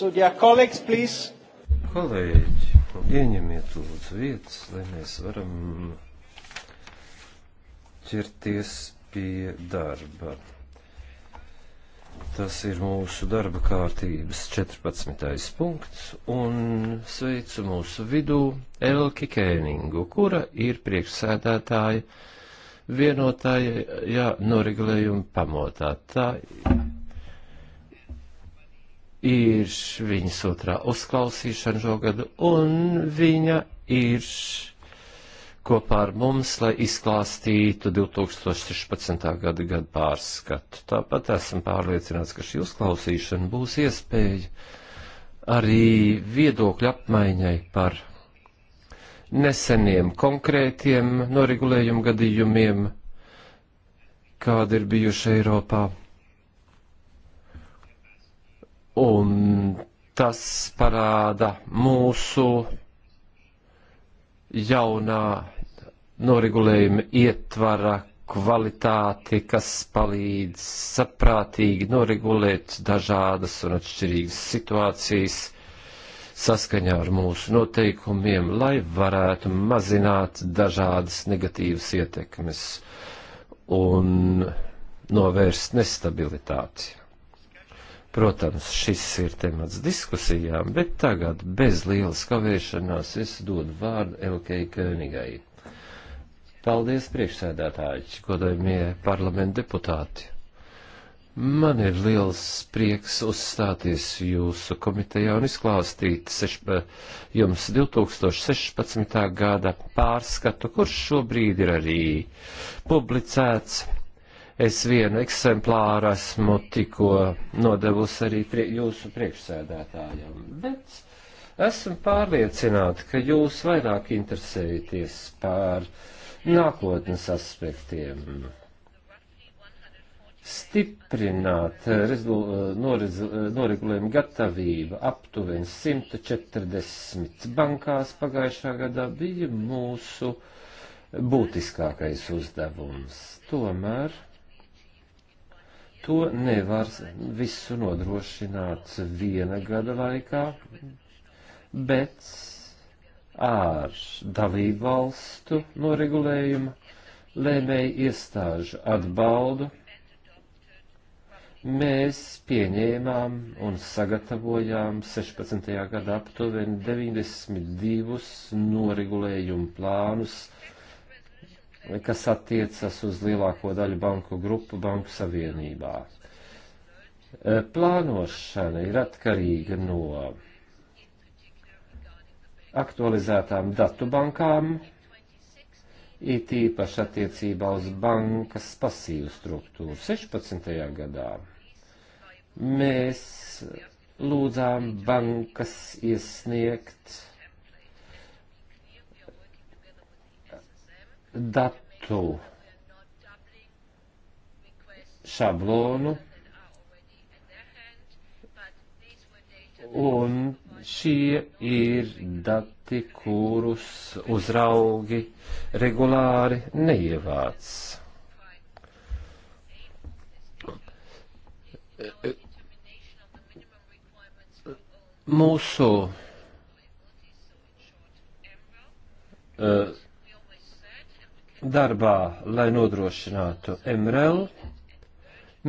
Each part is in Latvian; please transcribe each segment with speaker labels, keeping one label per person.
Speaker 1: So, dear colleagues, please. Kolēģi, ieņemiet lūdzu vietas, lai mēs varam ķerties pie darba. Tas ir mūsu darba kārtības 14. punkts, un sveicu mūsu vidū Elki Kēningu, kura ir priekšsēdētāja vienotāja ja, noregulējuma pamotā. Tā ir viņas otrā uzklausīšana šogad, un viņa ir kopā ar mums, lai izklāstītu 2016. gada gadu pārskatu. Tāpat esam pārliecināts, ka šī uzklausīšana būs iespēja arī viedokļu apmaiņai par neseniem konkrētiem noregulējumu gadījumiem, kāda ir bijuši Eiropā Un tas parāda mūsu jaunā noregulējuma ietvara kvalitāti, kas palīdz saprātīgi noregulēt dažādas un atšķirīgas situācijas saskaņā ar mūsu noteikumiem, lai varētu mazināt dažādas negatīvas ietekmes un novērst nestabilitāti. Protams, šis ir temats diskusijām, bet tagad bez lielas kavēšanās es dodu vārdu Elkei Königai. Paldies, priekšsēdētāji, godājumie parlamenta deputāti. Man ir liels prieks uzstāties jūsu komitejā un izklāstīt sešpa, jums 2016. gada pārskatu, kurš šobrīd ir arī publicēts Es vienu eksemplāru esmu tikko nodevusi arī prie, jūsu priekšsēdētājam, bet esmu pārliecināta, ka jūs vairāk interesējaties par nākotnes aspektiem stiprināt eh, eh, eh, noregulējumu gatavību aptuveni 140 bankās pagājušā gadā bija mūsu būtiskākais uzdevums. Tomēr To nevar visu nodrošināt viena gada laikā, bet ar dalību valstu noregulējumu lēmēju iestāžu atbaldu mēs pieņēmām un sagatavojām 16. gadā aptuveni 92 noregulējumu plānus kas attiecas uz lielāko daļu banku grupu Banku Savienībā. E, plānošana ir atkarīga no aktualizētām datu bankām, it īpaši attiecībā uz bankas pasīvu struktūru. 16. gadā mēs lūdzām bankas iesniegt datu šablonu, un šie ir dati, kurus uzraugi regulāri neievāc. Mūsu uh, darbā, lai nodrošinātu MRL,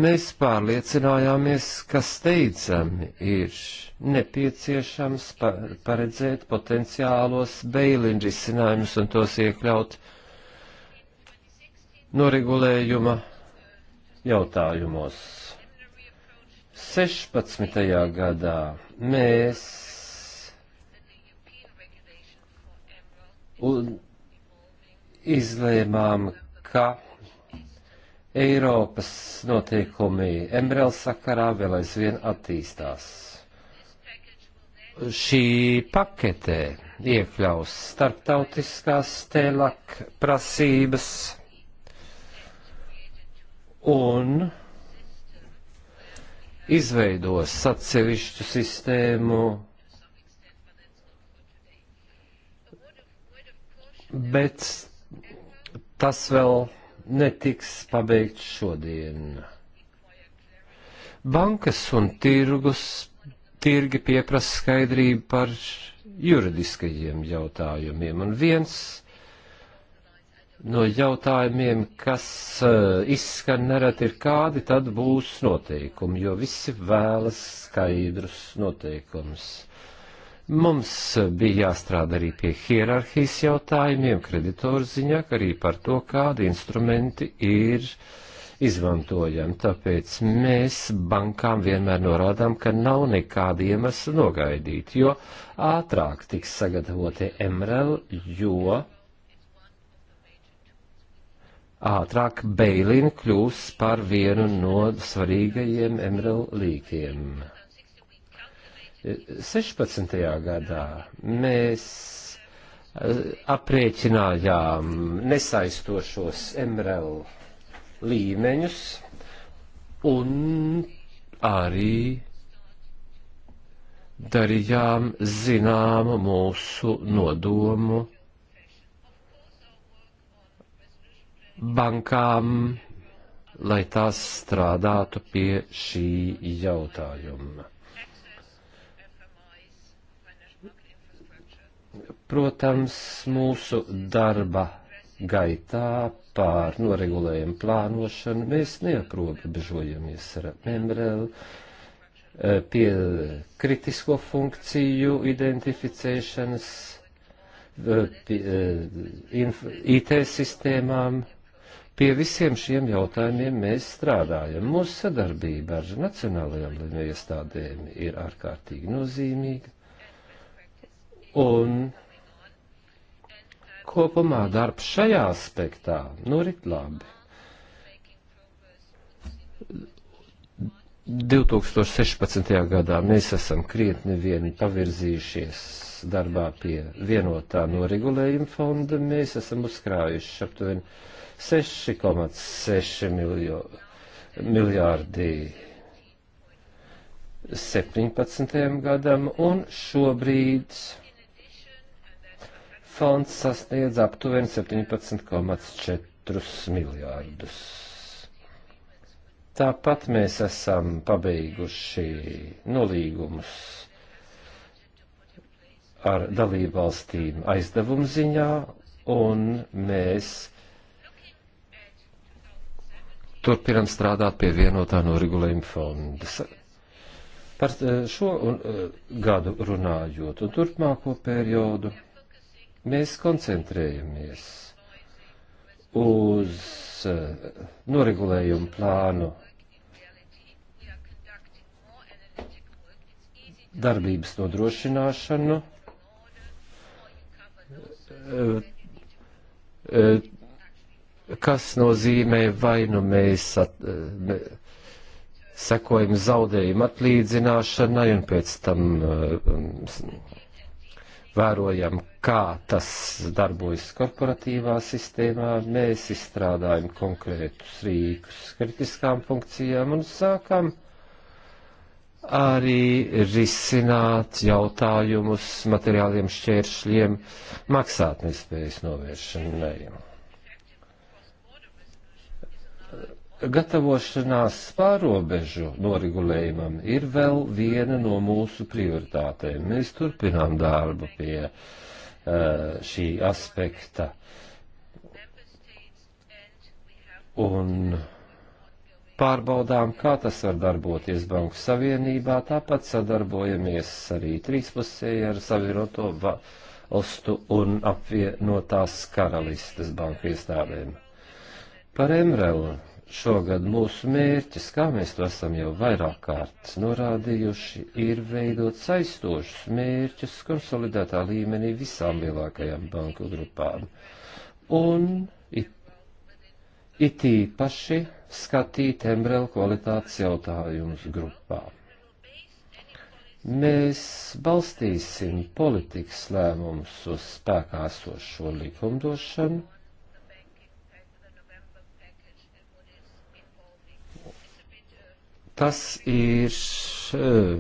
Speaker 1: mēs pārliecinājāmies, ka steidzami ir nepieciešams paredzēt potenciālos beilin risinājumus un tos iekļaut noregulējuma jautājumos. 16. gadā mēs un izlēmām, ka Eiropas notiekumi Emrela sakarā vēl aizvien attīstās. Šī paketē iekļaus starptautiskās telak prasības un izveidos atsevišķu sistēmu bet tas vēl netiks pabeigts šodien. Bankas un tirgus, tirgi pieprasa skaidrību par juridiskajiem jautājumiem, un viens no jautājumiem, kas uh, izskan nereti ir kādi, tad būs noteikumi, jo visi vēlas skaidrus noteikumus. Mums bija jāstrādā arī pie hierarhijas jautājumiem, kreditoru ziņā, arī par to, kādi instrumenti ir izmantojami. Tāpēc mēs bankām vienmēr norādām, ka nav nekāda iemesla nogaidīt, jo ātrāk tiks sagatavotie MRL, jo ātrāk Beilin kļūs par vienu no svarīgajiem MRL līkiem. 16. gadā mēs eh, aprēķinājām nesaistošos MRL līmeņus un arī darījām zināmu mūsu nodomu bankām, lai tās strādātu pie šī jautājuma. Protams, mūsu darba gaitā pār noregulējumu plānošanu mēs neaprobežojamies ar membrelu eh, pie kritisko funkciju identificēšanas, eh, pie, eh, inf, IT sistēmām. Pie visiem šiem jautājumiem mēs strādājam. Mūsu sadarbība ar nacionālajām iestādēm ir ārkārtīgi nozīmīga. Un kopumā darbs šajā aspektā norit nu, labi. 2016. gadā mēs esam krietni vieni pavirzījušies darbā pie vienotā noregulējuma fonda. Mēs esam uzkrājuši aptuveni 6,6 miljo, miljārdi 17. gadam un šobrīd fonds sasniedz aptuveni 17,4 miljārdus. Tāpat mēs esam pabeiguši nolīgumus ar dalībvalstīm aizdevumu ziņā, un mēs turpinam strādāt pie vienotā noregulējuma fonda. Par eh, šo un, eh, gadu runājot un turpmāko periodu Mēs koncentrējamies uz eh, noregulējumu plānu darbības nodrošināšanu, eh, eh, kas nozīmē vai nu mēs at, sekojam zaudējumu atlīdzināšanai un pēc tam vērojam, kā tas darbojas korporatīvā sistēmā, mēs izstrādājam konkrētus rīkus kritiskām funkcijām un sākam arī risināt jautājumus materiāliem šķēršļiem maksātnespējas novēršanai. Gatavošanās pārobežu noregulējumam ir vēl viena no mūsu prioritātēm. Mēs turpinām darbu pie uh, Uh, šī aspekta. Un pārbaudām, kā tas var darboties Banku Savienībā, tāpat sadarbojamies arī trīspusēji ar Savienoto valstu un apvienotās karalistes banku iestādēm. Par Emrelu šogad mūsu mērķis, kā mēs to esam jau vairāk kārtas norādījuši, ir veidot saistošus mērķus konsolidētā līmenī visām lielākajām banku grupām. Un it, it īpaši skatīt embrel kvalitātes jautājumus grupām. Mēs balstīsim politikas lēmumus uz spēkā esošo likumdošanu Tas ir. Eh,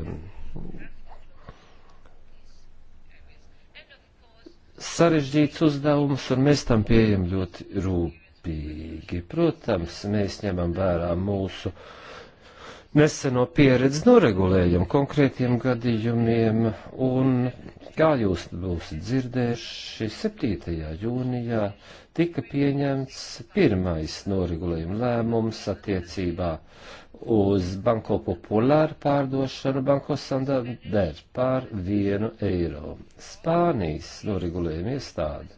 Speaker 1: sarežģīts uzdevums, un mēs tam pieejam ļoti rūpīgi. Protams, mēs ņemam vērā mūsu uh, neseno pieredzi noregulējumu konkrētiem gadījumiem, un kā jūs būsiet dzirdējuši, 7. jūnijā tika pieņemts pirmais noregulējuma lēmums attiecībā uz Banko Populāru pārdošanu Banko Santander par vienu eiro. Spānijas noregulējuma iestāde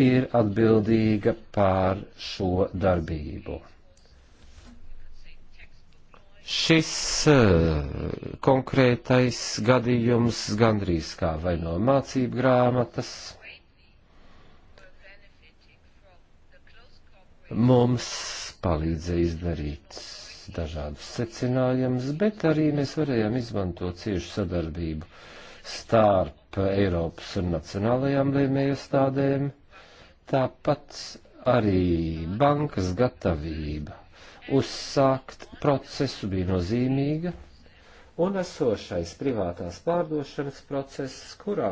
Speaker 1: ir atbildīga pār šo darbību. Šis eh, konkrētais gadījums gandrīz kā vai no mācību grāmatas mums palīdzēja izdarīt dažādus secinājumus, bet arī mēs varējām izmantot ciešu sadarbību starp Eiropas un nacionālajām lēmējastādēm, tāpat arī bankas gatavība uzsākt procesu bija nozīmīga, un esošais privātās pārdošanas process, kurā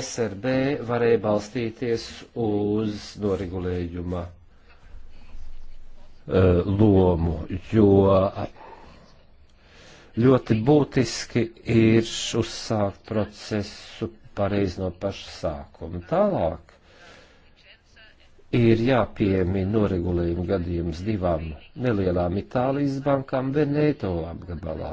Speaker 1: SRB varēja balstīties uz noregulējuma Eh, lomu, jo ļoti būtiski ir uzsākt procesu pareizi no paša sākuma. Tālāk ir jāpiemina noregulējuma gadījums divām nelielām Itālijas bankām Veneto apgabalā,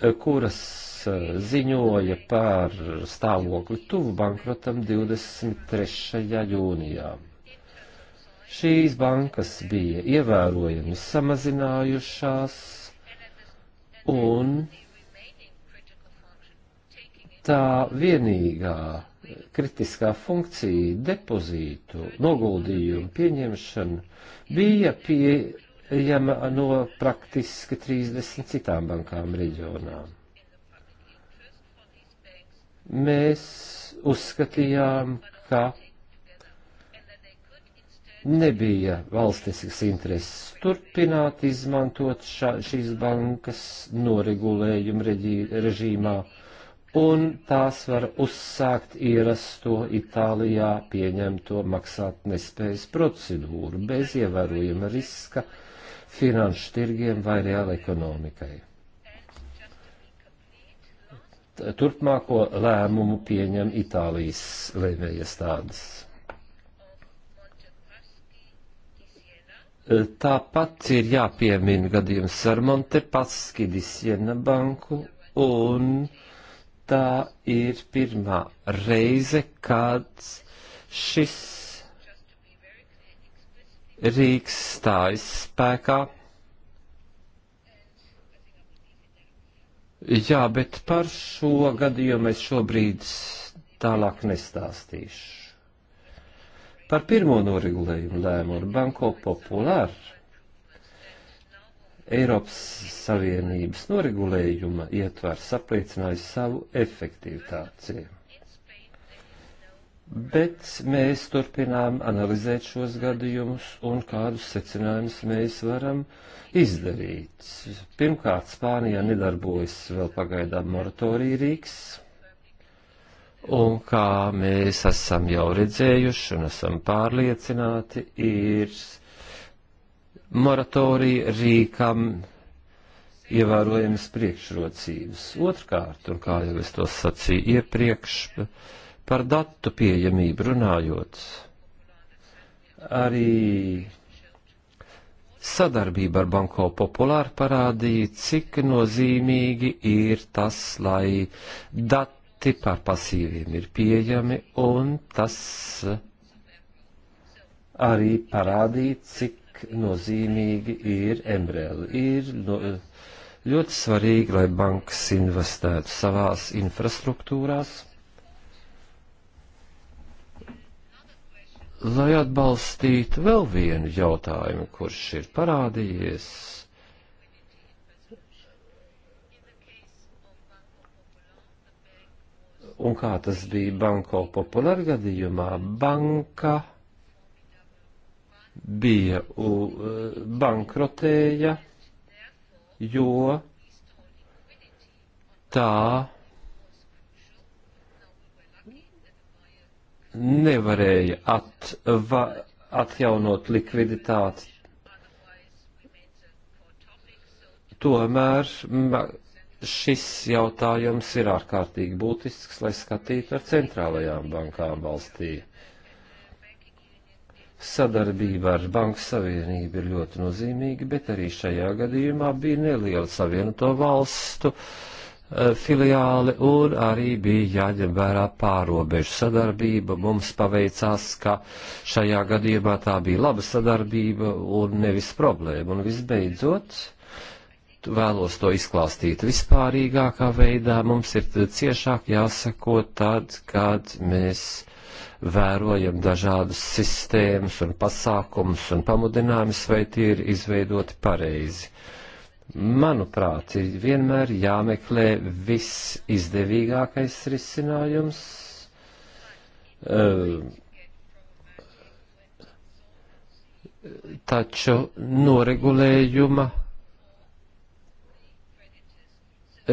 Speaker 1: eh, kuras eh, ziņoja par stāvokli tuvu bankrotam 23. jūnijām Šīs bankas bija ievērojami samazinājušās un tā vienīgā kritiskā funkcija depozītu noguldījumu pieņemšana bija pieejama no praktiski 30 citām bankām reģionā. Mēs uzskatījām, ka nebija valstisks intereses turpināt izmantot šā, šīs bankas noregulējuma reģī, režīmā, un tās var uzsākt ierasto Itālijā pieņemto maksāt nespējas procedūru bez ievērojama riska finanšu tirgiem vai reāla ekonomikai. Turpmāko lēmumu pieņem Itālijas lēmējas tādas. Tāpat ir jāpiemina gadījums ar Monte Paskidis Jena banku, un tā ir pirmā reize, kad šis rīks stājas spēkā. Jā, bet par šo gadījumu es šobrīd tālāk nestāstīšu. Par pirmo noregulējumu lēmumu Banko Populāru Eiropas Savienības noregulējuma ietvars apliecināja savu efektivitāciju. Bet mēs turpinām analizēt šos gadījumus un kādus secinājumus mēs varam izdarīt. Pirmkārt, Spānijā nedarbojas vēl pagaidām moratorija rīks, Un kā mēs esam jau redzējuši un esam pārliecināti, ir moratorija rīkam ievērojams priekšrocības. Otrkārt, un kā jau es to sacīju iepriekš, par datu pieejamību runājot, arī sadarbība ar Banko Populāru parādīja, cik nozīmīgi ir tas, lai dati dati par pasīviem ir pieejami, un tas arī parādīja, cik nozīmīgi ir MRL. Ir no, ļoti svarīgi, lai bankas investētu savās infrastruktūrās, lai atbalstītu vēl vienu jautājumu, kurš ir parādījies Un kā tas bija banko populāra gadījumā, banka bija u, e, bankrotēja, jo tā nevarēja atva, atjaunot likviditāti. Tomēr šis jautājums ir ārkārtīgi būtisks, lai skatītu ar centrālajām bankām valstī. Sadarbība ar Banku Savienību ir ļoti nozīmīga, bet arī šajā gadījumā bija neliela savienoto valstu e, filiāli un arī bija jāņem vērā pārobežu sadarbība. Mums paveicās, ka šajā gadījumā tā bija laba sadarbība un nevis problēma. Un visbeidzot, vēlos to izklāstīt vispārīgākā veidā, mums ir ciešāk jāsako tad, kad mēs vērojam dažādas sistēmas un pasākumus un pamudinājumus, vai tie ir izveidoti pareizi. Manuprāt, ir vienmēr jāmeklē viss izdevīgākais risinājums. Uh, taču noregulējuma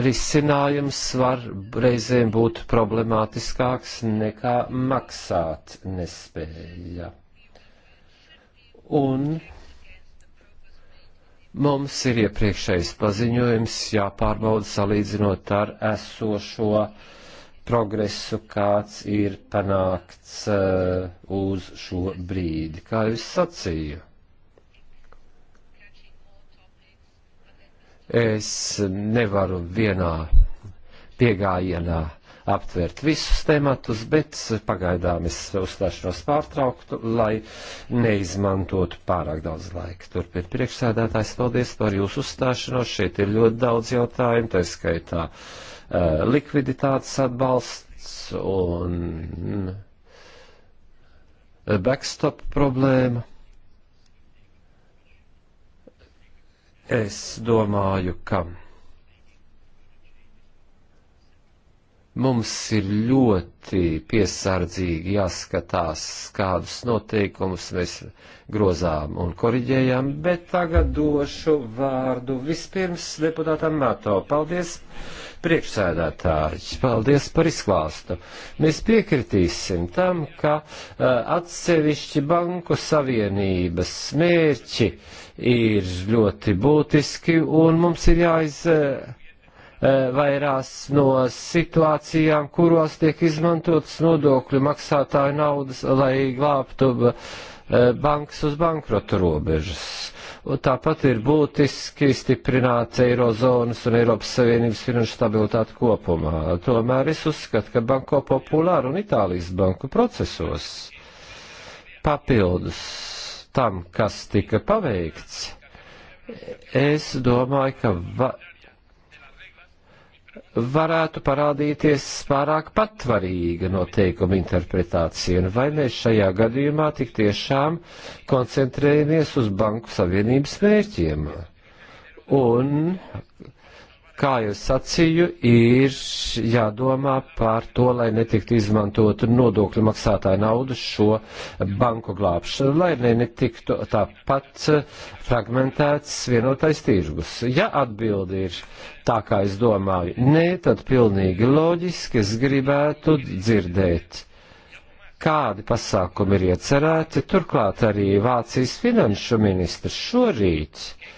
Speaker 1: risinājums var reizēm būt problemātiskāks nekā maksāt nespēja. Un mums ir iepriekšējais paziņojums jāpārbauda salīdzinot ar esošo progresu, kāds ir panākts uh, uz šo brīdi, kā jūs sacīju Es nevaru vienā piegājienā aptvert visus tematus, bet pagaidām es uzstāšanos pārtrauktu, lai neizmantotu pārāk daudz laika. Turpiniet priekšsēdētājs, paldies par jūsu uzstāšanos. Šeit ir ļoti daudz jautājumu, tā skaitā uh, likviditātes atbalsts un backstop problēma. Es domāju, ka mums ir ļoti piesardzīgi jāskatās, kādus noteikumus mēs grozām un koriģējām, bet tagad došu vārdu vispirms deputātam Mato. Paldies! priekšsēdētājs. Paldies par izklāstu. Mēs piekritīsim tam, ka uh, atsevišķi banku savienības mērķi ir ļoti būtiski un mums ir jāiz. Uh, vairās no situācijām, kuros tiek izmantotas nodokļu maksātāju naudas, lai glābtu bankas uz bankrotu robežas. Un tāpat ir būtiski stiprināt Eirozonas un Eiropas Savienības finanšu stabilitāti kopumā. Tomēr es uzskatu, ka Banko Populāru un Itālijas banku procesos papildus tam, kas tika paveikts, es domāju, ka va varētu parādīties pārāk patvarīga noteikuma interpretācija, un vai mēs šajā gadījumā tik tiešām koncentrējamies uz Banku Savienības mērķiem. Un kā jau sacīju, ir jādomā par to, lai netiktu izmantot nodokļu maksātāju naudu šo banku glābšanu, lai ne netiktu tāpat fragmentēts vienotais tirgus. Ja atbildi ir tā, kā es domāju, nē, tad pilnīgi loģiski es gribētu dzirdēt kādi pasākumi ir iecerēti. Turklāt arī Vācijas finanšu ministrs šorīt uh,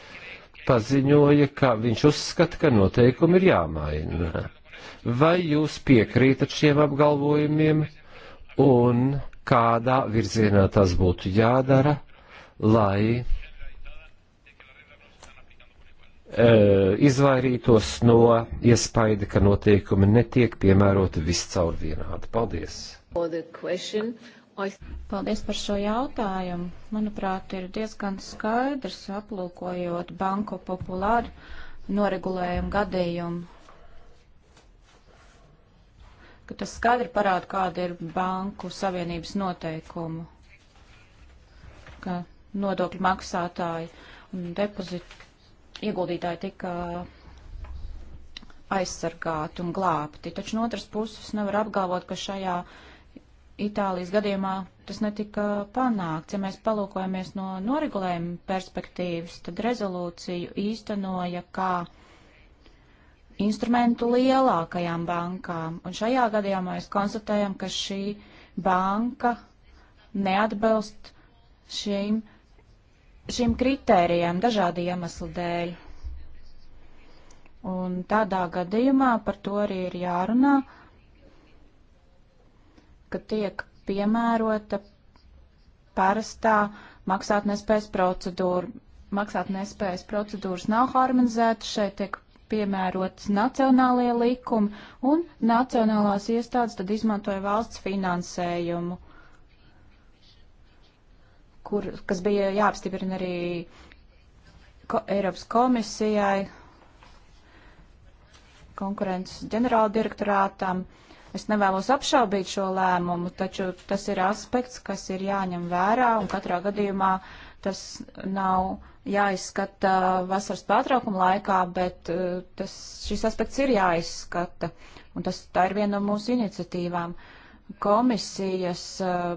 Speaker 1: paziņoja, ka viņš uzskata, ka noteikumi ir jāmaina. Vai jūs piekrītat šiem apgalvojumiem un kādā virzienā tas būtu jādara, lai e, izvairītos no iespaida, ka noteikumi netiek piemēroti viscaur vienādi. Paldies!
Speaker 2: Paldies par šo jautājumu. Manuprāt, ir diezgan skaidrs aplūkojot banku populāru noregulējumu gadījumu ka tas skaidri parāda, kāda ir banku savienības noteikumu, ka nodokļu maksātāji un depozitu ieguldītāji tika aizsargāti un glābti. Taču no otras puses nevar apgalvot, ka šajā uh, Itālijas gadījumā tas netika panākts. Ja mēs palūkojamies no noregulējuma perspektīvas, tad rezolūciju īstenoja kā instrumentu lielākajām bankām. Un šajā gadījumā mēs konstatējam, ka šī banka neatbilst šīm, šīm kritērijām dažādi iemesli dēļ. Un tādā gadījumā par to arī ir jārunā. Uh, ka tiek piemērota parastā maksātnespējas procedūra. Maksātnespējas procedūras nav harmonizētas, šeit tiek piemērotas nacionālajie likumi, un nacionālās iestādes tad izmantoja valsts finansējumu, kur, kas bija jāapstiprina arī ko, Eiropas komisijai, konkurences ģenerāldirektorātam. direktorātam Es nevēlos apšaubīt šo lēmumu, taču tas ir aspekts, kas ir jāņem vērā, un katrā gadījumā tas nav jāizskata vasaras pārtraukuma laikā, bet uh, tas, šis aspekts ir jāizskata, un tas, tā ir viena no mūsu iniciatīvām. Komisijas uh,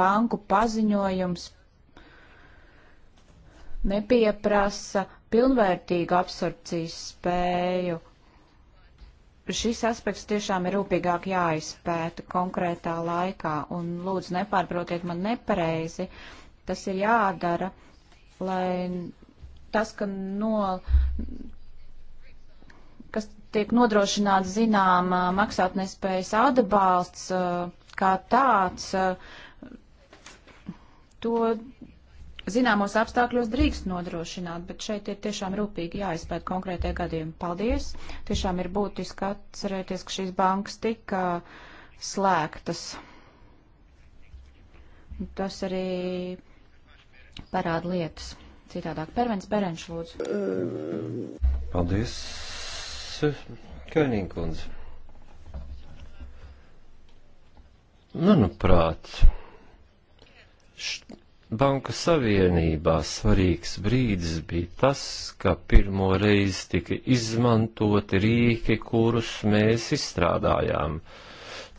Speaker 2: banku paziņojums nepieprasa pilnvērtīgu absorpcijas spēju šis aspekts tiešām ir rūpīgāk jāizpēta konkrētā laikā, un lūdzu nepārprotiet man nepareizi, tas ir jādara, lai tas, ka no, kas tiek nodrošināts zinām maksātnespējas atbalsts kā tāds, to zināmos apstākļos drīkst nodrošināt, bet šeit ir tiešām rūpīgi jāizpēt konkrētie gadījumi. Paldies! Tiešām ir būtiski atcerēties, ka šīs bankas tika slēgtas. Tas arī parāda lietas. Citādāk, Pervens Berenš,
Speaker 1: lūdzu. Paldies, Kainīnkundze. Manuprāt, št Banku savienībā svarīgs brīdis bija tas, ka pirmo reizi tika izmantoti rīki, kurus mēs izstrādājām.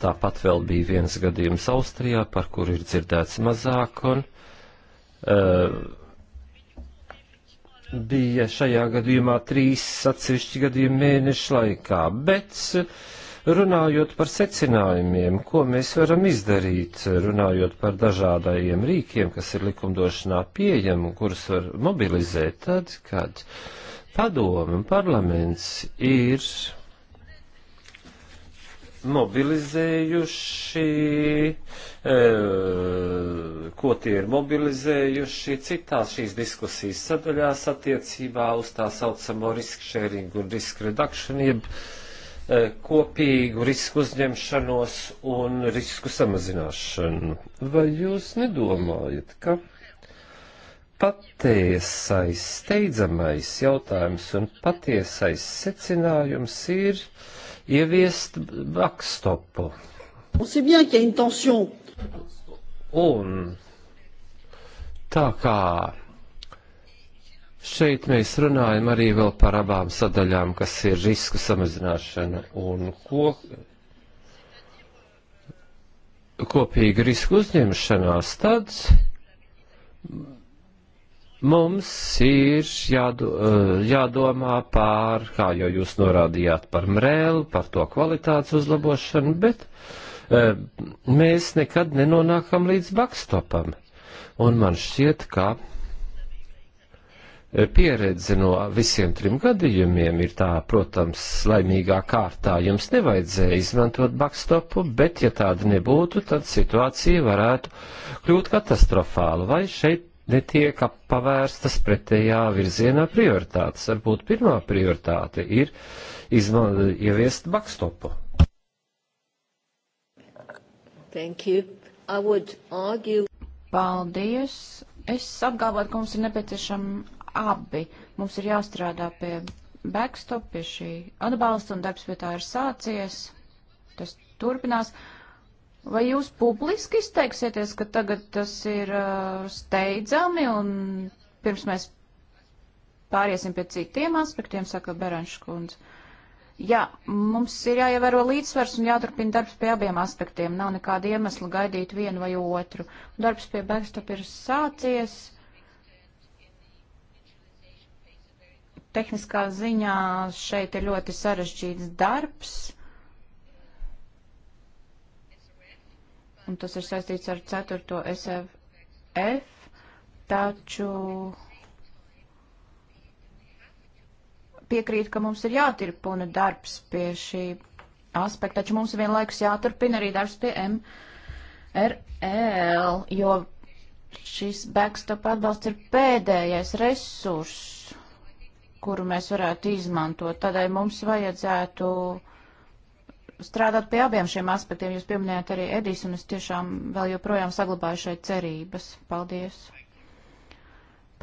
Speaker 1: Tāpat vēl bija viens gadījums Austrijā, par kuru ir dzirdēts mazāk, un uh, bija šajā gadījumā trīs atsevišķi gadījumi mēnešu laikā, bet uh, Runājot par secinājumiem, ko mēs varam izdarīt, runājot par dažādajiem rīkiem, kas ir likumdošanā pieejami, kurus var mobilizēt tad, kad padomu un parlaments ir mobilizējuši, e, ko tie ir mobilizējuši citās šīs diskusijas sadaļās attiecībā uz tā saucamo risk sharing un risk reduction, jeb Eh, kopīgu risku uzņemšanos un risku samazināšanu. Vai jūs nedomājat, ka patiesais steidzamais jautājums un patiesais secinājums ir ieviest backstopu? Un tā kā Šeit mēs runājam arī vēl par abām sadaļām, kas ir risku samazināšana un ko, kopīga risku uzņemšanās. Tad mums ir jādo, eh, jādomā pār, kā jau jūs norādījāt, par mrēlu, par to kvalitātes uzlabošanu, bet eh, mēs nekad nenonākam līdz bakstopam. Un man šķiet, ka pieredze no visiem trim gadījumiem ir tā, protams, laimīgā kārtā jums nevajadzēja izmantot bakstopu, bet ja tāda nebūtu, tad situācija varētu kļūt katastrofāla. Vai šeit netiek pavērstas pretējā virzienā prioritātes? Varbūt pirmā prioritāte ir izma ieviest bakstopu.
Speaker 2: Thank you. I would argue. Paldies. Es apgalvotu, ka mums ir nepieciešama abi. Mums ir jāstrādā pie backstop, pie šī atbalsta, un darbs pie tā ir sācies. Tas turpinās. Vai jūs publiski izteiksieties, ka tagad tas ir uh, steidzami, un pirms mēs pāriesim pie citiem aspektiem, saka Beranšs kundze? Jā, mums ir jāievēro līdzsvars un jāturpina darbs pie abiem aspektiem. Nav nekāda iemesla gaidīt vienu vai otru. Darbs pie backstop ir sācies. tehniskā ziņā šeit ir ļoti sarežģīts darbs. Un tas ir saistīts ar 4. SFF, taču piekrīt, ka mums ir jātirpina darbs pie šī aspekta, taču mums vienlaikus jāturpina arī darbs pie MRL, jo šis backstop atbalsts ir pēdējais resurs kuru mēs varētu izmantot. Tādēļ mums vajadzētu strādāt pie abiem šiem aspektiem. Jūs pieminējāt arī Edis, un es tiešām vēl joprojām saglabāju šeit cerības. Paldies!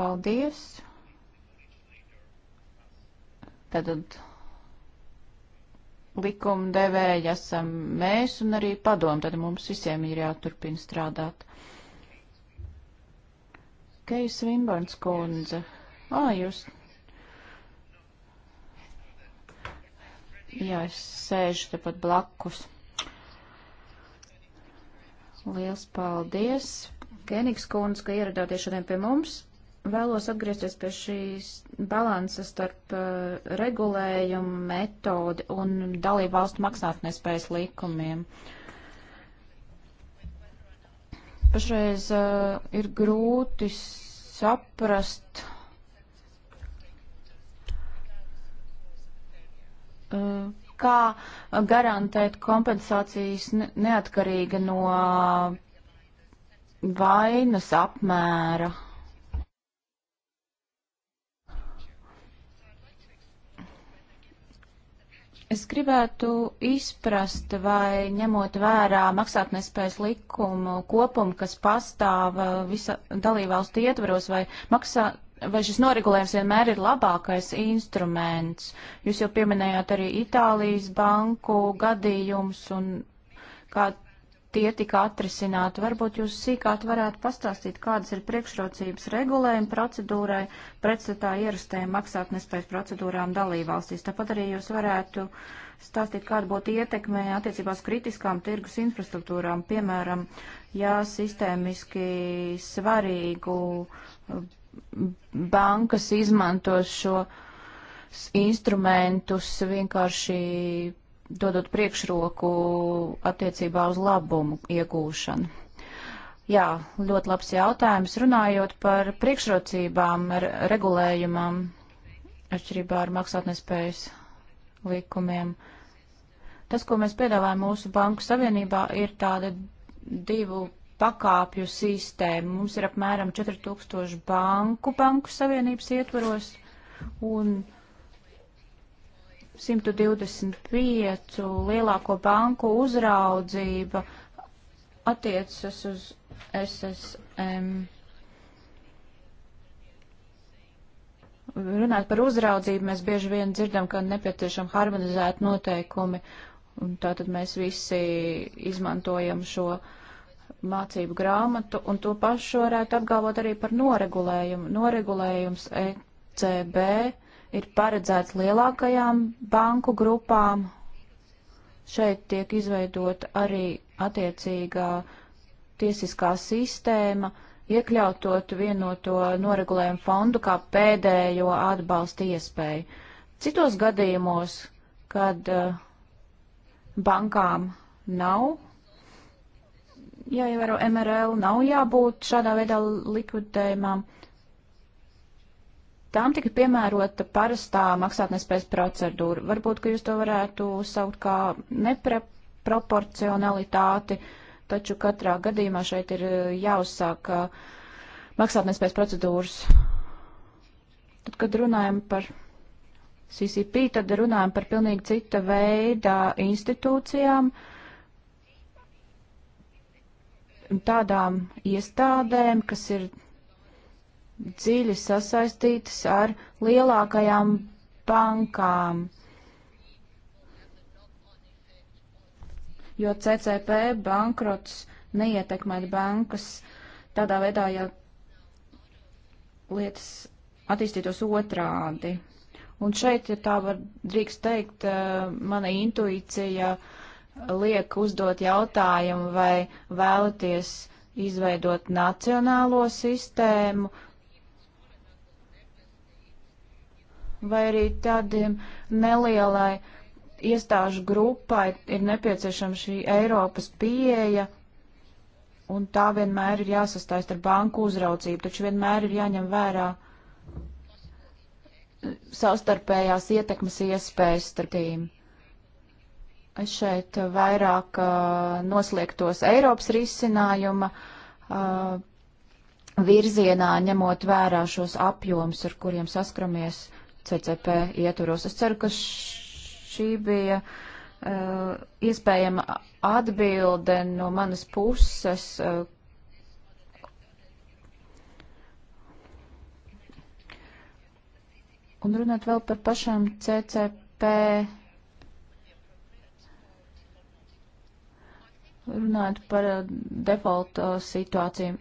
Speaker 2: Paldies! Tātad likuma devēja esam mēs un arī padomu, tad mums visiem ir jāturpina strādāt. Keis Vimborns kundze. Ā, jūs Jā, es sēžu tepat blakus. Liels paldies, Kenigs kundze, ka ieradāties šodien pie mums. Vēlos atgriezties pie šīs balanses starp uh, regulējumu metodi un dalību valstu maksātnespējas likumiem. Pašreiz uh, ir grūti saprast, Uh, kā garantēt kompensācijas neatkarīga no uh, vainas apmēra. Es gribētu izprast, vai ņemot vērā maksātnespējas likumu kopumu, kas pastāv uh, visa dalībvalstu ietvaros, vai maksāt vai šis noregulējums vienmēr ir labākais instruments? Jūs jau pieminējāt arī Itālijas banku gadījumus un kā tie tika atrisināti. Varbūt jūs sīkāk varētu pastāstīt, kādas ir priekšrocības regulējuma procedūrai pretstatā ierastējiem maksātnespējas procedūrām dalībvalstīs. Tāpat arī jūs varētu stāstīt, kāda būtu ietekme attiecībās kritiskām tirgus infrastruktūrām, piemēram, ja sistēmiski svarīgu bankas izmantos šo instrumentus vienkārši dodot priekšroku attiecībā uz labumu iegūšanu. Jā, ļoti labs jautājums. Runājot par priekšrocībām, regulējumam, atšķirībā ar maksātnespējas likumiem, tas, ko mēs piedāvājam mūsu banku savienībā, ir tāda divu pakāpju sistēmu. Mums ir apmēram 4000 banku banku savienības ietvaros un 125 lielāko banku uzraudzība attiecas uz SSM. Runāt par uzraudzību, mēs bieži vien dzirdam, ka nepieciešam harmonizēt noteikumi, un tātad mēs visi izmantojam šo uh, mācību grāmatu, un to pašu varētu apgalvot arī par noregulējumu. Noregulējums ECB ir paredzēts lielākajām banku grupām. Šeit tiek izveidot arī attiecīgā tiesiskā sistēma, iekļautot vienoto noregulējumu fondu kā pēdējo atbalsta iespēju. Citos gadījumos, kad eh, bankām nav jāievēro MRL, nav jābūt šādā veidā likvidējumam. Tām tika piemērota parastā maksātnespējas procedūra. Varbūt, ka jūs to varētu saukt kā neproporcionalitāti, taču katrā gadījumā šeit ir eh, jāuzsāk eh, maksātnespējas procedūras. Tad, kad runājam par CCP, tad runājam par pilnīgi cita veida institūcijām. Uh, tādām iestādēm, kas ir dziļi sasaistītas ar lielākajām bankām. Jo CCP bankrots neietekmē bankas tādā veidā, ja lietas attīstītos otrādi. Un šeit, ja tā var drīkst teikt, eh, mana intuīcija uh, liek uzdot jautājumu, vai vēlaties izveidot nacionālo sistēmu, vai arī tādiem nelielai iestāžu grupai ir nepieciešama šī Eiropas pieeja, un tā vienmēr ir jāsastāst ar banku uzraudzību, taču vienmēr ir jāņem vērā savstarpējās ietekmes iespējas starp tīm šeit vairāk uh, noslēgtos Eiropas risinājuma uh, virzienā, ņemot vērā šos apjomus, ar kuriem saskaramies CCP ietvaros. Es ceru, ka šī bija uh, iespējama atbilde no manas puses. Uh, Un runāt vēl par pašām CCP Runājot par eh, default eh, situācijām,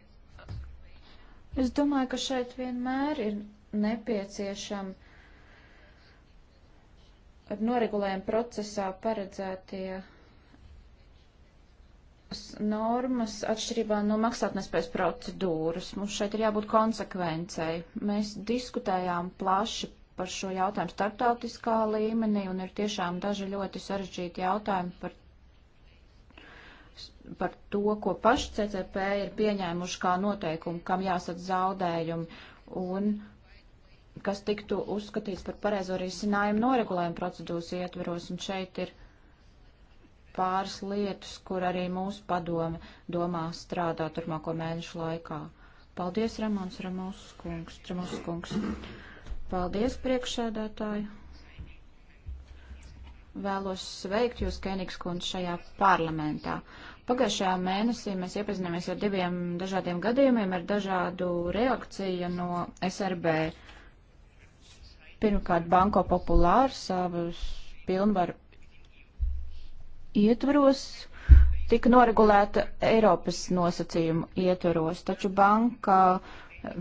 Speaker 2: es domāju, ka šeit vienmēr ir nepieciešama noregulējuma procesā paredzētie normas atšķirībā no maksātnespējas procedūras. Mums šeit ir jābūt konsekvencei. Mēs diskutējām plaši par šo jautājumu starptautiskā līmenī un ir tiešām daži ļoti sarežģīti jautājumi par par to, ko paši CCP ir pieņēmuši kā noteikumu, kam jāsat zaudējumi un kas tiktu uzskatīts par pareizo risinājumu noregulējumu procedūras ietveros. Un šeit ir pāris lietas, kur arī mūsu padome domā strādāt turpmāko mēnešu laikā. Paldies, Ramons Ramos kungs. Ramos kungs. Paldies, priekšsēdētāji. Vēlos sveikt jūs, Kenigs kundze, šajā parlamentā. Pagājušajā mēnesī mēs iepazināmies ar diviem dažādiem gadījumiem, ar dažādu reakciju no SRB. Pirmkārt, Banko Populāra savas pilnvaru ietvaros tika noregulēta Eiropas nosacījumu ietvaros, taču banka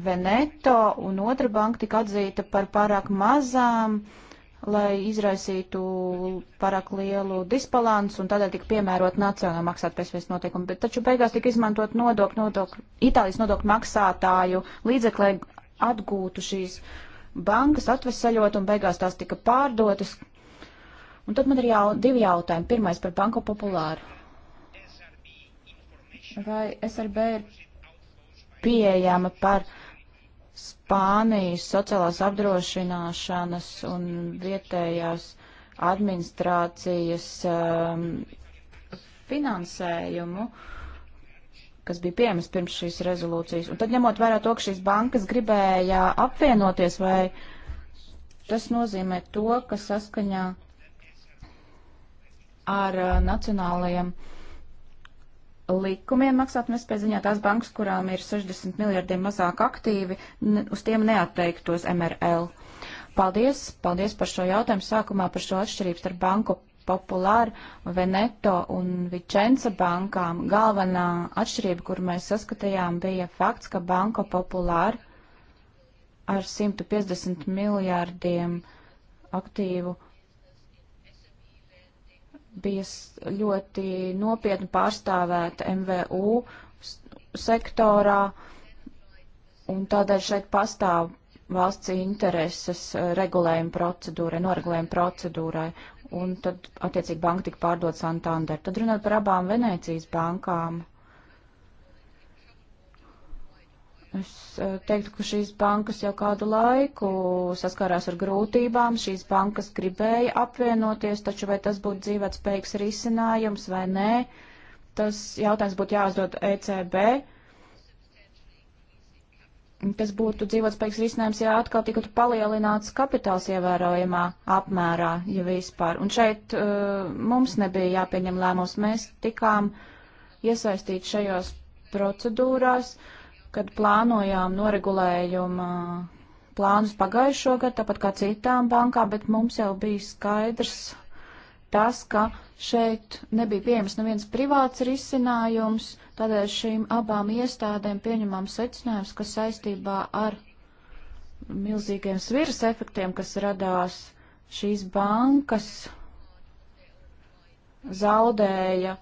Speaker 2: Veneto un otra banka tika atzīta par pārāk mazām uh, lai izraisītu pārāk lielu disbalansu un tādēļ tika piemērot nacionāla maksātspējas noteikumi. Bet taču beigās tika izmantot nodokļu, nodokļu, Itālijas nodokļu maksātāju līdzeklē atgūtu šīs bankas, atvesaļot un beigās tās tika pārdotas. Un tad man ir jau divi jautājumi. Pirmais par Banko Populāru. Vai SRB ir pieejama par Spānijas sociālās apdrošināšanas un vietējās administrācijas um, finansējumu, kas bija pieejams pirms šīs rezolūcijas. Un tad ņemot vērā to, ka šīs bankas gribēja apvienoties, vai tas nozīmē to, ka saskaņā ar uh, nacionālajiem uh, likumiem maksātnespēja ziņā tās bankas, kurām ir 60 miljardiem mazāk aktīvi, uz tiem neatteiktos MRL. Paldies, paldies par šo jautājumu sākumā par šo atšķirību starp banku Populāru, Veneto un Vicenza bankām. Galvenā atšķirība, kur mēs saskatījām, bija fakts, ka Banko Populāra ar 150 miljārdiem aktīvu bija ļoti nopietni pārstāvēta MVU sektorā, un tādēļ šeit pastāv valsts intereses eh, regulējuma procedūrai, noregulējuma procedūrai, un tad, attiecīgi, banka tika pārdot Santander. Tad runāt par abām Venēcijas bankām. Es eh, teiktu, ka šīs bankas jau kādu laiku saskārās ar grūtībām, šīs bankas gribēja apvienoties, taču vai tas būtu dzīvētspējīgs risinājums vai nē, tas jautājums būtu jāuzdod ECB. Tas būtu dzīvotspējīgs risinājums, ja atkal tiktu palielināts kapitāls ievērojamā apmērā, ja vispār. Un šeit uh, mums nebija jāpieņem lēmums, mēs tikām iesaistīti šajos procedūrās. Uh, kad plānojām noregulējumu plānus pagājušo gadu, tāpat kā citām bankām, bet mums jau bija skaidrs tas, ka šeit nebija pieejams neviens privāts risinājums, tādēļ šīm abām iestādēm pieņemam secinājums, ka saistībā ar milzīgiem sviras efektiem, kas radās šīs bankas, zaudēja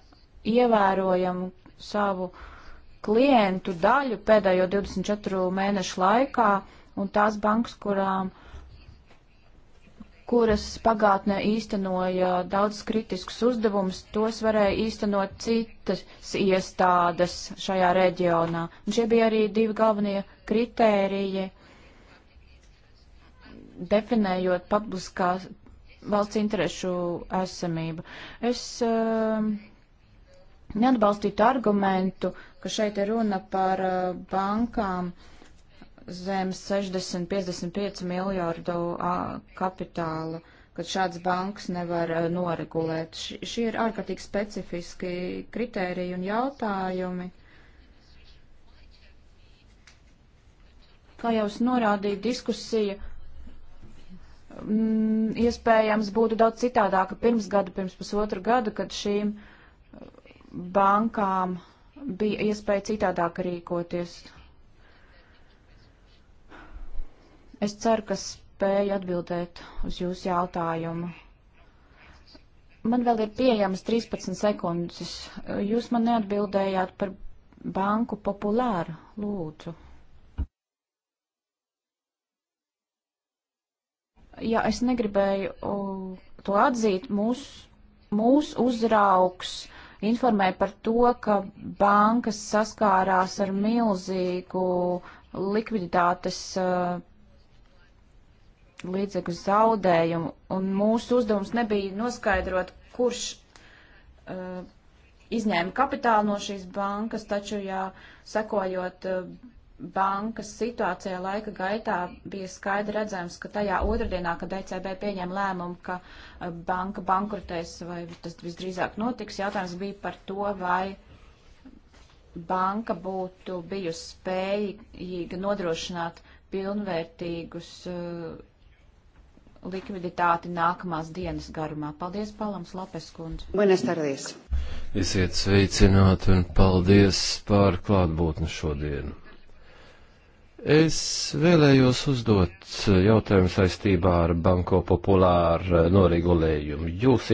Speaker 2: ievērojamu savu uh, klientu daļu pēdējo 24 mēnešu laikā, un tās bankas, kurām, kuras pagātnē īstenoja daudz kritiskus uzdevumus, tos varēja īstenot citas iestādes šajā reģionā. Un šie bija arī divi galvenie kritēriji, definējot publiskās valsts interesu esamību. Es uh, neatbalstītu argumentu, ka šeit ir runa par uh, bankām zem 60-55 miljārdu uh, kapitāla, kad šāds banks nevar uh, noregulēt. Šie ir ārkārtīgi specifiski kritēriji un jautājumi. Kā jau es norādīju, diskusija mm, iespējams būtu daudz citādāka pirms gada, pirms pusotra gada, kad šīm uh, bankām bija iespēja citādāk rīkoties. Es ceru, ka spēju atbildēt uz jūsu jautājumu. Man vēl ir pieejamas 13 sekundes. Jūs man neatbildējāt par banku populāru, lūdzu. Ja es negribēju uh, to atzīt, mūs, mūs uzrauks informēja par to, ka bankas saskārās ar milzīgu likviditātes uh, līdzekļu zaudējumu, un mūsu uzdevums nebija noskaidrot, kurš uh, izņēma kapitālu no šīs bankas, taču, ja sekojot uh, bankas situācijā laika gaitā bija skaidri redzams, ka tajā otrdienā, kad ECB pieņēma lēmumu, ka eh, banka bankrotēs vai tas visdrīzāk notiks, jautājums bija par to, vai banka būtu bijusi spējīga nodrošināt pilnvērtīgus eh, likviditāti nākamās dienas garumā. Paldies, Palams Lopes kundze. Buenas tardes.
Speaker 1: Esiet sveicināti un paldies par klātbūtni šodienu. Es vēlējos uzdot jautājumu saistībā ar Banko populāru noregulējumu. Jūs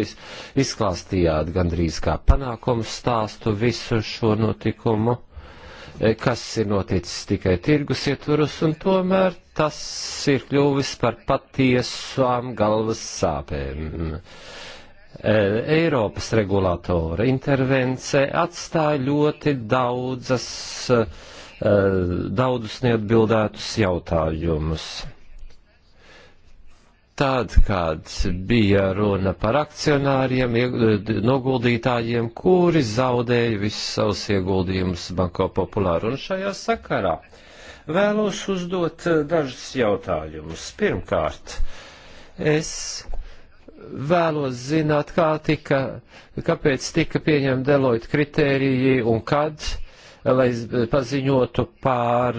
Speaker 1: izklāstījāt gandrīz kā panākumu stāstu visu šo notikumu, e, kas ir noticis tikai tirgus ietvaros, un tomēr tas ir kļuvis par patiesām galvas sāpēm. E, Eiropas regulātora intervence atstāja ļoti daudzas uh, Eh, daudzus neatbildētus jautājumus tad, kad bija runa par akcionāriem, eh, noguldītājiem, kuri zaudēja visus savus ieguldījumus Banko Populāru. Un šajā sakarā vēlos uzdot eh, dažus jautājumus. Pirmkārt, es vēlos zināt, kā tika, kāpēc tika pieņemti Deloitte kritēriji un kad uh, lai paziņotu par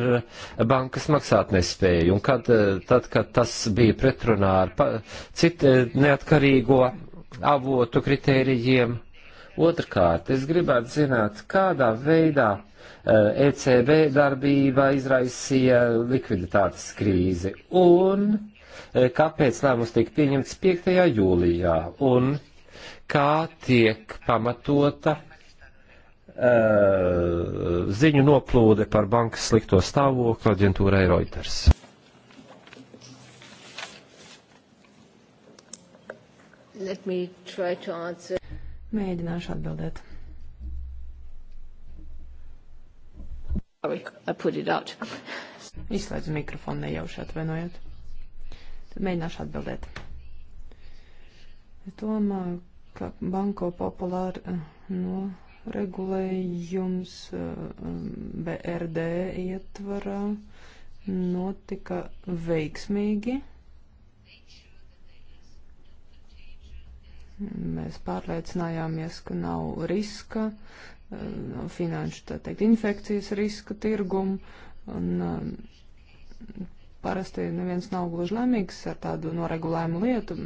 Speaker 1: bankas maksātnespēju. Un kad, tad, kad tas bija pretrunā ar pa, citu neatkarīgo avotu kritērijiem, otrkārt, es gribētu zināt, kādā veidā ECB e darbība izraisīja likviditātes krīzi un e, kāpēc lēmums tika pieņemts 5. jūlijā un kā tiek pamatota Eh, ziņu noplūde par bankas slikto stāvokli aģentūrai Reuters.
Speaker 3: Mēģināšu atbildēt. Izslēdzu mikrofonu nejauši atvainojot. Tad mēģināšu atbildēt. Es domāju, ka Banko populāri eh, no regulējums eh, um, BRD ietvarā notika veiksmīgi. Mēs pārliecinājāmies, ka nav riska, eh, nav finanšu, tā teikt, infekcijas riska tirgumu, un eh, parasti neviens nav gluži laimīgs ar tādu noregulējumu lietu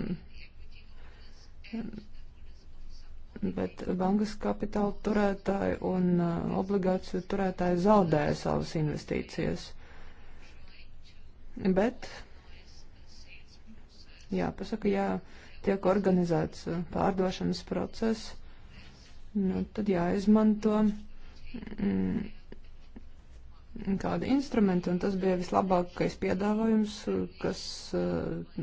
Speaker 3: bet bankas kapitāla turētāji un uh, obligāciju turētāji zaudēja savas investīcijas. Bet, jā, pasaka, jā, tiek organizēts uh, pārdošanas process, nu, tad jāizmanto mm, kādi instrumenti, un tas bija vislabākais piedāvājums, kas uh,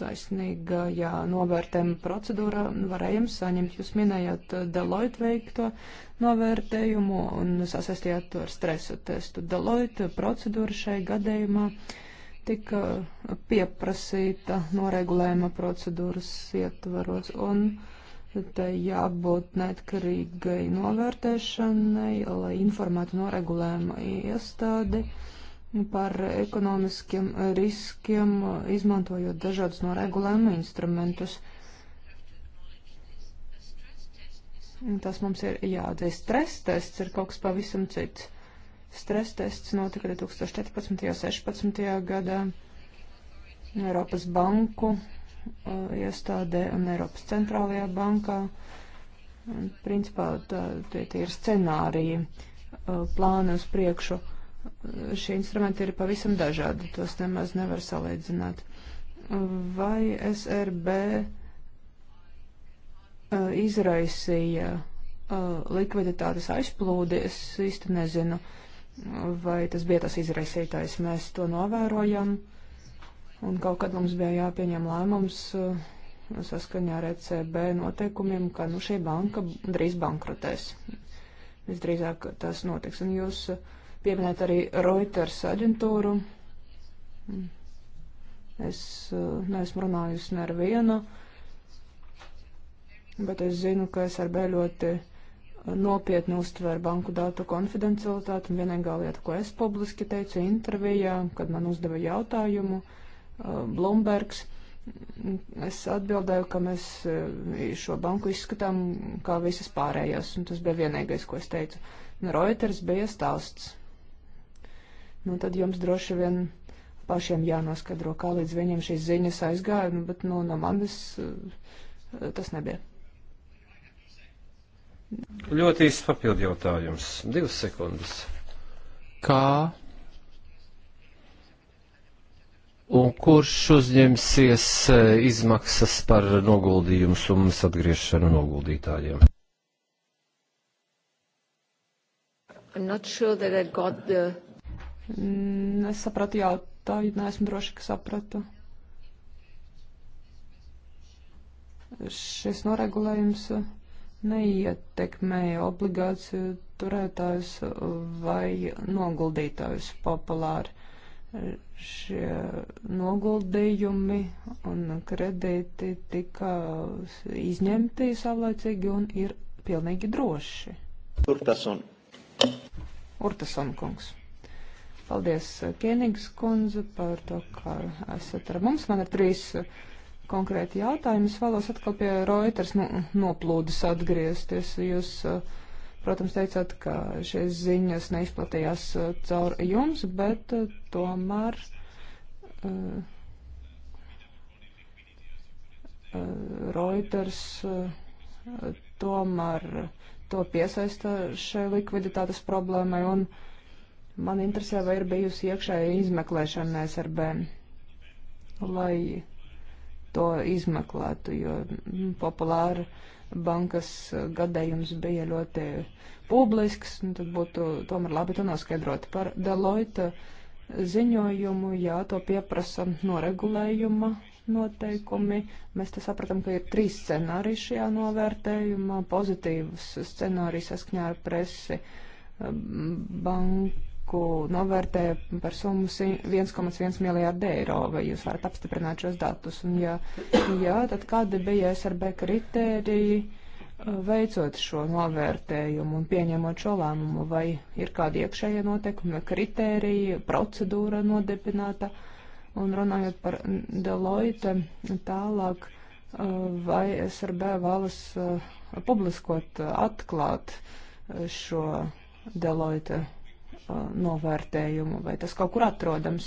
Speaker 3: taisnīgajā novērtējuma procedūrā nu, varējām saņemt. Jūs minējāt eh, Deloitte veikto novērtējumu un sasaistījāt to ar stresa testu. Deloitte procedūra šai gadījumā tika pieprasīta noregulējuma procedūras ietvaros un te jābūt neatkarīgai novērtēšanai, lai informētu noregulējuma iestādi. Uh, par ekonomiskiem riskiem, izmantojot dažādus no regulējuma instrumentus. Tas mums ir jāatzīst. Stress tests ir kaut kas pavisam cits. Stress tests notika 2014. un 2016. gadā Eiropas banku uh, iestādē un Eiropas centrālajā bankā. Principā tā, tie, tie ir scenāriji, uh, plāni uz priekšu. Uh, šie instrumenti ir pavisam dažādi, tos nemaz nevar salīdzināt. Vai SRB izraisīja likviditātes aizplūdi, es īsti nezinu, vai tas bija tas izraisītājs. Mēs to novērojam, un kaut kad mums bija jāpieņem lēmums saskaņā ar ECB noteikumiem, ka nu, šī banka drīz bankrotēs. Visdrīzāk tas notiks. Un jūs uh, pieminēt arī Reuters aģentūru. Mm. Es eh, neesmu runājusi ne ar vienu, bet es zinu, ka SRB ļoti nopietni uztver banku datu konfidencialitāti. Un vienīgā lieta, ko es publiski teicu intervijā, kad man uzdeva jautājumu, eh, Blumbergs. Es atbildēju, ka mēs eh, šo banku izskatām kā visas pārējās, un tas bija vienīgais, ko es teicu. Reuters bija stāsts nu, tad jums droši vien pašiem jānoskaidro, kā līdz viņiem šīs ziņas aizgāja, nu, bet nu, no manis eh, tas nebija.
Speaker 1: Ļoti īsts papildu jautājums. Divas sekundes. Kā un kurš uzņemsies eh, izmaksas par noguldījumu summas atgriešanu noguldītājiem?
Speaker 2: I'm not sure that I got the
Speaker 3: Mm, es sapratu jautājumu, neesmu droši, ka sapratu. Šis noregulējums neietekmēja obligāciju turētājus vai noguldītājus populāri. Šie noguldījumi un kredīti tika izņemti savlaicīgi un ir pilnīgi droši. Urtason. Urtason kungs. Paldies, eh, Kienīgs kundze, par to, ka esat ar mums. Man ir trīs eh, konkrēti jautājumi. Es vēlos atkal pie Reuters nu, noplūdes atgriezties. Jūs, eh, protams, teicāt, ka šīs ziņas neizplatījās caur jums, bet tomēr. Uh, Reuters tomēr to piesaista šai likviditātes problēmai un uh, Man interesē, vai ir bijusi iekšēja izmeklēšana SRB, lai to izmeklētu, jo mm, populāra bankas gadējums bija ļoti publisks, un tad būtu tomēr labi to noskaidrot. Par Deloitte ziņojumu, jā, to pieprasa noregulējuma noteikumi. Mēs te sapratām, ka ir trīs scenāriji šajā novērtējumā. Pozitīvs scenārijs saskaņā ar presi banka tiku novērtē par summu 1,1 miljārdu eiro. Vai jūs varat apstiprināt šos datus? Un ja jā, tad kādi bija SRB kritēriji uh, veicot šo novērtējumu un pieņemot šo lēmumu? Vai ir kādi iekšējie noteikumi, kritēriji, procedūra nodepināta? Un runājot par Deloitte tālāk, uh, vai SRB vēlas uh, publiskot, atklāt šo Deloitte Uh, novērtējumu, vai tas kaut kur atrodams.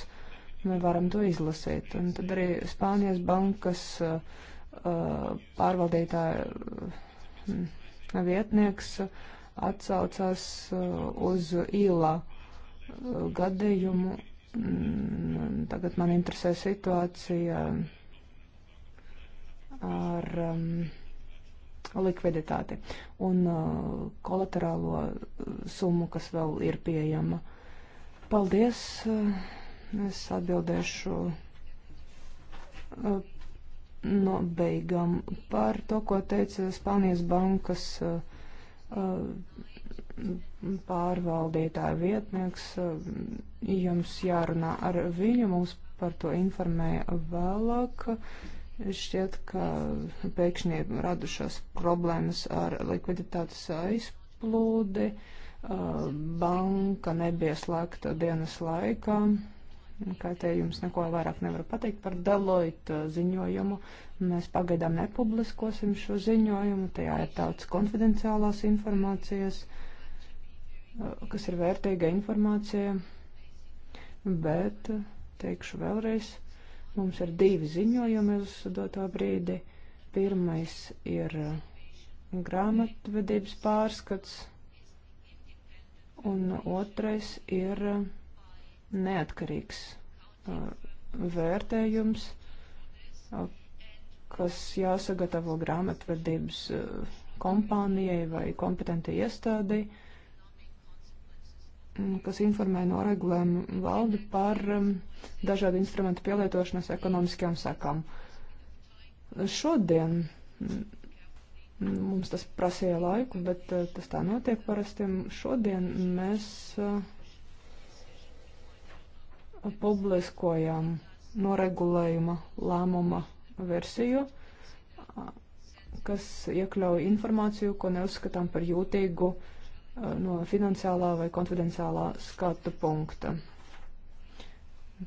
Speaker 3: Mēs varam to izlasīt. Un tad arī Spānijas bankas uh, uh, pārvaldītāja vietnieks atsaucās uz īlā gadījumu. Mm, tagad man interesē situācija ar. Um, likviditāti un uh, kolaterālo uh, summu, kas vēl ir pieejama. Paldies! Uh, es atbildēšu uh, nobeigam par to, ko teica Spānijas bankas uh, uh pārvaldītāja vietnieks. Jums jārunā ar viņu, mums par to informēja vēlāk. Uh, Šķiet, ka pēkšņi radušās problēmas ar likviditātes aizplūdi, banka nebija slēgta dienas laikā. Kā te jums neko vairāk nevaru pateikt par Deloitte ziņojumu, mēs pagaidām nepubliskosim šo ziņojumu, tajā ir daudz konfidenciālās informācijas, kas ir vērtīga informācija, bet teikšu vēlreiz, Mums ir divi ziņojumi uz doto brīdi. Pirmais ir uh, grāmatvedības pārskats, un otrais ir uh, neatkarīgs uh, vērtējums, kas jāsagatavo grāmatvedības kompānijai vai kompetentai iestādēji Mm, kas informē no regulēm valdi par mm, dažādu instrumentu pielietošanas ekonomiskajām sekām. Šodien mm, mums tas prasīja laiku, bet eh, tas tā notiek parasti. Šodien mēs eh, publiskojām noregulējuma lēmuma versiju, kas iekļauj informāciju, ko neuzskatām par jūtīgu uh, no finansiālā vai konfidenciālā skatu punkta.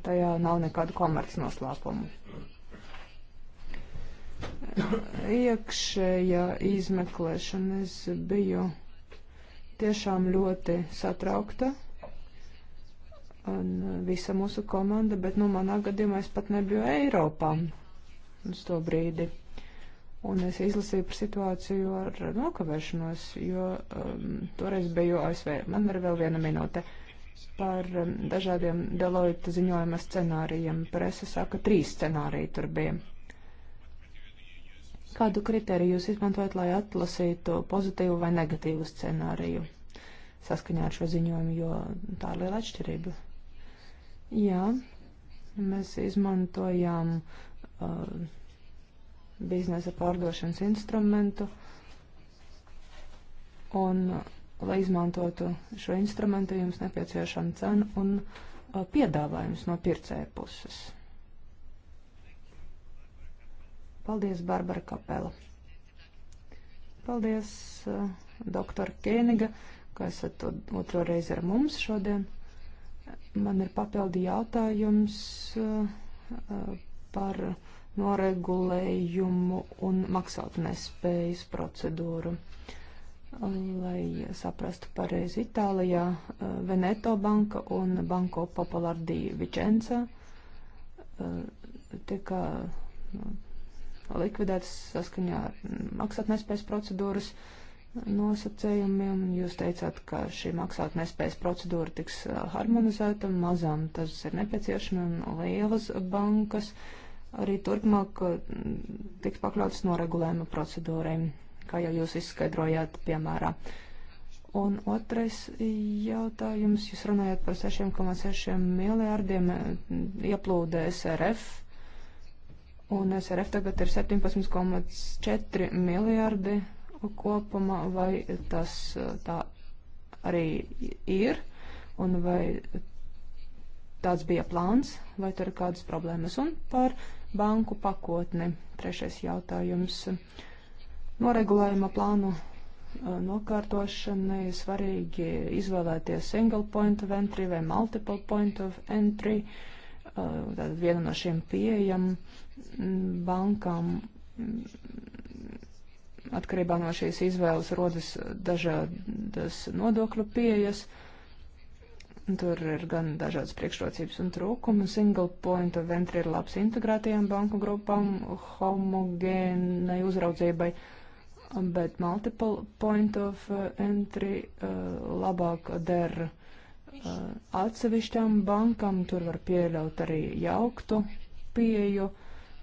Speaker 3: Tajā nav nekādu komerces noslēpumu. Iekšējā izmeklēšana es biju tiešām ļoti satraukta un visa mūsu komanda, bet nu manā gadījumā es pat nebiju Eiropā uz to brīdi un es izlasīju par situāciju ar nokavēšanos, jo um, toreiz biju ASV. Man ir vēl viena minūte par um, dažādiem Deloitte ziņojuma scenārijiem. Presa saka, trīs scenāriji tur bija. Kādu kriteriju jūs izmantojat, lai atlasītu pozitīvu vai negatīvu scenāriju saskaņā ar šo ziņojumu, jo tā ir liela atšķirība? Jā, mēs izmantojām. Uh, biznesa pārdošanas instrumentu. Un, lai izmantotu šo instrumentu, jums nepieciešama cena un uh, piedāvājums no pircēja puses. Paldies, Barbara Kapela. Paldies, uh, doktor Kēniga, ka esat otro reizi ar mums šodien. Man ir papildi jautājums uh, uh par noregulējumu un maksātnespējas procedūru. Lai saprastu pareizi, Itālijā eh, Veneto banka un Banko Popolār di Vicenza eh, tika eh, likvidētas saskaņā ar maksātnespējas procedūras nosacējumiem. Jūs teicāt, ka šī maksātnespējas procedūra tiks harmonizēta, mazām tas ir nepieciešami un lielas bankas. Uh, arī turpmāk mm, tiks pakļautas noregulējuma procedūrai, kā jau jūs izskaidrojāt piemērā. Un otrais jautājums, jūs runājat par 6,6 miljārdiem mm, ieplūda SRF, un SRF tagad ir 17,4 miljārdi kopumā, vai tas eh, tā arī ir, un vai tāds bija plāns, vai tur ir kādas problēmas. Un par banku pakotni. Trešais jautājums. Noregulējuma plānu e, nokārtošanai svarīgi izvēlēties single point of entry vai multiple point of entry. E, tātad viena no šiem pieejam bankām atkarībā no šīs izvēles rodas dažādas nodokļu pieejas. Uh, Tur ir gan dažādas priekšrocības un trūkumi. Single point of entry ir labs integrētajām banku grupām, homogēnai uzraudzībai, bet multiple point of entry eh, labāk der eh, atsevišķām bankām. Tur var pieļaut arī jauktu pieju,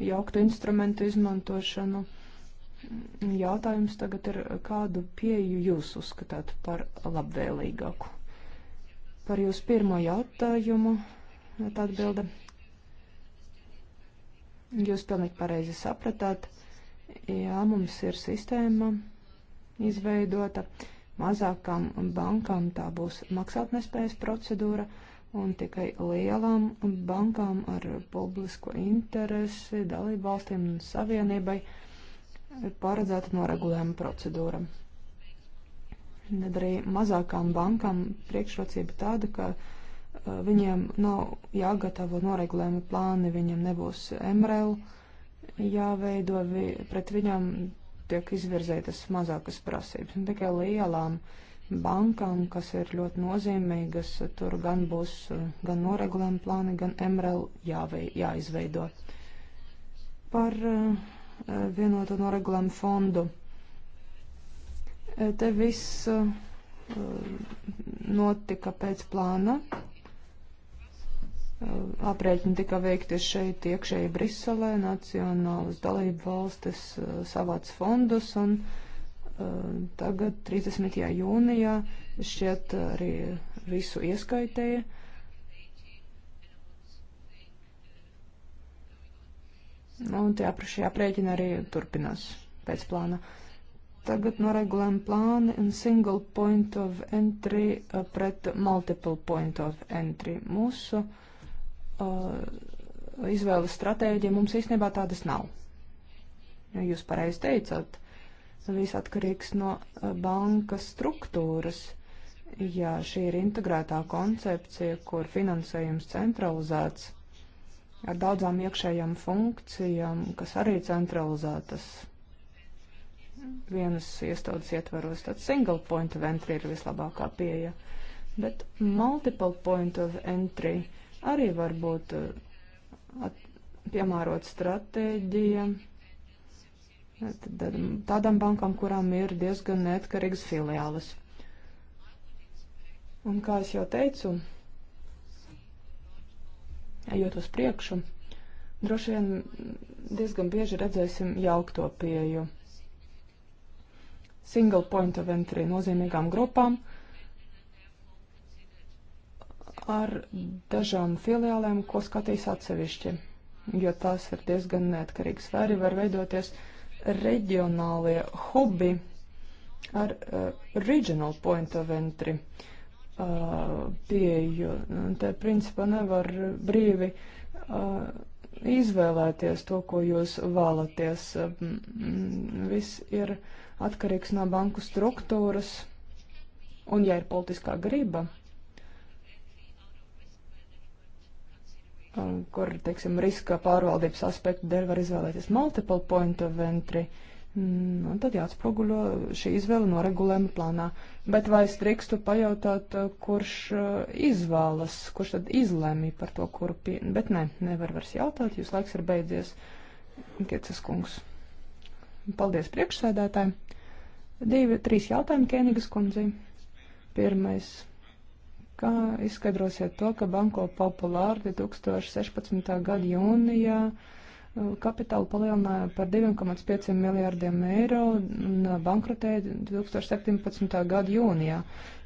Speaker 3: jauktu instrumentu izmantošanu. Jautājums tagad ir, kādu pieju jūs uzskatāt par labvēlīgāku? Par jūsu pirmo jautājumu atbilde. Jūs pilnīgi pareizi sapratāt. Jā, mums ir sistēma izveidota. Mazākām bankām tā būs maksātnespējas procedūra, un tikai lielām bankām ar publisko interesi dalību valstīm un savienībai ir paredzēta noregulējuma procedūra. Tad arī mazākām bankām priekšrocība tāda, ka uh, viņiem nav jāgatavo noregulējuma plāni, viņiem nebūs MRL jāveido, vi, pret viņām tiek izvirzētas mazākas prasības. Un tikai lielām bankām, kas ir ļoti nozīmīgas, tur gan būs uh, gan noregulējuma plāni, gan MRL jāvei, jāizveido. Par uh, vienoto noregulējumu fondu E, te viss e, notika pēc plāna. E, aprēķini tika veikti šeit iekšēji Briselē, nacionālas dalību valstis savāc fondus un tagad 30. jūnijā šķiet arī visu ieskaitēja. Un tie aprēķini arī turpinās pēc plāna. Uh, Tagad noregulējam plāni un single point of entry uh, pret multiple point of entry. Mūsu uh, izvēles stratēģija mums īstenībā tādas nav. Jūs pareizi teicat, viss atkarīgs no uh, bankas struktūras. Ja šī ir integrētā koncepcija, kur finansējums centralizēts ar daudzām iekšējām funkcijām, kas arī centralizētas vienas iestādes ietvaros. Tad single point of entry ir vislabākā pieeja. Bet multiple point of entry arī var būt uh, at, piemērot stratēģija tādām bankām, kurām ir diezgan neatkarīgas filiālas. Un kā es jau teicu, ejot uz priekšu, droši vien diezgan bieži redzēsim jaukto pieju single point of entry nozīmīgām grupām ar dažām filiālēm, ko skatīs atsevišķi, jo tās ir diezgan neatkarīgas. Vai arī var veidoties reģionālie hobi ar uh, regional point of entry uh, pieeju. Te principā nevar brīvi uh, izvēlēties to, ko jūs vēlaties. Uh, viss ir uh, atkarīgs no banku struktūras, un ja ir politiskā griba, um, kur, teiksim, riska pārvaldības aspektu dēļ var izvēlēties multiple point of entry, nu, tad jāatspoguļo šī izvēle noregulējuma plānā. Bet vai es drīkstu pajautāt, uh, kurš uh, izvēlas, kurš tad izlēmī par to, kuru pie... Bet nē, nevar vairs jautāt, jūs laiks ir beidzies. Kiecas kungs. Paldies priekšsēdētājiem. Divi, trīs jautājumi Kēnigas kundzei. Pirmais. Kā izskaidrosiet to, ka Banko Populāra 2016. gada jūnijā uh, kapitālu palielināja par 2,5 miljārdiem eiro un uh, bankrotēja 2017. gada jūnijā?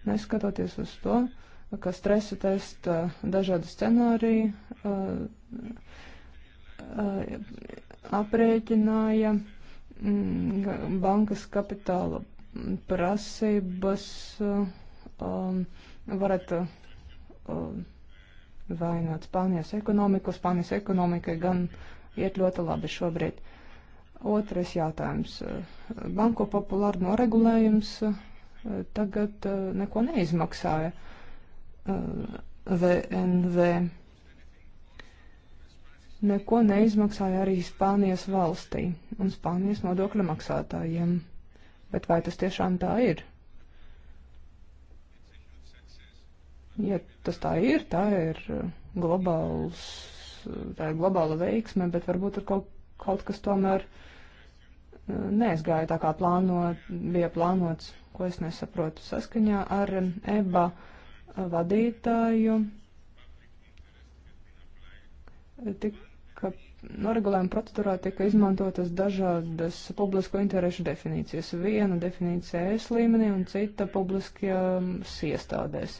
Speaker 3: Neskatoties uz to, ka stresa testa dažādi scenāriji aprēķināja. Uh, uh, aprēķināja Mm, bankas kapitāla prasības uh, um, varētu uh, um, vainot Spānijas ekonomiku. Spānijas ekonomikai gan iet ļoti labi šobrīd. Otrais jautājums. Uh, banko populāru noregulējums tagad neko neizmaksāja VNV. Uh, neko neizmaksāja arī Spānijas valstī un Spānijas nodokļu maksātājiem. Bet vai tas tiešām tā ir? Ja tas tā ir, tā ir globāls, tā ir globāla veiksme, bet varbūt ir kaut, kaut kas tomēr uh, neizgāja tā kā plānot, bija plānots, ko es nesaprotu saskaņā ar EBA vadītāju. Tik noregulējuma procedūrā tika izmantotas dažādas publisko interešu definīcijas. Viena definīcija es līmenī un cita publiskajās um, iestādēs.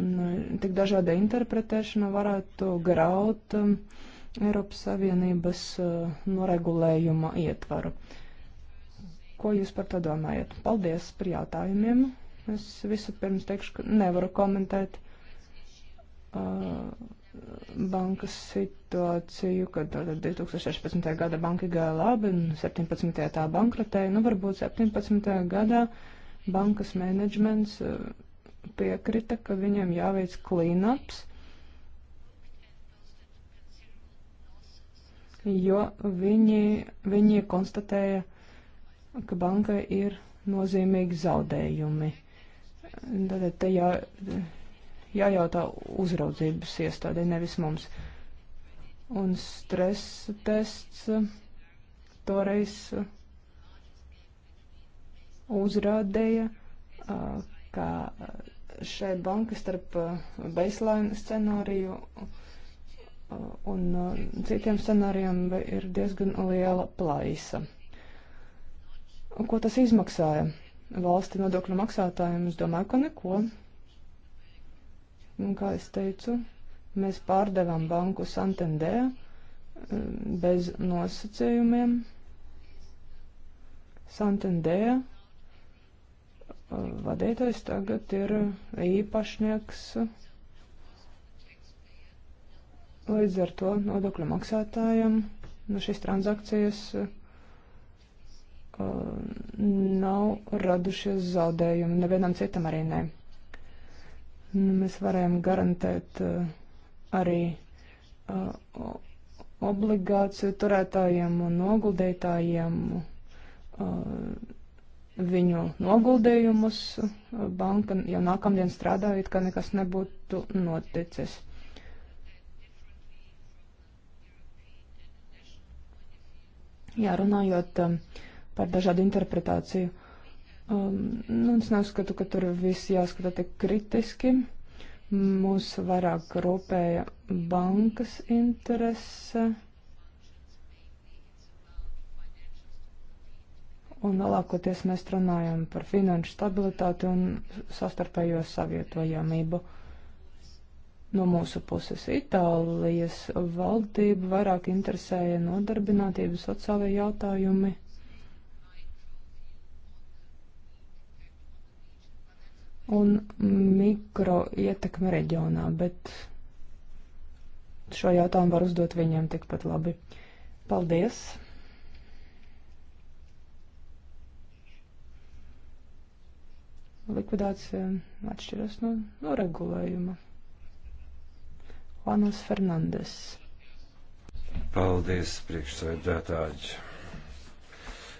Speaker 3: Un uh, tik dažāda interpretēšana varētu graut um, Eiropas Savienības uh, noregulējuma ietvaru. Ko jūs par to domājat? Paldies par jautājumiem. Es visu pirms teikšu, ka nevaru komentēt. Uh, bankas situāciju, kad 2016. gada banka gāja labi un 17. tā bankrotēja. Nu, varbūt 17. gadā bankas menedžments eh, piekrita, ka viņiem jāveic cleanups, jo viņi, viņi konstatēja, ka bankai ir nozīmīgi zaudējumi. Tātad te jā, jājautā uzraudzības iestādē, nevis mums. Un stresa tests eh, toreiz eh, uzrādīja, eh, ka šai banka starp baseline scenāriju un citiem scenārijiem ir diezgan liela plaisa. Ko tas izmaksāja? Valsti nodokļu maksātājiem, es domāju, ka neko. Kā es teicu, mēs pārdevām banku Santandē um, bez nosacījumiem. Santandē uh, vadītājs tagad ir īpašnieks. Līdz ar to nodokļu maksātājiem no šīs transakcijas uh, nav radušies zaudējumi, nevienam citam arī ne. Nu, mēs varējām garantēt uh, arī uh, obligāciju turētājiem un noguldītājiem uh, viņu noguldījumus. Banka jau nākamdien strādājot, ka nekas nebūtu noticis. Jā, runājot um, par dažādu interpretāciju Um, nu, es neuzskatu, ka tur viss jāskata tik kritiski. Mūs vairāk rūpēja bankas interese. Un lielākoties mēs runājam par finanšu stabilitāti un sastarpējo savietojamību. No mūsu puses Itālijas valdība vairāk interesēja nodarbinātību sociālajie jautājumi un mikro ietekme reģionā, bet šo jautājumu var uzdot viņiem tikpat labi. Paldies! Likvidācija atšķiras no, no regulējuma. Juanas Fernandes.
Speaker 1: Paldies, priekšsēdētāji!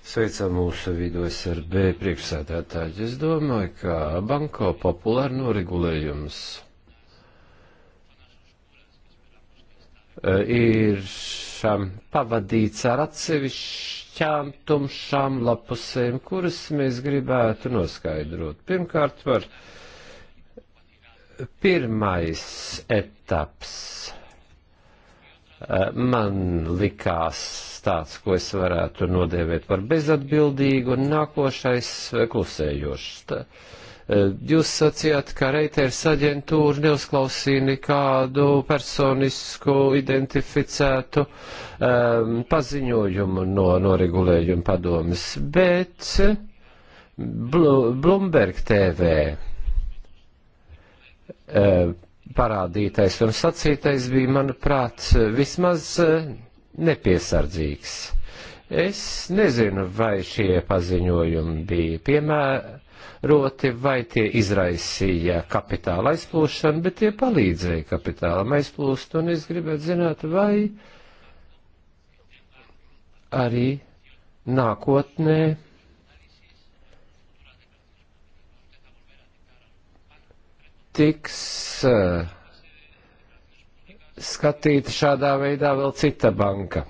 Speaker 1: Sveicam mūsu vidū SRB priekšsēdētāji. Es domāju, ka banko populāri noregulējums e, ir pavadīts ar atsevišķām tumšām lapusēm, kuras mēs gribētu noskaidrot. Pirmkārt, var pirmais etaps e, man likās tāds, ko es varētu nodēvēt par bezatbildīgu, un nākošais klusējošs. E, jūs sacījāt, ka Reiters aģentūra neuzklausīja nekādu personisku identificētu um, paziņojumu no noregulējuma padomis, bet Bl Bloomberg TV uh, e, parādītais un sacītais bija, manuprāt, vismaz uh, nepiesardzīgs. Es nezinu, vai šie paziņojumi bija piemēroti, vai tie izraisīja kapitāla aizplūšanu, bet tie palīdzēja kapitālam aizplūst, un es gribētu zināt, vai arī nākotnē tiks uh, skatīta šādā veidā vēl cita banka.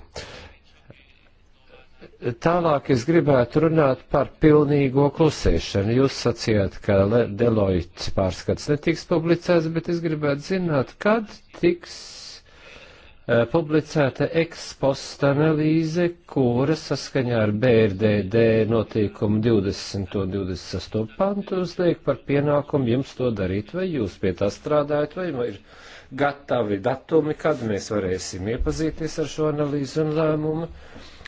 Speaker 1: Tālāk es gribētu runāt par pilnīgo klusēšanu. Jūs sacījāt, ka Deloitte pārskats netiks publicēts, bet es gribētu zināt, kad tiks e, publicēta eksposta analīze, kura saskaņā ar BRDD notiekumu 20 un 28 pantu uzliek par pienākumu jums to darīt, vai jūs pie tā strādājat, vai ir. No gatavi datumi, kad mēs varēsim iepazīties ar šo analīzi un lēmumu.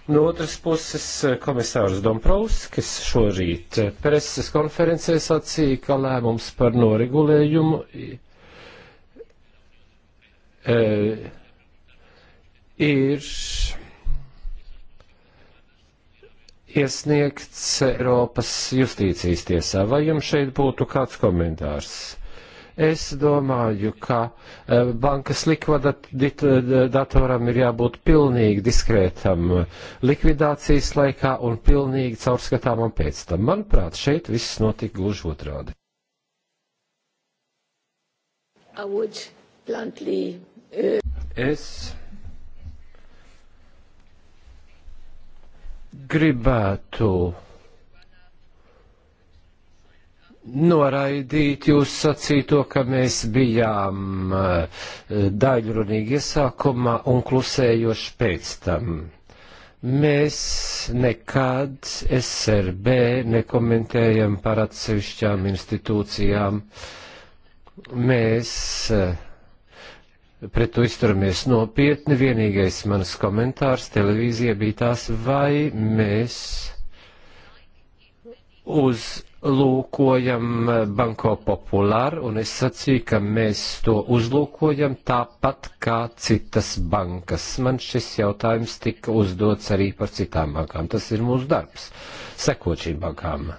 Speaker 1: No otras puses, komisārs Dombrovskis šorīt preses konferencē sacīja, ka lēmums par noregulējumu e, ir iesniegts Eiropas justīcijas tiesā. Vai jums šeit būtu kāds komentārs? Es domāju, ka e, bankas likvidatoram ir jābūt pilnīgi diskrētam likvidācijas laikā un pilnīgi caurskatāmam pēc tam. Manuprāt, šeit viss notika gluži otrādi. E, es gribētu noraidīt jūs sacīto, ka mēs bijām eh, daļrunīgi iesākumā un klusējoši pēc tam. Mēs nekad SRB nekomentējam par atsevišķām institūcijām. Mēs eh, pret to izturamies nopietni. Vienīgais manas komentārs televīzija bija tās, vai mēs uz uzlūkojam eh, Banko Populāru, un es sacīju, ka mēs to uzlūkojam tāpat kā citas bankas. Man šis jautājums tika uzdots arī par citām bankām. Tas ir mūsu darbs - sekot šīm bankām.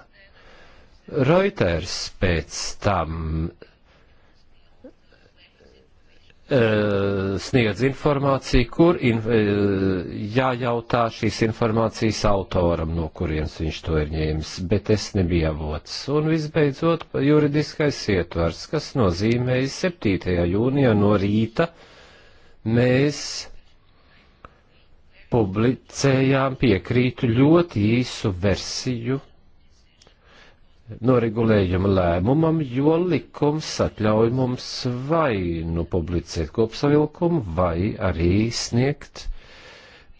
Speaker 1: Reuters pēc tam E, sniedz informāciju, kur in, e, jājautā šīs informācijas autoram, no kurienes viņš to ir ņēmis, bet es nebiju avots. Un visbeidzot, juridiskais ietvars, kas nozīmēja 7. jūnijā no rīta mēs publicējām piekrītu ļoti īsu versiju noregulējuma lēmumam, jo likums atļauj mums vai nu publicēt kopsavilkumu, vai arī sniegt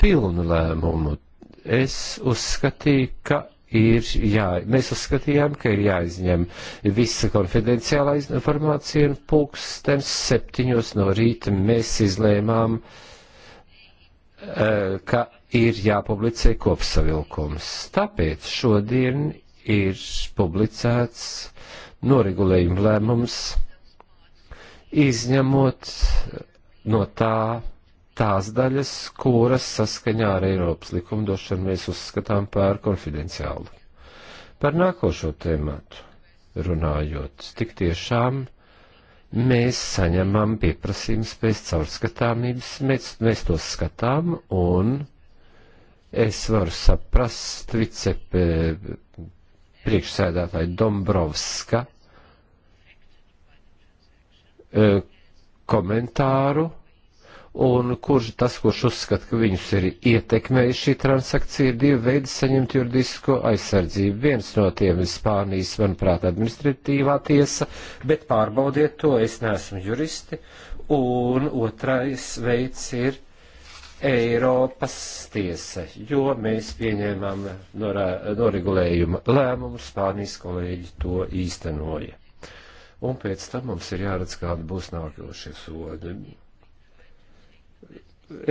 Speaker 1: pilnu lēmumu. Es uzskatīju, ka ir jā, mēs uzskatījām, ka ir jāizņem visa konfidenciālā informācija un pulkstens septiņos no rīta mēs izlēmām, eh, ka ir jāpublicē kopsavilkums. Tāpēc šodien ir publicēts noregulējuma lēmums, izņemot no tā tās daļas, kuras saskaņā ar Eiropas likumdošanu mēs uzskatām par konfidenciālu. Par nākošo tēmatu runājot, tik tiešām mēs saņemam pieprasījums pēc caurskatāmības, mēs, mēs to skatām un es varu saprast vicepe priekšsēdētāja Dombrovska e, komentāru, un kurš tas, kurš uzskata, ka viņus ir ietekmējuši šī transakcija, ir divi veidi saņemt juridisko aizsardzību. Viens no tiem ir Spānijas, manuprāt, administratīvā tiesa, bet pārbaudiet to, es neesmu juristi, un otrais veids ir Eiropas tiesa, jo mēs pieņēmām norā, noregulējuma lēmumu, Spānijas kolēģi to īstenoja. Un pēc tam mums ir jāredz, kāda būs nākošie sodi.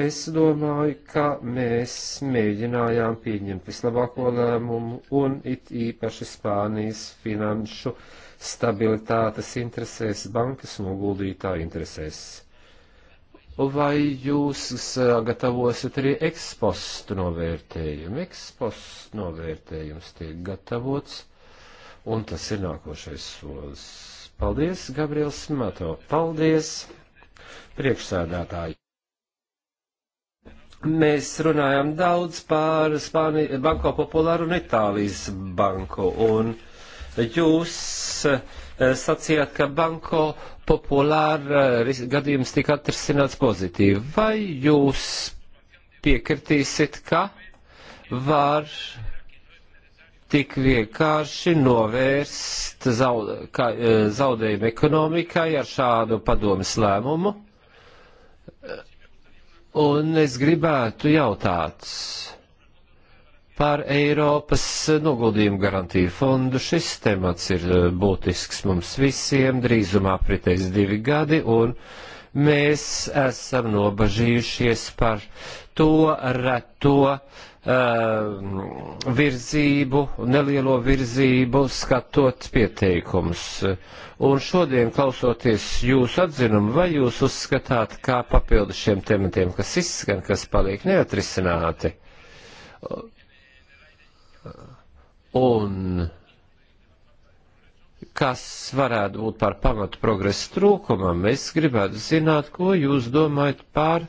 Speaker 1: Es domāju, ka mēs mēģinājām pieņemt vislabāko lēmumu un it īpaši Spānijas finanšu stabilitātes interesēs, bankas noguldītāju interesēs vai jūs sagatavosiet arī ekspostu novērtējumu? Ekspostu novērtējums tiek gatavots, un tas ir nākošais solis. Paldies, Gabriels Mato. Paldies, priekšsēdētāji. Mēs runājam daudz par Spāni, Banko Populāru un Itālijas banku, un jūs uh, Eh, sacījāt, ka banko populāra eh, gadījums tika atrasināts pozitīvi. Vai jūs piekritīsit, ka var tik vienkārši novērst zaud, kā, eh, zaudējumu ekonomikai ar šādu padomas lēmumu? Un es gribētu jautāt, par Eiropas noguldījumu garantiju fondu. Šis temats ir eh, būtisks mums visiem, drīzumā priteiks divi gadi, un mēs esam nobažījušies par to reto uh, virzību, nelielo virzību, skatot pieteikumus. Un šodien, klausoties jūsu atzinumu, vai jūs uzskatāt, kā papildu šiem tematiem, kas izskan, kas paliek neatrisināti, un kas varētu būt par pamatu progresa trūkumam, es gribētu zināt, ko jūs domājat par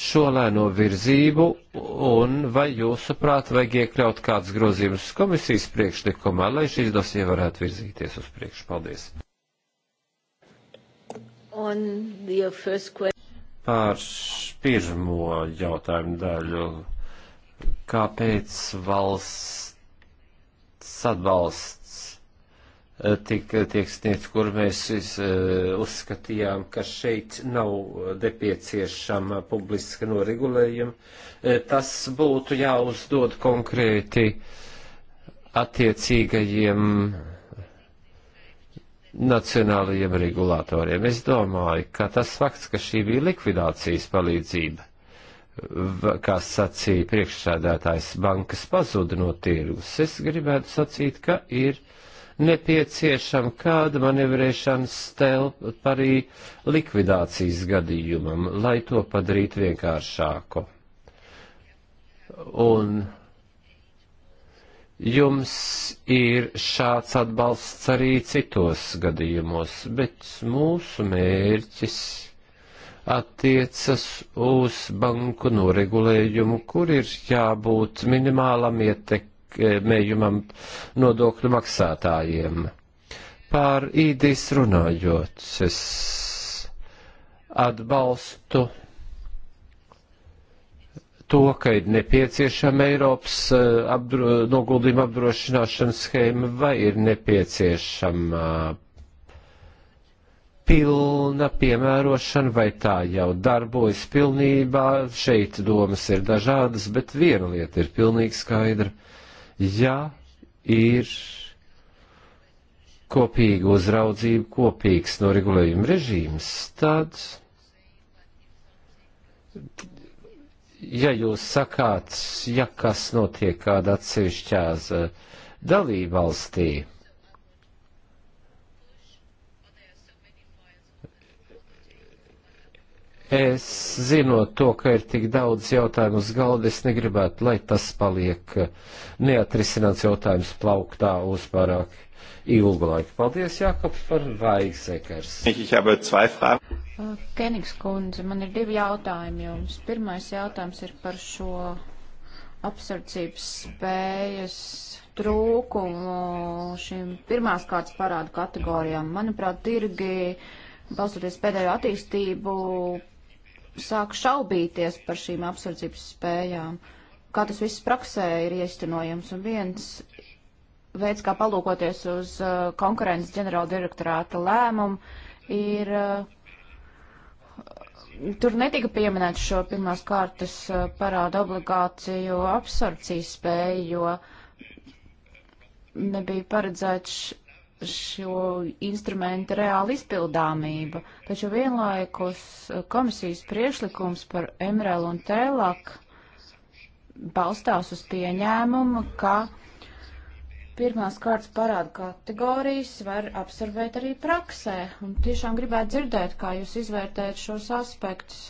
Speaker 1: šo lēno virzību un vai jūsuprāt vajag iekļaut kāds grozījums komisijas priekšlikumā, lai šīs dosie varētu virzīties uz priekšu. Paldies. Par pirmo jautājumu daļu. Kāpēc valsts atbalsts eh, tika, tiek sniegts, kur mēs iz, eh, uzskatījām, ka šeit nav nepieciešama publiska noregulējuma. Eh, tas būtu jāuzdod konkrēti attiecīgajiem nacionālajiem regulātoriem. Es domāju, ka tas fakts, ka šī bija likvidācijas palīdzība, kā sacīja priekšsēdētājs, bankas pazuda no tirgus. Es gribētu sacīt, ka ir nepieciešama kāda manevrēšanas telpa arī likvidācijas gadījumam, lai to padarītu vienkāršāku. Un jums ir šāds atbalsts arī citos gadījumos, bet mūsu mērķis ir attiecas uz banku noregulējumu, kur ir jābūt minimālam ietekmējumam nodokļu maksātājiem. Pār īdīs runājot, es atbalstu to, ka ir nepieciešama Eiropas eh, apdro, noguldījuma apdrošināšanas schēma vai ir nepieciešama pilna piemērošana, vai tā jau darbojas pilnībā. Šeit domas ir dažādas, bet viena lieta ir pilnīgi skaidra. Ja ir kopīga uzraudzība, kopīgs noregulējuma režīms, tad, ja jūs sakāt, ja kas notiek kāda atsevišķās eh, dalībvalstī, valstī, Es zinot to, ka ir tik daudz jautājumu uz galda, es negribētu, lai tas paliek eh, neatrisināts jautājums plauktā uz pārāk ilgu laiku. Paldies, Jākops, par vaigsekars.
Speaker 2: Kenigs kundze, man ir divi jautājumi jums. Pirmais jautājums ir par šo apsardzības spējas trūkumu šīm pirmās kārtas parādu kategorijām. Manuprāt, tirgi balstoties pēdējo attīstību, sāk šaubīties par šīm apsardzības spējām, kā tas viss praksē ir iestinojams. Un viens veids, kā palūkoties uz uh, konkurences ģenerāla direktorāta lēmumu, ir. Uh, tur netika pieminēts šo pirmās kārtas uh, parāda obligāciju absorpcijas spēju, jo nebija paredzēts šo instrumentu reāli izpildāmība, taču vienlaikus eh, komisijas priešlikums par MRL un TELAK balstās uz pieņēmumu, ka pirmās kārtas parādu kategorijas var absorbēt arī praksē. Un tiešām gribētu dzirdēt, kā jūs izvērtējat šos aspektus.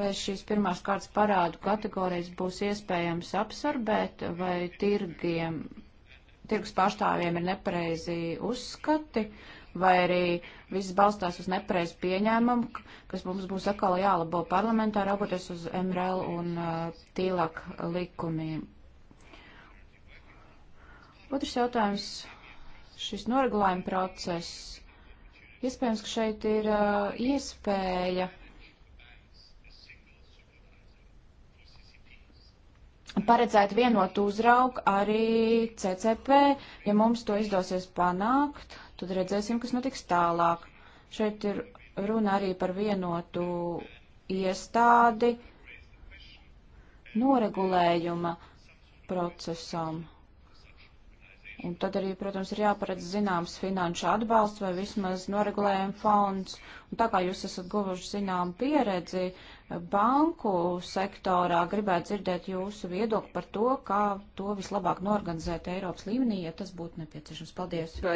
Speaker 2: Vai šīs pirmās kārtas parādu kategorijas būs iespējams absorbēt, vai tirgiem tirgus pārstāvjiem ir nepareizi uzskati, vai arī viss balstās uz nepareizu pieņēmumu, kas mums būs atkal jālabo parlamentā, raugoties uz MRL un uh, tīlāk likumiem. Otrs jautājums - šis noregulējuma process. Iespējams, ka šeit ir uh, iespēja paredzēt vienotu uzraugu arī CCP. Ja mums to izdosies panākt, tad redzēsim, kas notiks tālāk. Šeit ir runa arī par vienotu iestādi noregulējuma procesam. Un tad arī, protams, ir jāparedz zināms finanšu atbalsts vai vismaz noregulējuma fonds. Un tā kā jūs esat guvuši zinām pieredzi, uh, banku sektorā. Gribētu dzirdēt jūsu viedokli par to, kā to vislabāk norganizēt Eiropas līmenī, ja tas būtu nepieciešams. Paldies. Do,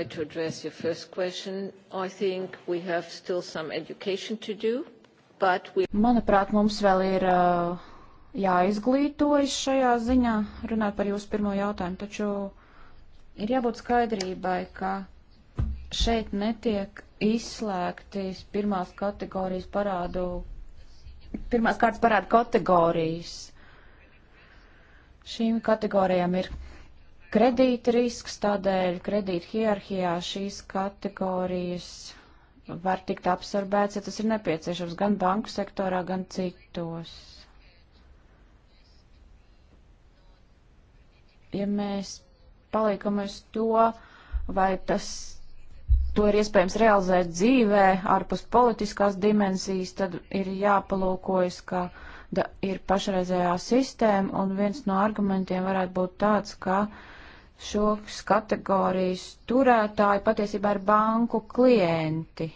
Speaker 2: we... Manuprāt, mums vēl ir uh, jāizglītojas šajā ziņā, runāt par jūsu pirmo jautājumu, taču ir jābūt skaidrībai, ka šeit netiek izslēgti pirmās kategorijas parādu pirmās kārtas parāda kategorijas. Šīm kategorijām ir kredīta risks, tādēļ kredīta hierarhijā šīs kategorijas var tikt absorbēts, ja tas ir nepieciešams gan banku sektorā, gan citos. Ja mēs paliekam uz to, vai tas to ir iespējams realizēt dzīvē, ārpus politiskās dimensijas, tad ir jāpalūkojas, ka da, ir pašreizējā sistēma, un viens no argumentiem varētu būt tāds, ka šos kategorijas turētāji patiesībā ir banku klienti.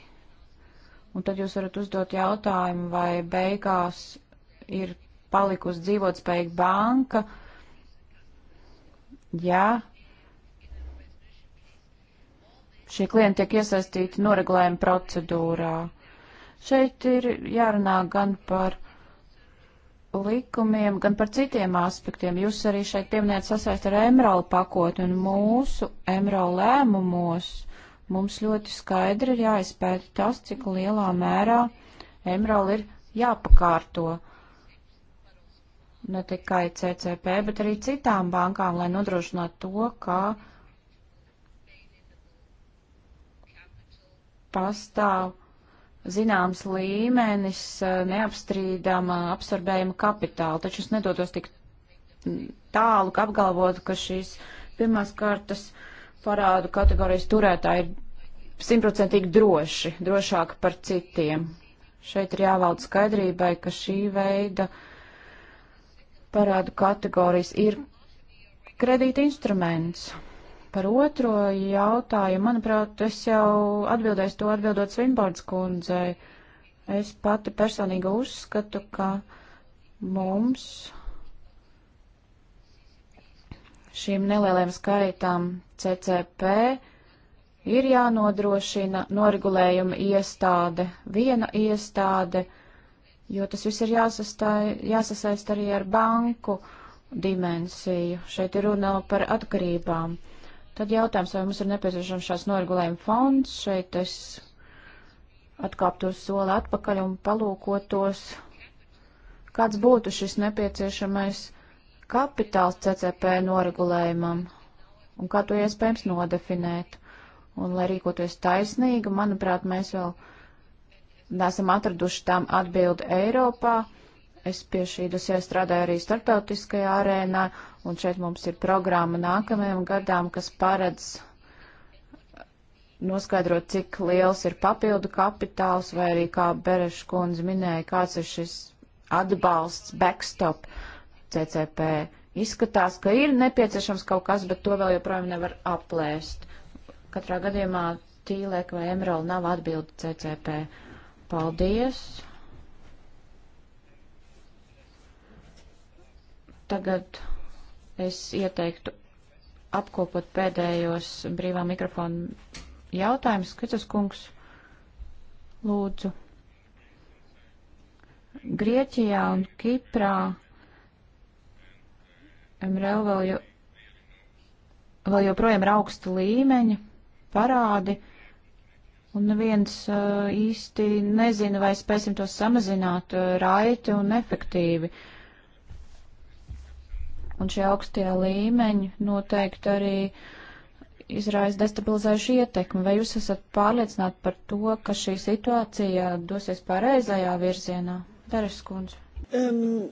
Speaker 2: Un tad jūs varat uzdot jautājumu, vai beigās ir palikusi dzīvotspējīga banka, ja šie klienti tiek iesaistīti noregulējuma procedūrā. Šeit ir jārunā gan par likumiem, gan par citiem aspektiem. Jūs arī šeit pieminējat sasaist ar Emerald pakotni un mūsu Emerald lēmumos. Mums ļoti skaidri ir jāizpēta tas, cik lielā mērā Emerald ir jāpakārto ne tikai CCP, bet arī citām bankām, lai nodrošinātu to, ka pastāv zināms līmenis eh, neapstrīdama absorbējuma kapitāla, taču es nedotos tik tālu, ka apgalvotu, ka šīs pirmās kārtas parādu kategorijas turētāji ir simtprocentīgi droši, drošāki par citiem. Šeit ir jāvalda skaidrībai, ka šī veida parādu kategorijas ir kredīta instruments. Par otro jautājumu, manuprāt, es jau atbildēšu to atbildot Svinbārds kundzei. Es pati personīgi uzskatu, ka mums šīm nelielajām skaitām CCP ir jānodrošina noregulējuma iestāde, viena iestāde, jo tas viss ir jāsastāj, jāsasaist arī ar banku dimensiju. Šeit ir runa par atkarībām. Tad jautājums, vai mums ir nepieciešams šāds noregulējuma fonds. Šeit es atkāptos soli atpakaļ un palūkotos, kāds būtu šis nepieciešamais kapitāls CCP noregulējumam un kā to iespējams nodefinēt. Un, lai rīkoties taisnīgi, manuprāt, mēs vēl nesam atraduši tām atbildi Eiropā. Es pie šī dosē strādāju arī starptautiskajā arēnā, Un šeit mums ir programma nākamajam gadām, kas paredz noskaidrot, cik liels ir papildu kapitāls, vai arī, kā Bereša kundze minēja, kāds ir šis atbalsts, backstop CCP. Izskatās, ka ir nepieciešams kaut kas, bet to vēl joprojām nevar aplēst. Katrā gadījumā tīlēk vai emerald nav atbildi CCP. Paldies! Tagad Es ieteiktu apkopot pēdējos brīvā mikrofona jautājumus. Kicas kungs, lūdzu. Grieķijā un Kiprā MRL vēl, jo, vēl joprojām ir augsta līmeņa parādi, un neviens uh, īsti nezina, vai spēsim tos samazināt uh, raiti un efektīvi. Uh, un šie augstie līmeņi noteikti arī izraisa destabilizējuši ietekmi. Vai jūs esat pārliecināti par to, ka šī situācija dosies pareizajā virzienā? Dares kundze. Um,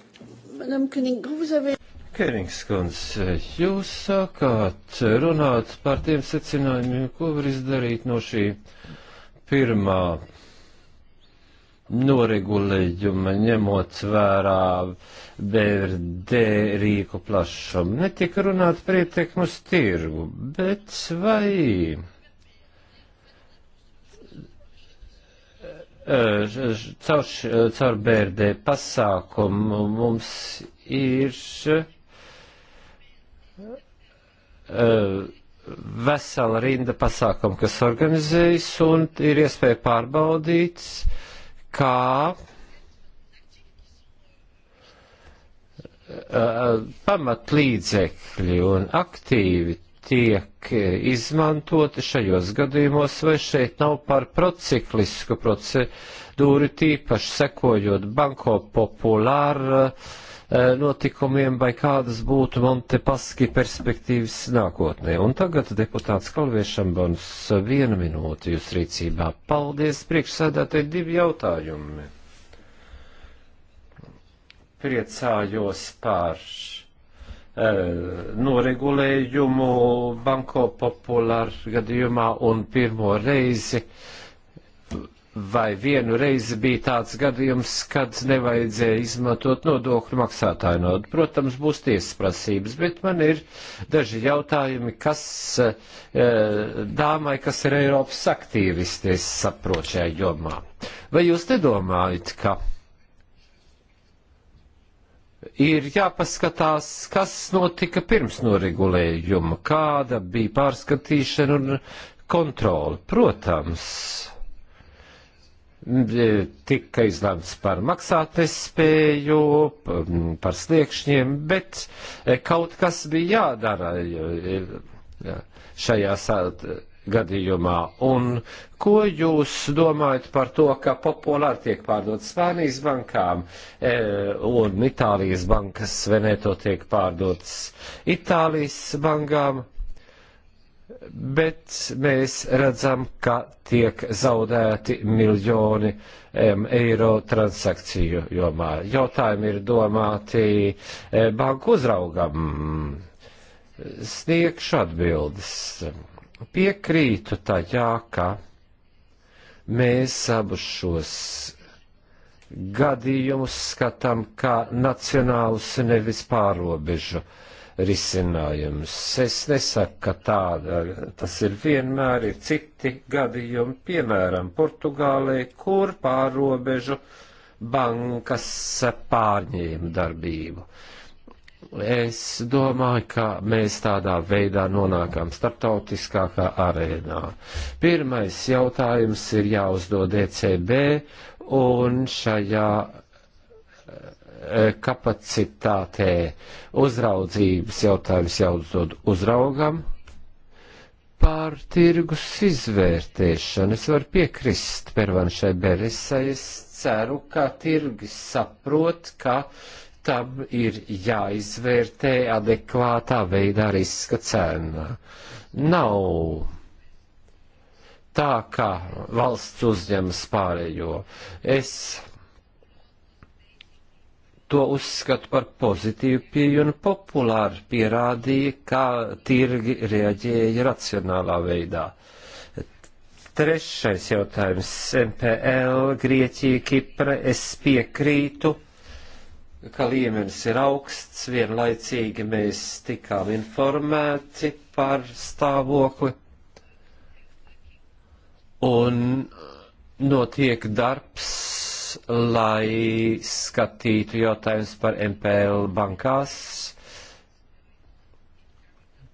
Speaker 1: Kerings kundze, jūs sākāt runāt par tiem secinājumiem, ko var izdarīt no šī pirmā noregulējuma, ņemot vērā BRD rīku plašumu. Netika runāt par ietekmu uz tirgu, bet vai caur, caur BRD pasākumu mums ir vesela rinda pasākumu, kas organizējas un ir iespēja pārbaudīt, uh, kā pamatlīdzekļi un aktīvi tiek izmantoti šajos gadījumos, vai šeit nav par prociklisku procedūru, tīpaši sekojot banko populāru uh, Eh, notikumiem vai kādas būtu Montepaski perspektīvas nākotnē. Un tagad deputāts Kalviešambons viena minūte jūs rīcībā. Paldies, priekšsēdētāji, divi jautājumi. Priecājos par eh, noregulējumu banko populāru gadījumā un pirmo reizi uh, vai vienu reizi bija tāds gadījums, kad nevajadzēja izmantot nodokļu maksātāju naudu. Protams, būs tiesas prasības, bet man ir daži jautājumi, kas e, dāmai, kas ir Eiropas aktīvisti, es saprotu šajā jomā. Vai jūs nedomājat, ka ir jāpaskatās, kas notika pirms noregulējuma, kāda bija pārskatīšana un kontrola? Protams tika izlemts par maksātnespēju, par sliekšņiem, bet e, kaut kas bija jādara e, e, šajā gadījumā. Un ko jūs domājat par to, ka populāri tiek pārdot Spānijas bankām e, un Itālijas bankas Veneto tiek pārdotas Itālijas bankām? bet mēs redzam, ka tiek zaudēti miljoni um, eiro transakciju jomā. Jautājumi ir domāti banku uzraugam. Sniegšu atbildes. Piekrītu tajā, ka mēs abus šos gadījumus skatām kā nacionālus, nevis pārobežu uh, risinājums. Es nesaku, ka tāda tas ir vienmēr, ir citi gadījumi, piemēram, Portugālē, kur pārobežu bankas pārņēma darbību. Es domāju, ka mēs tādā veidā nonākam starptautiskākā arēnā. Pirmais jautājums ir jāuzdod ECB, un šajā Eh, kapacitātē uzraudzības jautājums jāuzdod uzraugam. Pār tirgus izvērtēšanu es varu piekrist pervanšai Beresai. Es ceru, ka tirgi saprot, ka tam ir jāizvērtē adekvātā veidā riska cena. Nav tā, ka valsts uzņemas pārējo. Es to uzskatu par pozitīvu pieju un populāri pierādīja, kā tirgi reaģēja racionālā veidā. Trešais jautājums - MPL, Grieķija, Kipra. Es piekrītu, ka līmenis ir augsts, vienlaicīgi mēs tikām informēti par stāvokli. Un notiek darbs lai skatītu jautājums par MPL bankās.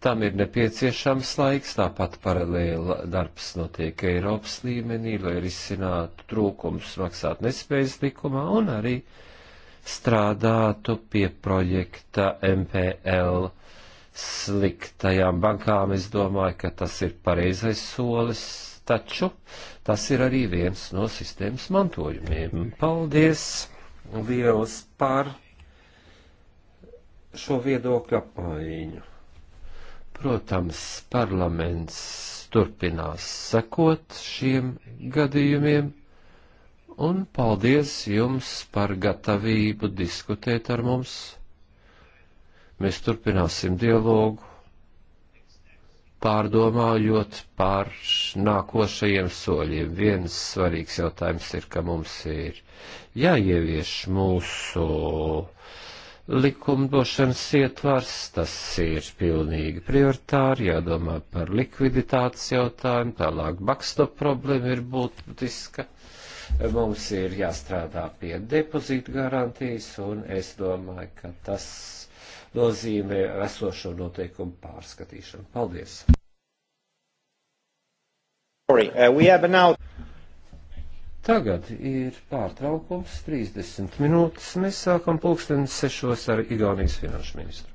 Speaker 1: Tam ir nepieciešams laiks, tāpat paralēla darbs notiek Eiropas līmenī, lai risinātu trūkums maksāt nespējas likumā un arī strādātu pie projekta MPL sliktajām bankām. Es domāju, ka tas ir pareizais solis taču tas ir arī viens no sistēmas mantojumiem. Paldies liels par šo viedokļu apmaiņu. Protams, parlaments turpinās sekot šiem gadījumiem, un paldies jums par gatavību diskutēt ar mums. Mēs turpināsim dialogu pārdomājot par nākošajiem soļiem. Viens svarīgs jautājums ir, ka mums ir jāievieš mūsu likumdošanas ietvars, tas ir pilnīgi prioritāri, jādomā par likviditātes jautājumu, tālāk backstop problēma ir būtiska. Mums ir jāstrādā pie depozītu garantijas, un es domāju, ka tas nozīmē esošo noteikumu pārskatīšanu. Paldies! Uh, Tagad ir pārtraukums 30 minūtes. Mēs sākam pulksteni sešos ar Igaunijas finanšu ministru.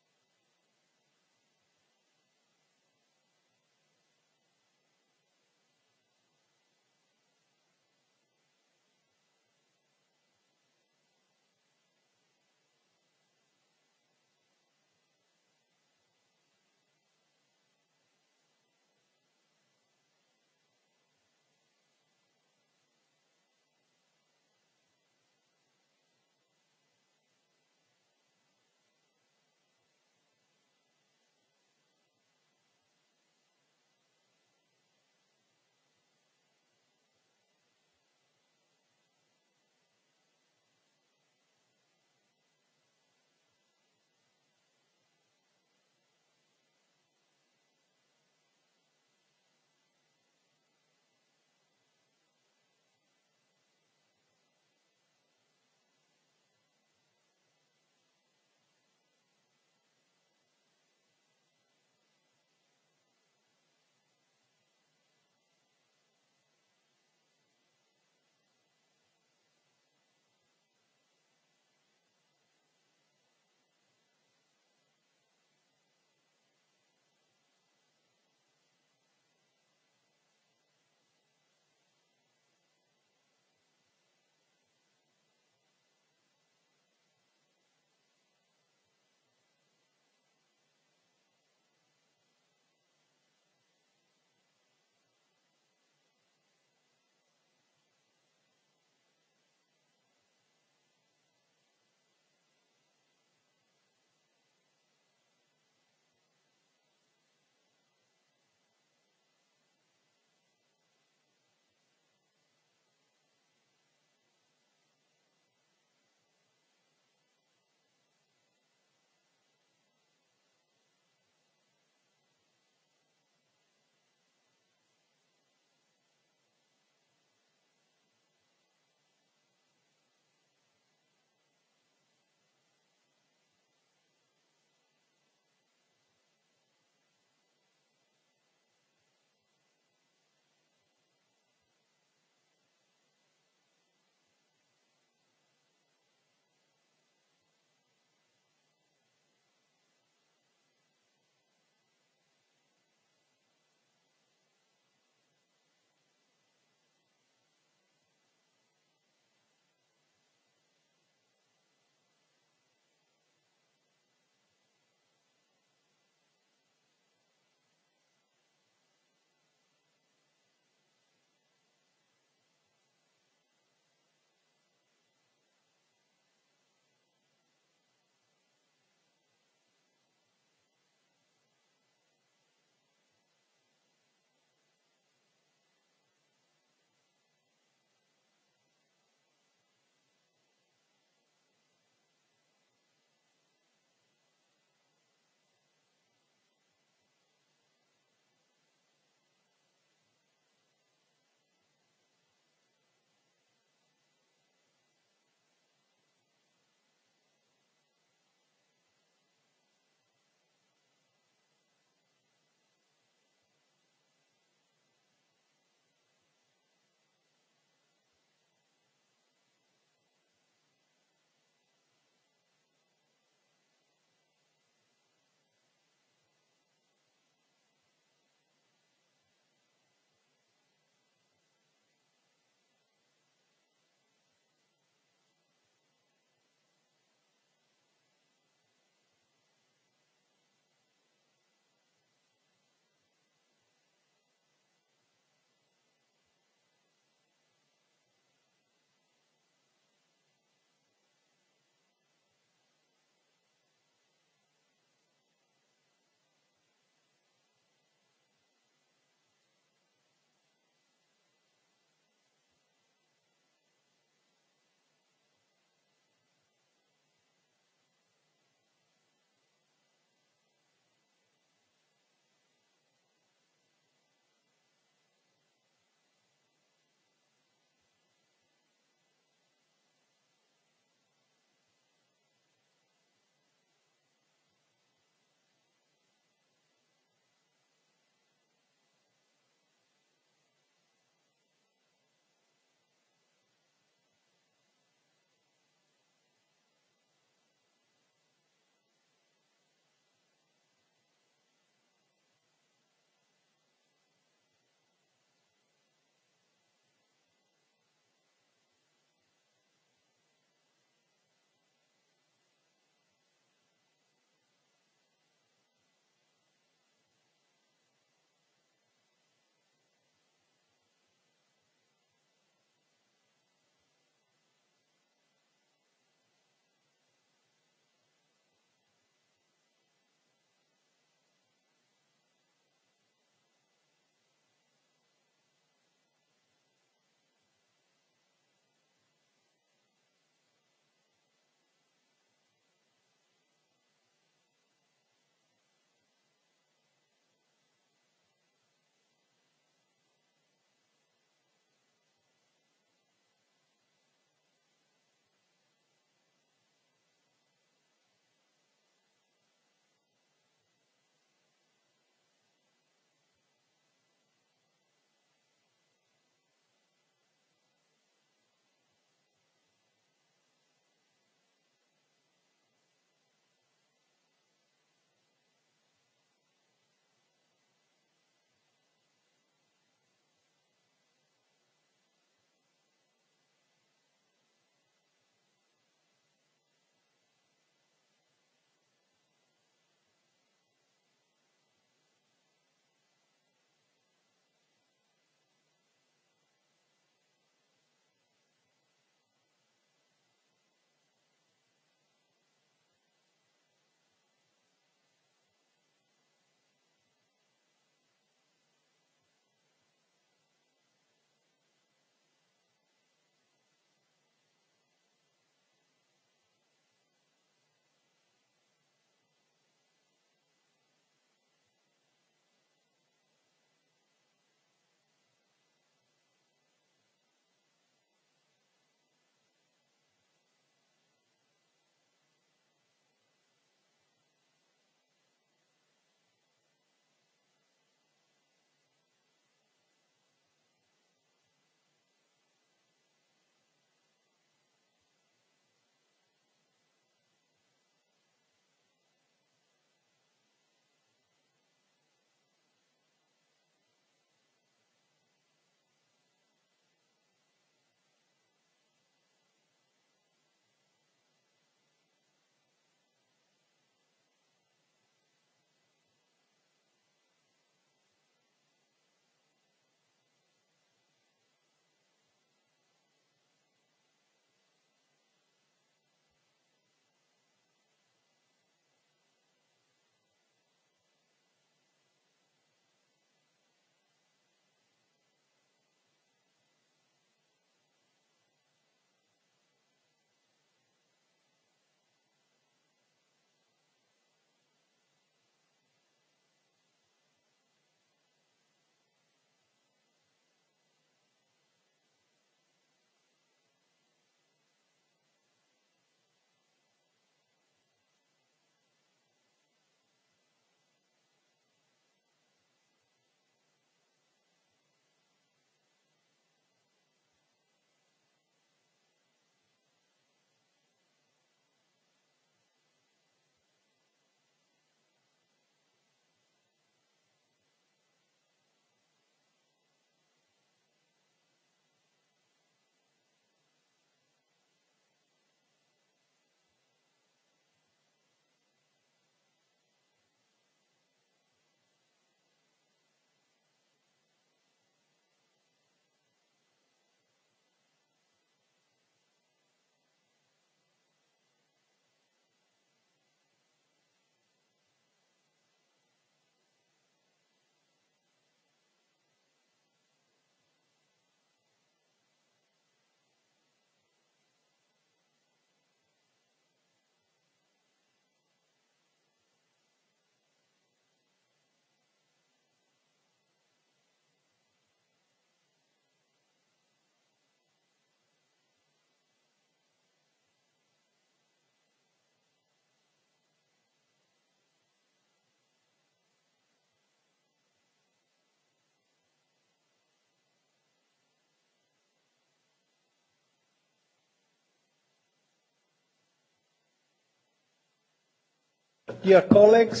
Speaker 2: Dear colleagues.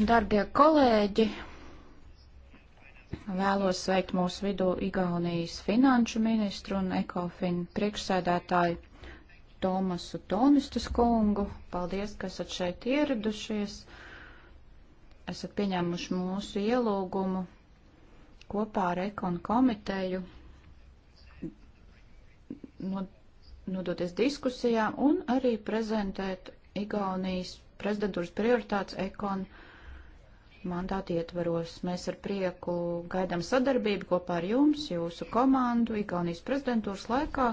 Speaker 2: Darbie kolēģi, vēlos sveikt mūsu vidū Igaunijas finanšu ministru un ekofin priekšsēdētāju Tomasu Tonistus kungu. Paldies, ka esat šeit ieradušies. Esat pieņēmuši mūsu ielūgumu kopā ar ekonu komiteju. No nodoties diskusijām un arī prezentēt Igaunijas prezidentūras prioritātes ekon mandāti ietvaros. Mēs ar prieku gaidām sadarbību kopā ar jums, jūsu komandu, Igaunijas prezidentūras laikā,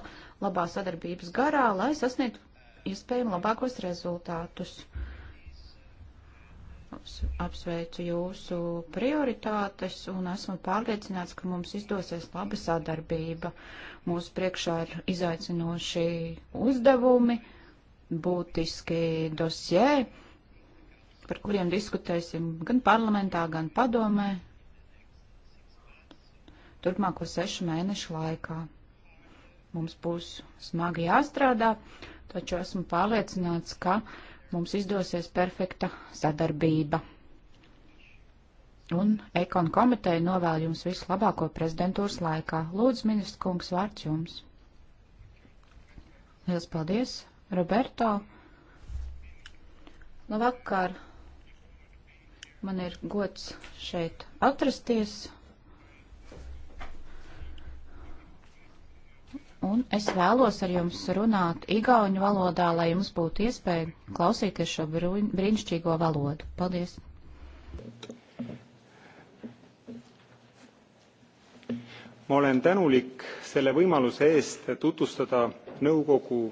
Speaker 2: labā sadarbības garā, lai sasniegtu iespējami labākos rezultātus. Apsveicu jūsu prioritātes un esmu pārliecināts, ka mums izdosies laba sadarbība. Mūsu priekšā ir izaicinoši uzdevumi būtiski dosjē, par kuriem diskutēsim gan parlamentā, gan padomē turpmāko sešu mēnešu laikā. Mums būs smagi jāstrādā, taču esmu pārliecināts, ka mums izdosies perfekta sadarbība. Un Ekon komiteja novēl jums vislabāko prezidentūras laikā. Lūdzu, ministrs kungs, vārds jums. Liels paldies! Roberto. Labvakar! Man ir gods šeit atrasties. Un es vēlos ar jums runāt igauņu valodā, lai jums būtu iespēja klausīties šo brīnišķīgo valodu. Paldies!
Speaker 4: Ma olen tänulik selle võimaluse eest tutvustada nõukogu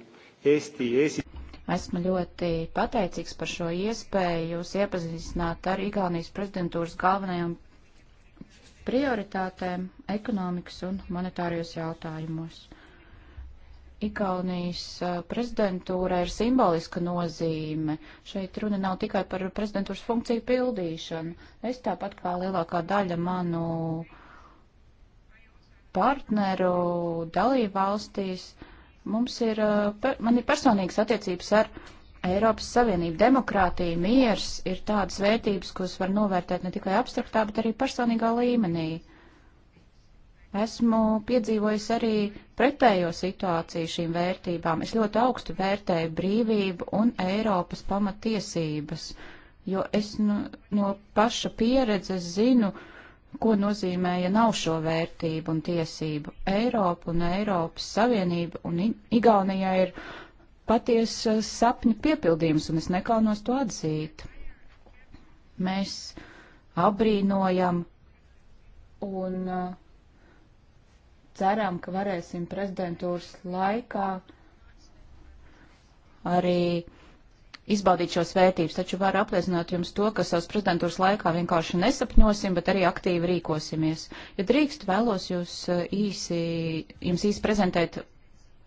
Speaker 4: Esmu
Speaker 2: ļoti pateicīgs par šo iespēju jūs iepazīstināt ar Igaunijas prezidentūras galvenajām prioritātēm ekonomikas un monetārijos jautājumos. Igaunijas prezidentūra ir simboliska nozīme. Šeit runa nav tikai par prezidentūras funkciju pildīšanu. Es tāpat kā lielākā daļa manu partneru dalību valstīs Mums ir, uh, man ir personīgas attiecības ar Eiropas Savienību. Demokrātija, miers ir tādas vērtības, kuras var novērtēt ne tikai abstraktā, bet arī personīgā līmenī. Esmu piedzīvojis arī pretējo situāciju šīm vērtībām. Es ļoti augstu vērtēju brīvību un Eiropas pamatiesības, jo es nu, no paša pieredzes zinu, uh, ko nozīmēja nav šo vērtību un tiesību. Eiropa un Eiropas Savienība un Igaunijā ir patiesa sapņu piepildījums, un es nekaunos to atzīt. Mēs abrīnojam un uh, ceram, ka varēsim prezidentūras laikā arī uh, izbaudīt šos vērtības, taču varu apliecināt jums to, ka savas prezidentūras laikā vienkārši nesapņosim, bet arī aktīvi rīkosimies. Ja drīkst, vēlos jūs eh, īsi, jums īsi prezentēt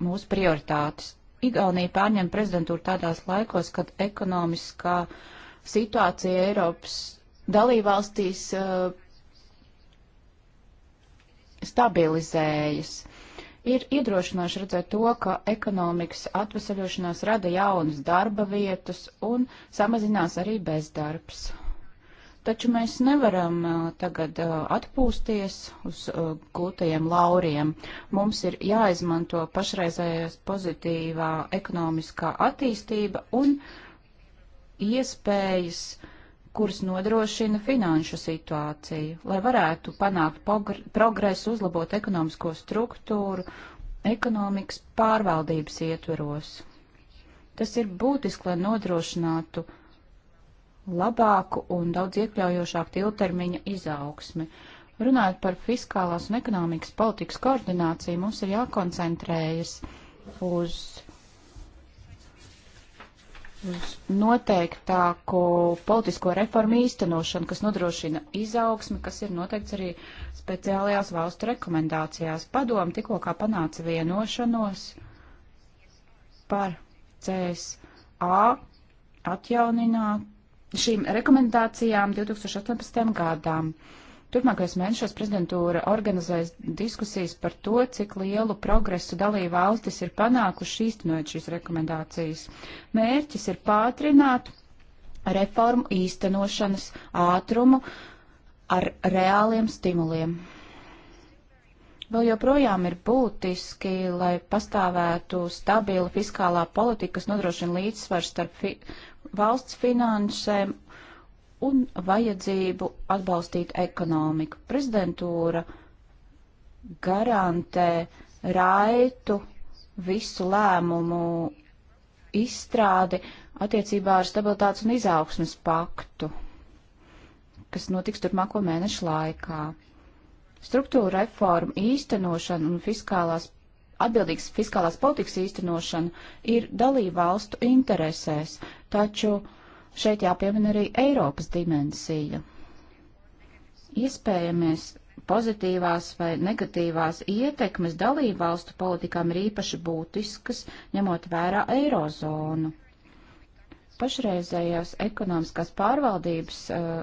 Speaker 2: mūsu prioritātes. Igaunija pārņem prezidentūru tādās laikos, kad ekonomiskā situācija Eiropas dalībvalstīs uh, stabilizējas. Ir iedrošinoši redzēt to, ka ekonomikas atvesaļošanās rada jaunas darba vietas un samazinās arī bezdarbs. Taču mēs nevaram tagad atpūsties uz gūtajiem lauriem. Mums ir jāizmanto pašreizējās pozitīvā ekonomiskā attīstība un iespējas uh, kuras nodrošina finanšu situāciju, lai varētu panākt progresu, uzlabot ekonomisko struktūru, ekonomikas pārvaldības ietveros. Tas ir būtiski, lai nodrošinātu labāku un daudz iekļaujošāku ilgtermiņa izaugsmi. Runājot par fiskālās un ekonomikas politikas koordināciju, mums ir jākoncentrējas uz uz noteiktāko politisko reformu īstenošanu, kas nodrošina izaugsmi, kas ir noteikts arī speciālajās valstu rekomendācijās. Padomu tikko kā panāca vienošanos par CSA atjaunināt šīm rekomendācijām 2018. gadām. Turpmākajos mēnešos prezidentūra organizēs diskusijas par to, cik lielu progresu dalību valstis ir panākuši īstenojot šīs rekomendācijas. Mērķis ir pātrināt reformu īstenošanas ātrumu ar reāliem stimuliem. Vēl joprojām ir būtiski, lai pastāvētu stabila fiskālā politika, kas nodrošina līdzsvaru starp fi valsts finansēm un vajadzību atbalstīt ekonomiku. Prezidentūra garantē raitu visu lēmumu izstrādi attiecībā ar stabilitātes un izaugsmes paktu, kas notiks turpmāko mēnešu laikā. Struktūra reforma īstenošana un fiskālās, atbildīgas fiskālās politikas īstenošana ir dalību valstu interesēs, taču uh, Šeit jāpiemina arī Eiropas dimensija. Iespējamies pozitīvās vai negatīvās ietekmes dalībvalstu politikām ir īpaši būtiskas, ņemot vērā eirozonu. Pašreizējās ekonomiskās pārvaldības uh,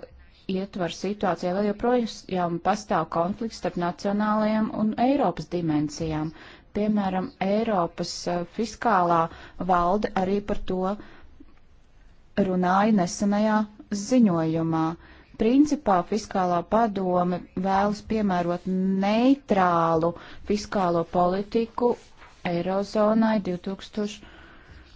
Speaker 2: ietvar situācijā vēl joprojām pastāv konflikts starp nacionālajām un Eiropas dimensijām. Piemēram, Eiropas uh, fiskālā valde arī par to uh, runāja nesenajā ziņojumā. Principā fiskālā padome vēlas piemērot neitrālu fiskālo politiku Eirozonai 2000.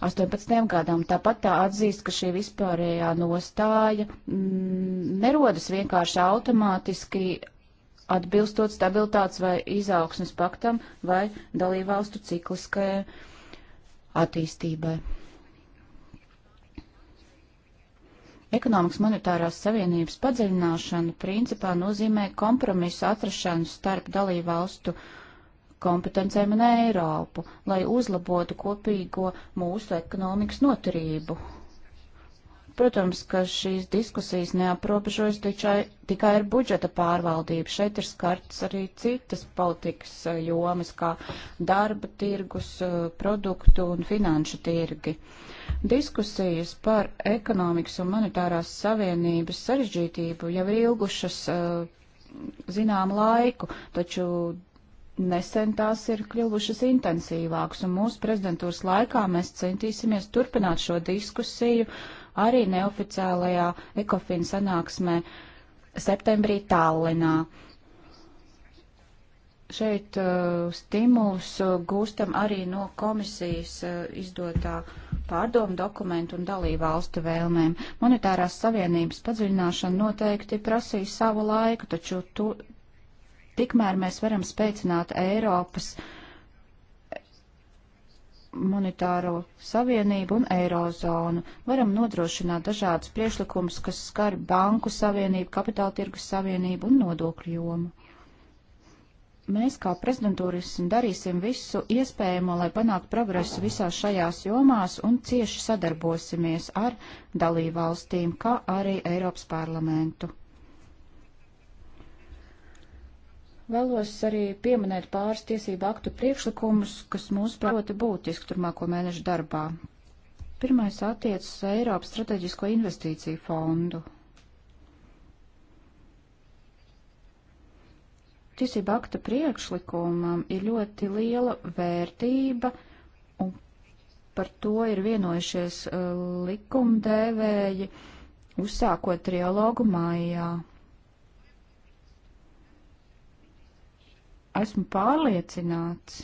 Speaker 2: 18 gadam. Tāpat tā atzīst, ka šī vispārējā nostāja mm, nerodas vienkārši automātiski atbilstot stabilitātes vai izaugsmes paktam vai dalībvalstu cikliskajai attīstībai. Ekonomikas monetārās savienības padziļināšana principā nozīmē kompromisu atrašanu starp dalībvalstu kompetencēm un Eiropu, lai uzlabotu kopīgo mūsu ekonomikas noturību. Protams, ka šīs diskusijas neaprobežojas tikai ar budžeta pārvaldību. Šeit ir skarts arī citas politikas eh, jomas, kā darba tirgus, eh, produktu un finanšu tirgi. Uh, Diskusijas par ekonomikas un monetārās savienības sarežģītību jau ir ilgušas eh, zinām laiku, taču nesen tās ir kļuvušas intensīvākas, un mūsu prezidentūras laikā mēs centīsimies turpināt šo diskusiju arī neoficiālajā ekofina sanāksmē septembrī Tallinā šeit uh, stimulus uh, gūstam arī no komisijas uh, izdotā uh, pārdomu dokumentu un dalību valstu vēlmēm. Monetārās savienības padziļināšana noteikti prasīs savu laiku, taču tu, tikmēr mēs varam spēcināt Eiropas monetāro savienību un eirozonu. Varam nodrošināt dažādas priešlikumus, kas skar banku savienību, kapitāla tirgus savienību un nodokļu jomu. Mēs kā prezidentūris darīsim visu iespējamo, lai panāktu progresu visās šajās jomās un cieši sadarbosimies ar dalībvalstīm, kā arī Eiropas parlamentu. Vēlos arī pieminēt pāris tiesību aktu priekšlikumus, kas mūs proti būtiski turmāko mēnešu darbā. Pirmais attiecas Eiropas strateģisko investīciju fondu. tiesība akta priekšlikumam ir ļoti liela vērtība, un par to ir vienojušies uh, likumdevēji, uzsākot trialogu mājā. Esmu pārliecināts,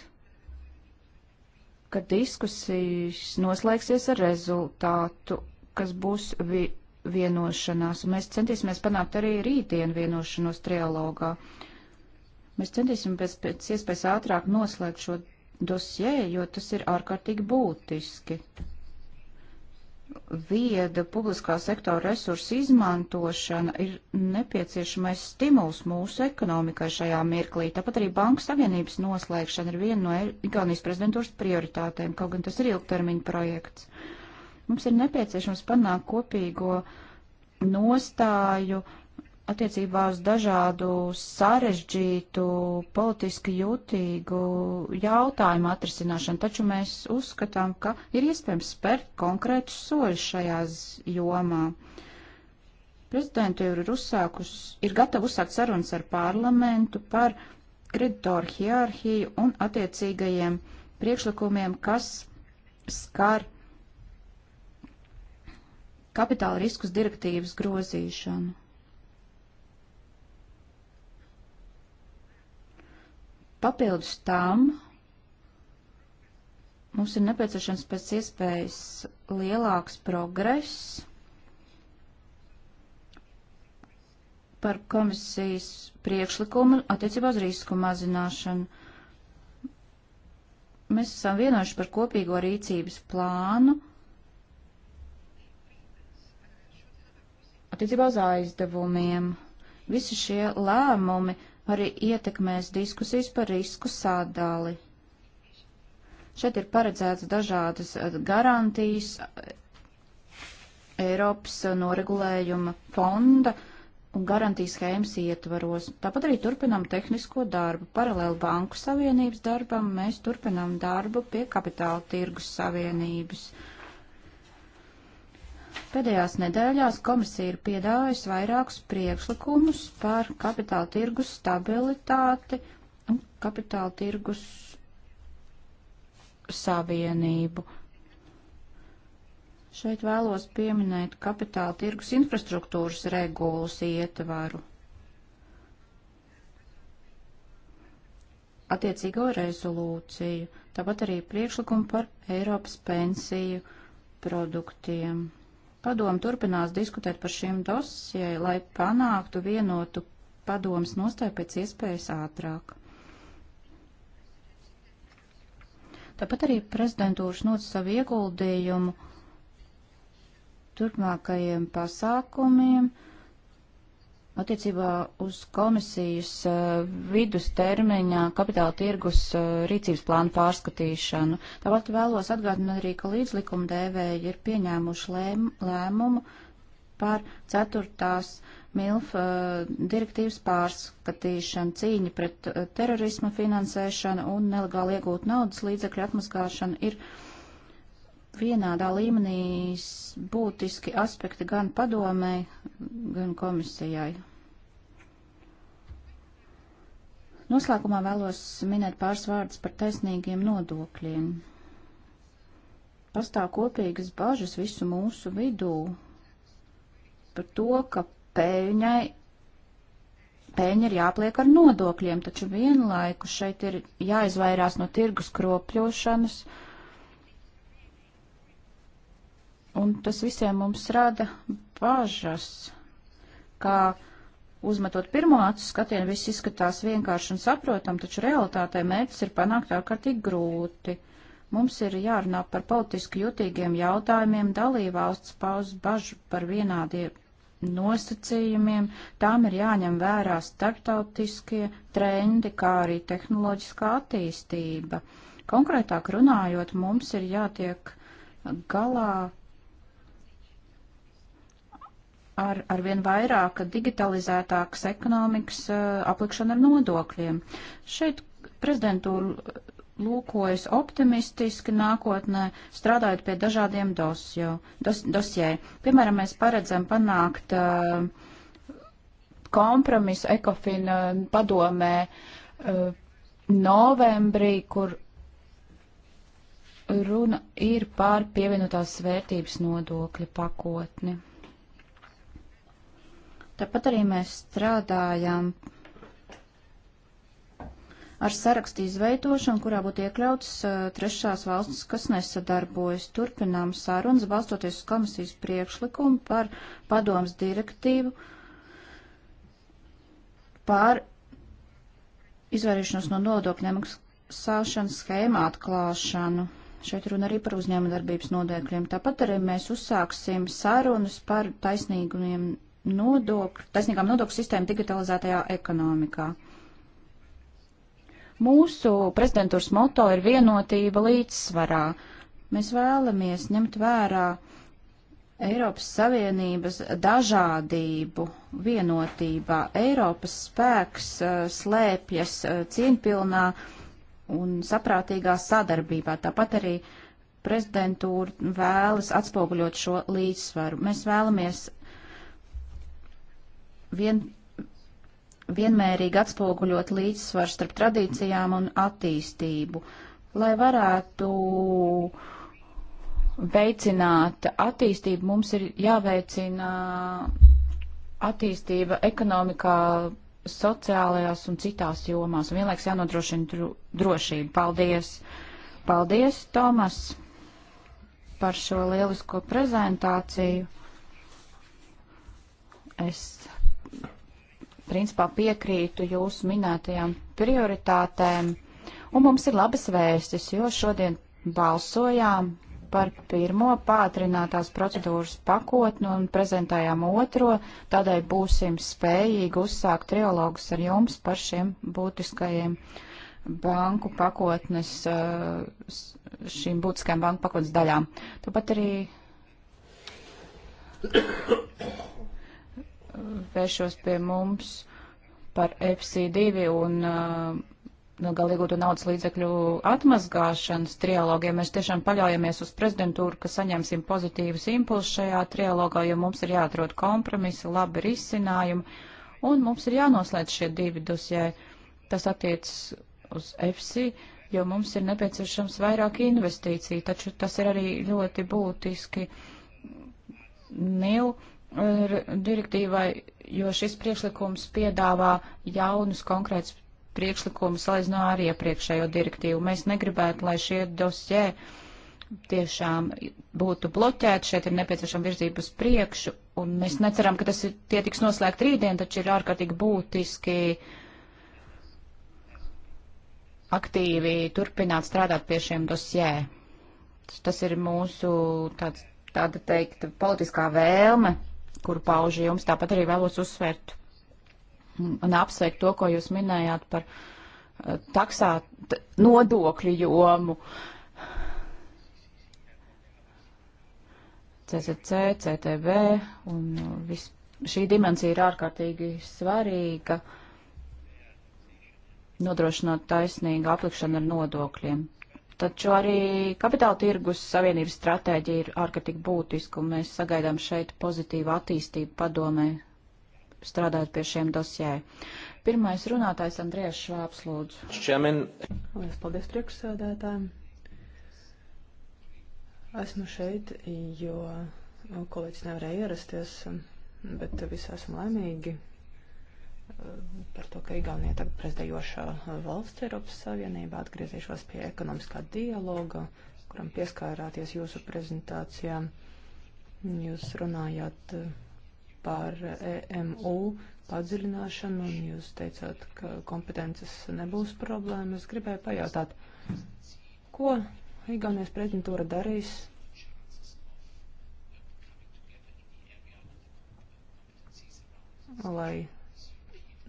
Speaker 2: ka diskusijas noslēgsies ar rezultātu, kas būs vi vienošanās, un mēs centīsimies panākt arī rītdien vienošanos trialogā. Uh, Mēs centīsimies pēc iespējas ātrāk noslēgt šo dosjē, jo tas ir ārkārtīgi būtiski. Vieda publiskā sektora resursa izmantošana ir nepieciešamais stimuls mūsu ekonomikai šajā mirklī. Tāpat arī Banku Savienības noslēgšana ir viena no e- Igaunijas prezidentūras prioritātēm, kaut gan tas ir ilgtermiņa projekts. Mums ir nepieciešams panākt kopīgo nostāju uh, attiecībā uz dažādu sarežģītu, politiski jūtīgu jautājumu atrisināšanu, taču mēs uzskatām, ka ir iespējams spērt konkrētus soļus šajās jomā. Prezidentūra ir uzsākus, ir gatava uzsākt sarunas ar parlamentu par kreditoru hierarhiju un attiecīgajiem priekšlikumiem, kas skar kapitāla riskus direktīvas grozīšanu. Papildus tam mums ir nepieciešams pēc iespējas lielāks progress par komisijas priekšlikumu attiecībā uz risku mazināšanu. Mēs esam vienojuši par kopīgo rīcības plānu attiecībā uz aizdevumiem. Visi šie lēmumi arī ietekmēs diskusijas par risku sādāli. Šeit ir paredzēts dažādas eh, garantijas eh, Eiropas eh, noregulējuma fonda un garantijas schēmas ietvaros. Tāpat arī turpinām tehnisko darbu. Paralēli Banku Savienības darbam mēs turpinām darbu pie Kapitāla tirgus savienības. Uh, Pēdējās nedēļās komisija ir piedāvājusi vairākus priekšlikumus par kapitāla tirgus stabilitāti un kapitāla tirgus savienību. Šeit vēlos pieminēt kapitāla tirgus infrastruktūras regulas ietvaru. Attiecīgo rezolūciju, tāpat arī priekšlikumu par Eiropas pensiju produktiem. Padomu turpinās diskutēt par šiem dosijai, lai panāktu vienotu padomas nostāju pēc iespējas ātrāk. Tāpat arī prezidentūras nodz savu ieguldījumu turpmākajiem pasākumiem, uh, Attiecībā uz komisijas eh, vidustermiņā kapitāla tirgus eh, rīcības plānu pārskatīšanu. Tāpat vēlos atgādināt arī, ka līdzlikuma dēvēji ir pieņēmuši lēm, lēmumu par ceturtās MILF eh, direktīvas pārskatīšanu, cīņa pret terorisma finansēšanu un nelegāli iegūt naudas līdzekļu atmaskāšanu ir uh, vienādā līmenī būtiski aspekti gan padomē, gan komisijai. Noslēgumā vēlos minēt pāris vārdus par taisnīgiem nodokļiem. Pastāv kopīgas bažas visu mūsu vidū par to, ka pēļņai peļņa ir jāpliek ar nodokļiem, taču vienlaikus šeit ir jāizvairās no tirgus kropļošanas, uh, Un tas visiem mums rada bažas, kā uzmetot pirmo acu skatienu, viss izskatās vienkārši un saprotam, taču realitātē mērķis ir panākt ārkārtīgi grūti. Mums ir jārunā par politiski jutīgiem jautājumiem, dalībvalsts pauz bažu par vienādiem nosacījumiem, tām ir jāņem vērā starptautiskie trendi, kā arī tehnoloģiskā attīstība. Konkrētāk runājot, mums ir jātiek galā ar, ar vien vairāk digitalizētākas ekonomikas eh, aplikšana ar nodokļiem. Šeit prezidentūra lūkojas optimistiski nākotnē, strādājot pie dažādiem dosjo, dos, dosjē. Piemēram, mēs paredzam panākt uh, kompromisu Ekofina padomē uh, novembrī, kur runa ir par pievienotās vērtības nodokļa pakotni. Tāpat arī mēs strādājam ar sarakstu izveidošanu, kurā būtu iekļauts uh, trešās valstis, kas nesadarbojas. Turpinām sarunas, balstoties uz komisijas priekšlikumu par padomas direktīvu par izvairīšanos no nodokļu nemaksāšanas schēmu atklāšanu. Šeit runa arī par uzņēmuma darbības nodēkļiem. Tāpat arī mēs uzsāksim sarunas par taisnīgumiem nodokļu, taisnīgām nodokļu sistēmu digitalizētajā ekonomikā. Mūsu prezidentūras moto ir vienotība līdzsvarā. Mēs vēlamies ņemt vērā Eiropas Savienības dažādību vienotībā. Eiropas spēks eh, slēpjas eh, cieņpilnā un saprātīgā sadarbībā. Tāpat arī prezidentūra vēlas atspoguļot šo līdzsvaru. Mēs vēlamies vien, vienmērīgi atspoguļot līdzsvaru starp tradīcijām un attīstību, lai varētu veicināt attīstību, mums ir jāveicina attīstība ekonomikā, sociālajās un citās jomās, un vienlaiks jānodrošina dro, drošību. Paldies! Paldies, Tomas, par šo lielisko prezentāciju! Es principā piekrītu jūsu minētajām prioritātēm. Un mums ir labas vēstis, jo šodien balsojām par pirmo pātrinātās procedūras pakotni un prezentējām otro, tādēļ būsim spējīgi uzsākt trialogus ar jums par šiem būtiskajiem banku pakotnes, uh, šīm būtiskajām banku pakotnes daļām. Tāpat arī vēršos pie mums par FC2 un uh, nu, galīgūtu naudas līdzekļu atmazgāšanas trialogiem. Mēs tiešām paļaujamies uz prezidentūru, ka saņemsim pozitīvas impulsus šajā trialogā, jo mums ir jāatrod kompromisi, labi risinājumi, un mums ir jānoslēdz šie divi dosjē. Tas attiecas uz FC, jo mums ir nepieciešams vairāk investīciju, taču tas ir arī ļoti būtiski. Nil, direktīvai, jo šis priekšlikums piedāvā jaunus konkrētus priekšlikumus salīdzinot ar iepriekšējo direktīvu. Mēs negribētu, lai šie dosjē tiešām būtu bloķēti, šeit ir nepieciešama virzība uz priekšu, un mēs neceram, ka tas ir, tie tiks noslēgt rītdien, taču ir ārkārtīgi būtiski aktīvi turpināt strādāt pie šiem dosjē. Tas ir mūsu tāds, tāda teikt politiskā vēlme kuru pauž jums. Tāpat arī vēlos uzsvērt un apsveikt to, ko jūs minējāt par eh, taksā nodokļu jomu. CCC, CTV un eh, vis, šī dimensija ir ārkārtīgi svarīga nodrošinot taisnīgu aplikšanu ar nodokļiem. Taču arī kapitāla tirgus savienības stratēģija ir ārkārtīgi būtiska, un mēs sagaidām šeit pozitīvu attīstību padomē, strādājot pie šiem dosjē. Pirmais runātājs Andrijas Švāps lūdzu. Šķemin. Lielas paldies priekšsēdētājiem.
Speaker 3: Esmu šeit, jo kolēģis nevarēja ierasties, bet visi esam laimīgi par to, ka Igaunija tagad prezidējošā valsts Eiropas Savienībā atgriezīšos pie ekonomiskā dialoga, kuram pieskārāties jūsu prezentācijā. Jūs runājāt eh, par EMU padziļināšanu un jūs teicāt, ka kompetences nebūs problēmas. Gribēju pajautāt, ko Igaunijas prezidentūra darīs? lai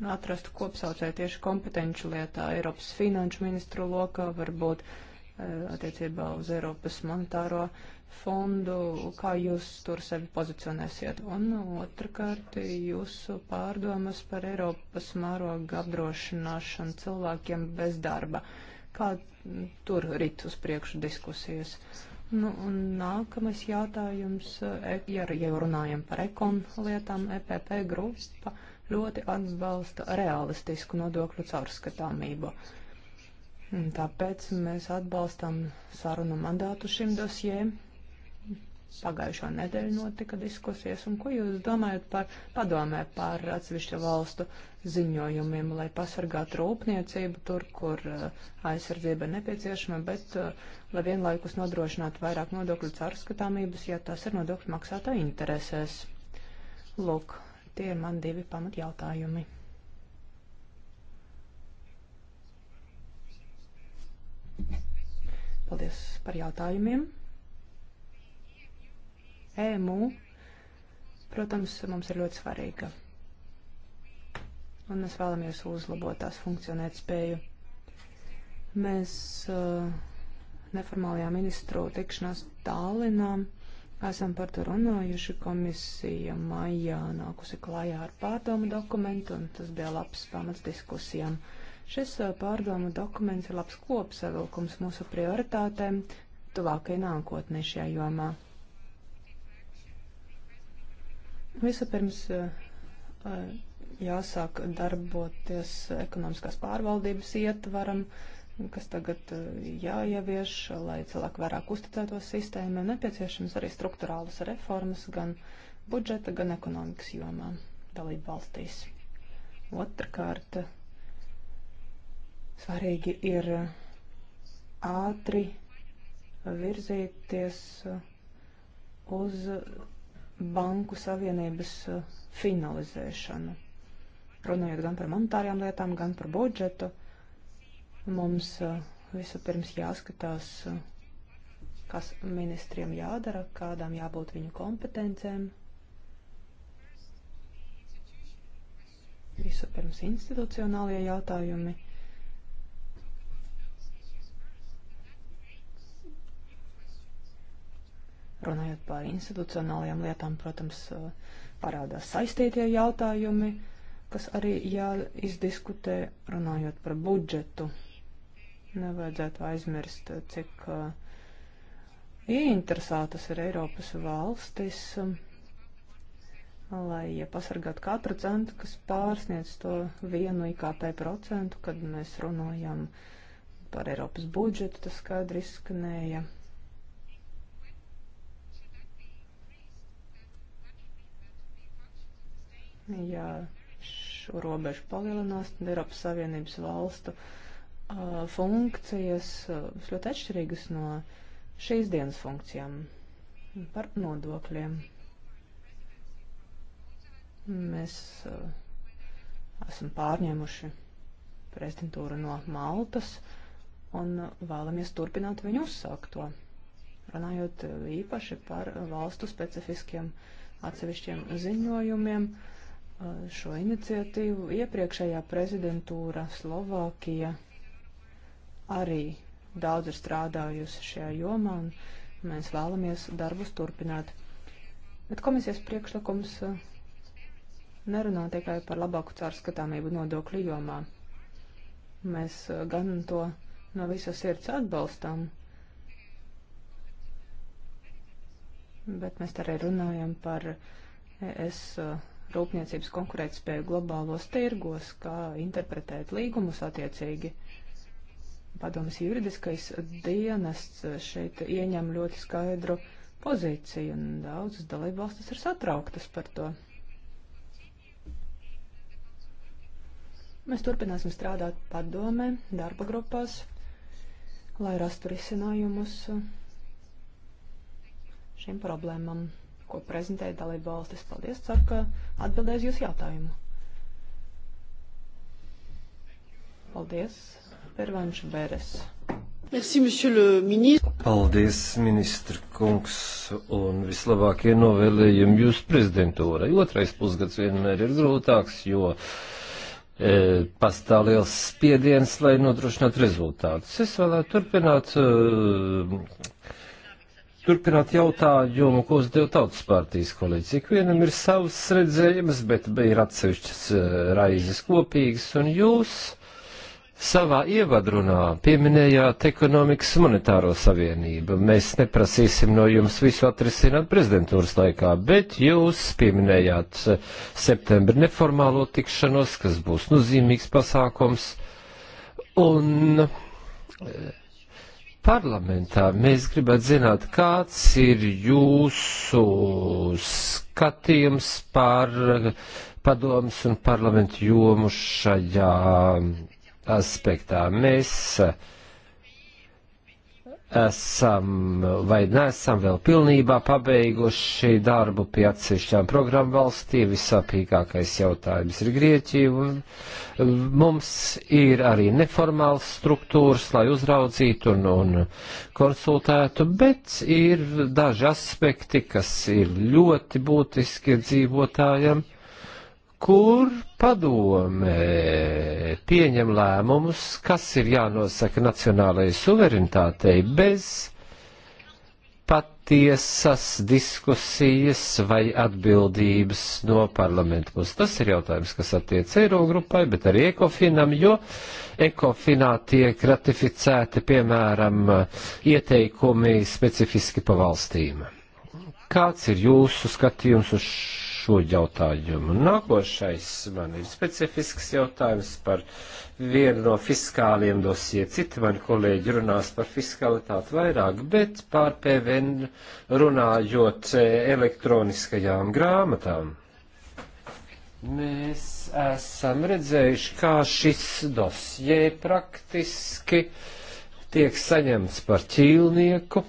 Speaker 3: atrastu kopsaucēju tieši kompetenču lietā Eiropas finanšu ministru lokā, varbūt eh, attiecībā uz Eiropas monetāro fondu, kā jūs tur sevi pozicionēsiet. Un otrkārt, jūsu pārdomas par Eiropas mēroga apdrošināšanu cilvēkiem bez darba. Kā tur rit uz priekšu diskusijas? Nu, un nākamais jautājums, e, ja, ja runājam par ekon lietām, EPP grupa ļoti atbalsta realistisku nodokļu caurskatāmību. Tāpēc mēs atbalstam sarunu mandātu šim dosjē. Pagājušā nedēļa notika diskusijas, un ko jūs domājat par padomē par atsevišķu valstu ziņojumiem, lai pasargātu rūpniecību tur, kur uh, aizsardzība nepieciešama, bet uh, lai vienlaikus nodrošinātu vairāk nodokļu caurskatāmības, ja tas ir nodokļu maksātā interesēs. Lūk, Tie ir man divi pamat jautājumi. Paldies par jautājumiem. EMU, protams, mums ir ļoti svarīga. Un mēs vēlamies uzlabot tās funkcionēt spēju. Mēs uh, neformālajā ministru tikšanās Tallinām Esam par to runājuši. Komisija maijā nākusi klajā ar pārdomu dokumentu, un tas bija labs pamats diskusijām. Šis pārdomu dokuments ir labs kopsavilkums mūsu prioritātēm tuvākai nākotnē šajā jomā. Vispirms jāsāk darboties ekonomiskās pārvaldības ietvaram. Uh, kas tagad eh, jāievieš, lai cilvēki vairāk uzticētos sistēmai, nepieciešams arī struktūrālas reformas gan budžeta, gan ekonomikas jomā dalību valstīs. Otrakārt, svarīgi ir ātri virzīties uz banku savienības finalizēšanu. Runājot gan par monetārajām lietām, gan par budžetu Mums uh, vispirms jāskatās, uh, kas ministriem jādara, kādām jābūt viņu kompetencēm. Vispirms institucionālie jautājumi. Runājot par institucionālajām lietām, protams, uh, parādās saistītie jautājumi, kas arī jāizdiskutē, runājot par budžetu. Nevajadzētu aizmirst, cik uh, ieinteresētas ir Eiropas valstis, um, lai pasargātu katru centu, kas pārsniec to vienu IKP procentu, kad mēs runājam par Eiropas budžetu, tas skaidri izskanēja. ja šo robežu palielinās, tad Eiropas Savienības valstu funkcijas ļoti atšķirīgas no šīs dienas funkcijām par nodokļiem. Mēs uh, esam pārņēmuši prezidentūru no Maltas un vēlamies turpināt viņu uzsākto, runājot īpaši par valstu specifiskiem atsevišķiem ziņojumiem. Uh, šo iniciatīvu iepriekšējā prezidentūra Slovākija arī daudz ir strādājusi šajā jomā, un mēs vēlamies darbus turpināt. Bet komisijas priekšlikums eh, nerunā tikai par labāku cārskatāmību nodokļu jomā. Mēs eh, gan to no visas sirds atbalstām, bet mēs arī runājam par ES eh, rūpniecības konkurētspēju globālos tirgos, kā interpretēt līgumus attiecīgi. Uh, padomas juridiskais dienests šeit ieņem ļoti skaidru pozīciju, un daudzas dalībvalstis ir satrauktas par to. Mēs turpināsim strādāt padomē, darba grupās, lai rastu risinājumus šīm problēmām, ko prezentēja dalībvalstis. Paldies, ceru, ka atbildēs jūs jautājumu. Paldies! Pervanš Beres. Merci, monsieur le ministre.
Speaker 1: Paldies, ministra kungs, un vislabākie novēlējumi jūsu prezidentūrai. Otrais pusgads vienmēr ir grūtāks, jo e, pastāv liels spiediens, lai nodrošinātu rezultātus. Es vēlētu turpināt. E, Turpināt jautājumu, ko uzdev tautas partijas kolēģis. Ikvienam ir savs redzējums, bet ir atsevišķas e, raizes kopīgas, un jūs Savā ievadrunā pieminējāt ekonomikas monetāro savienību. Mēs neprasīsim no jums visu atrisināt prezidentūras laikā, bet jūs pieminējāt eh, septembra neformālo tikšanos, kas būs nozīmīgs pasākums. Un eh, parlamentā mēs gribētu zināt, kāds ir jūsu skatījums par eh, padomus un parlamentu jomu šajā aspektā. Mēs eh, esam vai nesam vēl pilnībā pabeiguši darbu pie atsevišķām programmu valstī. Visāpīgākais jautājums ir Grieķija. Eh, mums ir arī neformāls struktūras, lai uzraudzītu un, un konsultētu, bet ir daži aspekti, kas ir ļoti būtiski dzīvotājiem kur padome pieņem lēmumus, kas ir jānosaka nacionālajai suverenitātei bez patiesas diskusijas vai atbildības no parlamenta puses. Tas ir jautājums, kas attiec Eirogrupai, bet arī Ekofinam, jo Ekofinā tiek ratificēti, piemēram, ieteikumi specifiski pa valstīm. Kāds ir jūsu skatījums uz šo jautājumu. Nākošais man ir specifisks jautājums par vienu no fiskāliem dosie. Citi mani kolēģi runās par fiskalitāti vairāk, bet pār PVN runājot elektroniskajām grāmatām. Mēs esam redzējuši, kā šis dosie praktiski tiek saņemts par ķīlnieku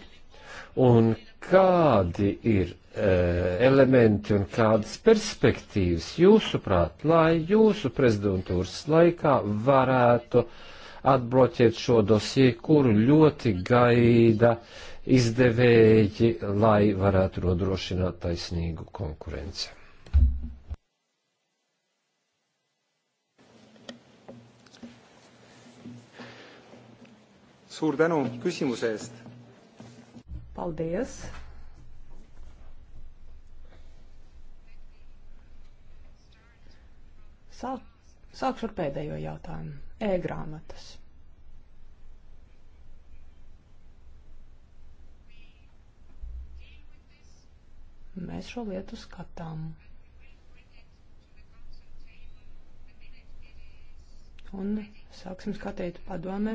Speaker 1: un kādi ir Eh, elementi un kādas perspektīvas jūsuprāt, lai jūsu prezidentūras laikā varētu atbloķēt šo dosie, kuru ļoti gaida izdevēji, lai varētu nodrošināt taisnīgu konkurenci.
Speaker 4: suur tänu küsimuse eest!
Speaker 3: Paldies! Sāk, sākšu ar pēdējo jautājumu. E-grāmatas. Mēs šo lietu skatām. Un sāksim skatīt padomē,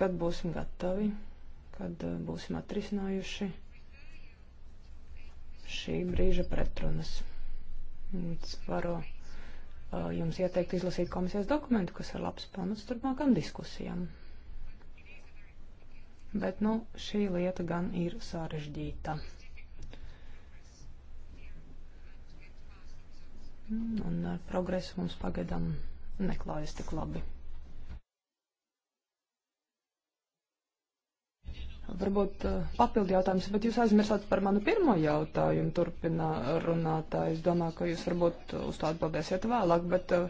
Speaker 3: kad būsim gatavi, kad eh, būsim atrisinājuši šī brīža pretrunas. Es varu uh, jums ieteikt izlasīt komisijas dokumentu, kas ir labs pamats turpmākām diskusijām. Bet, nu, šī lieta gan ir sarežģīta. Un ar progresu mums pagaidām neklājas tik labi. Varbūt uh, eh, papildu jautājums, bet jūs aizmirsāt par manu pirmo jautājumu, turpina runātā. Es domāju, ka jūs varbūt uz to atbildēsiet vēlāk, bet uh,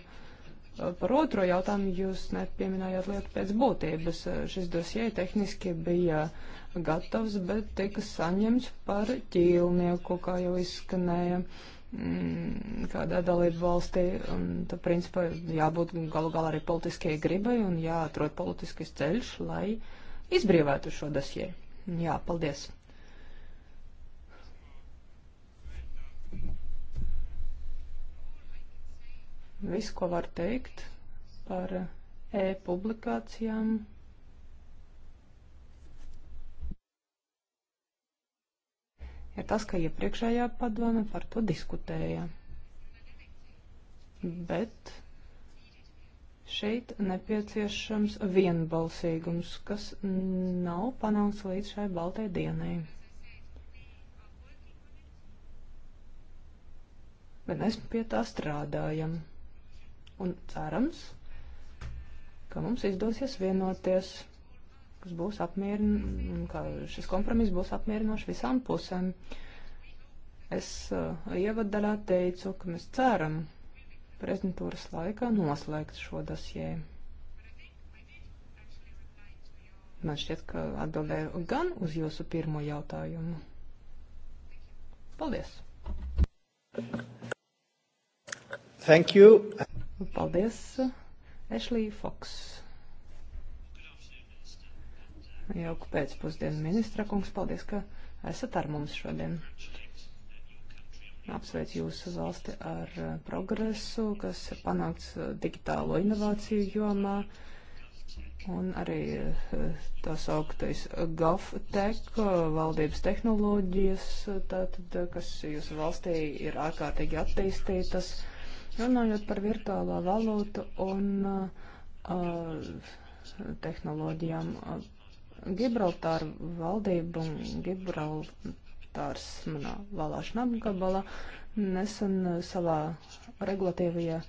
Speaker 3: par otro jautājumu jūs nepieminējāt lietu pēc būtības. Šis dosie tehniski bija gatavs, bet tika saņemts par ķīlnieku, kā jau izskanēja mm, kādā dalību valstī, un tad, principā, jābūt galu galā arī politiskajai gribai un jāatrod politiskais ceļš, lai uh, izbrīvētu šo dosieju. Jā, paldies. Viss, ko var teikt par e-publikācijām. ir tas, ka iepriekšējā padome par to diskutēja. Bet Šeit nepieciešams vienbalsīgums, kas nav panāks līdz šai baltai dienai. Bet mēs pie tā strādājam. Un cerams, ka mums izdosies vienoties, kas būs apmierin, ka šis kompromiss būs apmierinošs visām pusēm. Es uh, ievadaļā teicu, ka mēs ceram, prezidentūras laikā noslēgt šo dosjē. Man šķiet, ka atbildēju gan uz jūsu pirmo jautājumu. Paldies! Thank you. Paldies, Ashley Fox. Jauku pēcpusdienu, ministra kungs. Paldies, ka esat ar mums šodien apsveic jūsu valsti ar eh, progresu, kas ir panākts eh, digitālo inovāciju jomā. Un arī eh, tā sauktais GovTech, valdības tehnoloģijas, tātad, kas jūsu valstī ir ārkārtīgi attīstītas. Runājot par virtuālo valūtu un uh, tehnoloģijām, Gibraltāra valdība un Gibraltāra sekretārs manā vēlēšana apgabalā nesen uh, savā regulatīvajā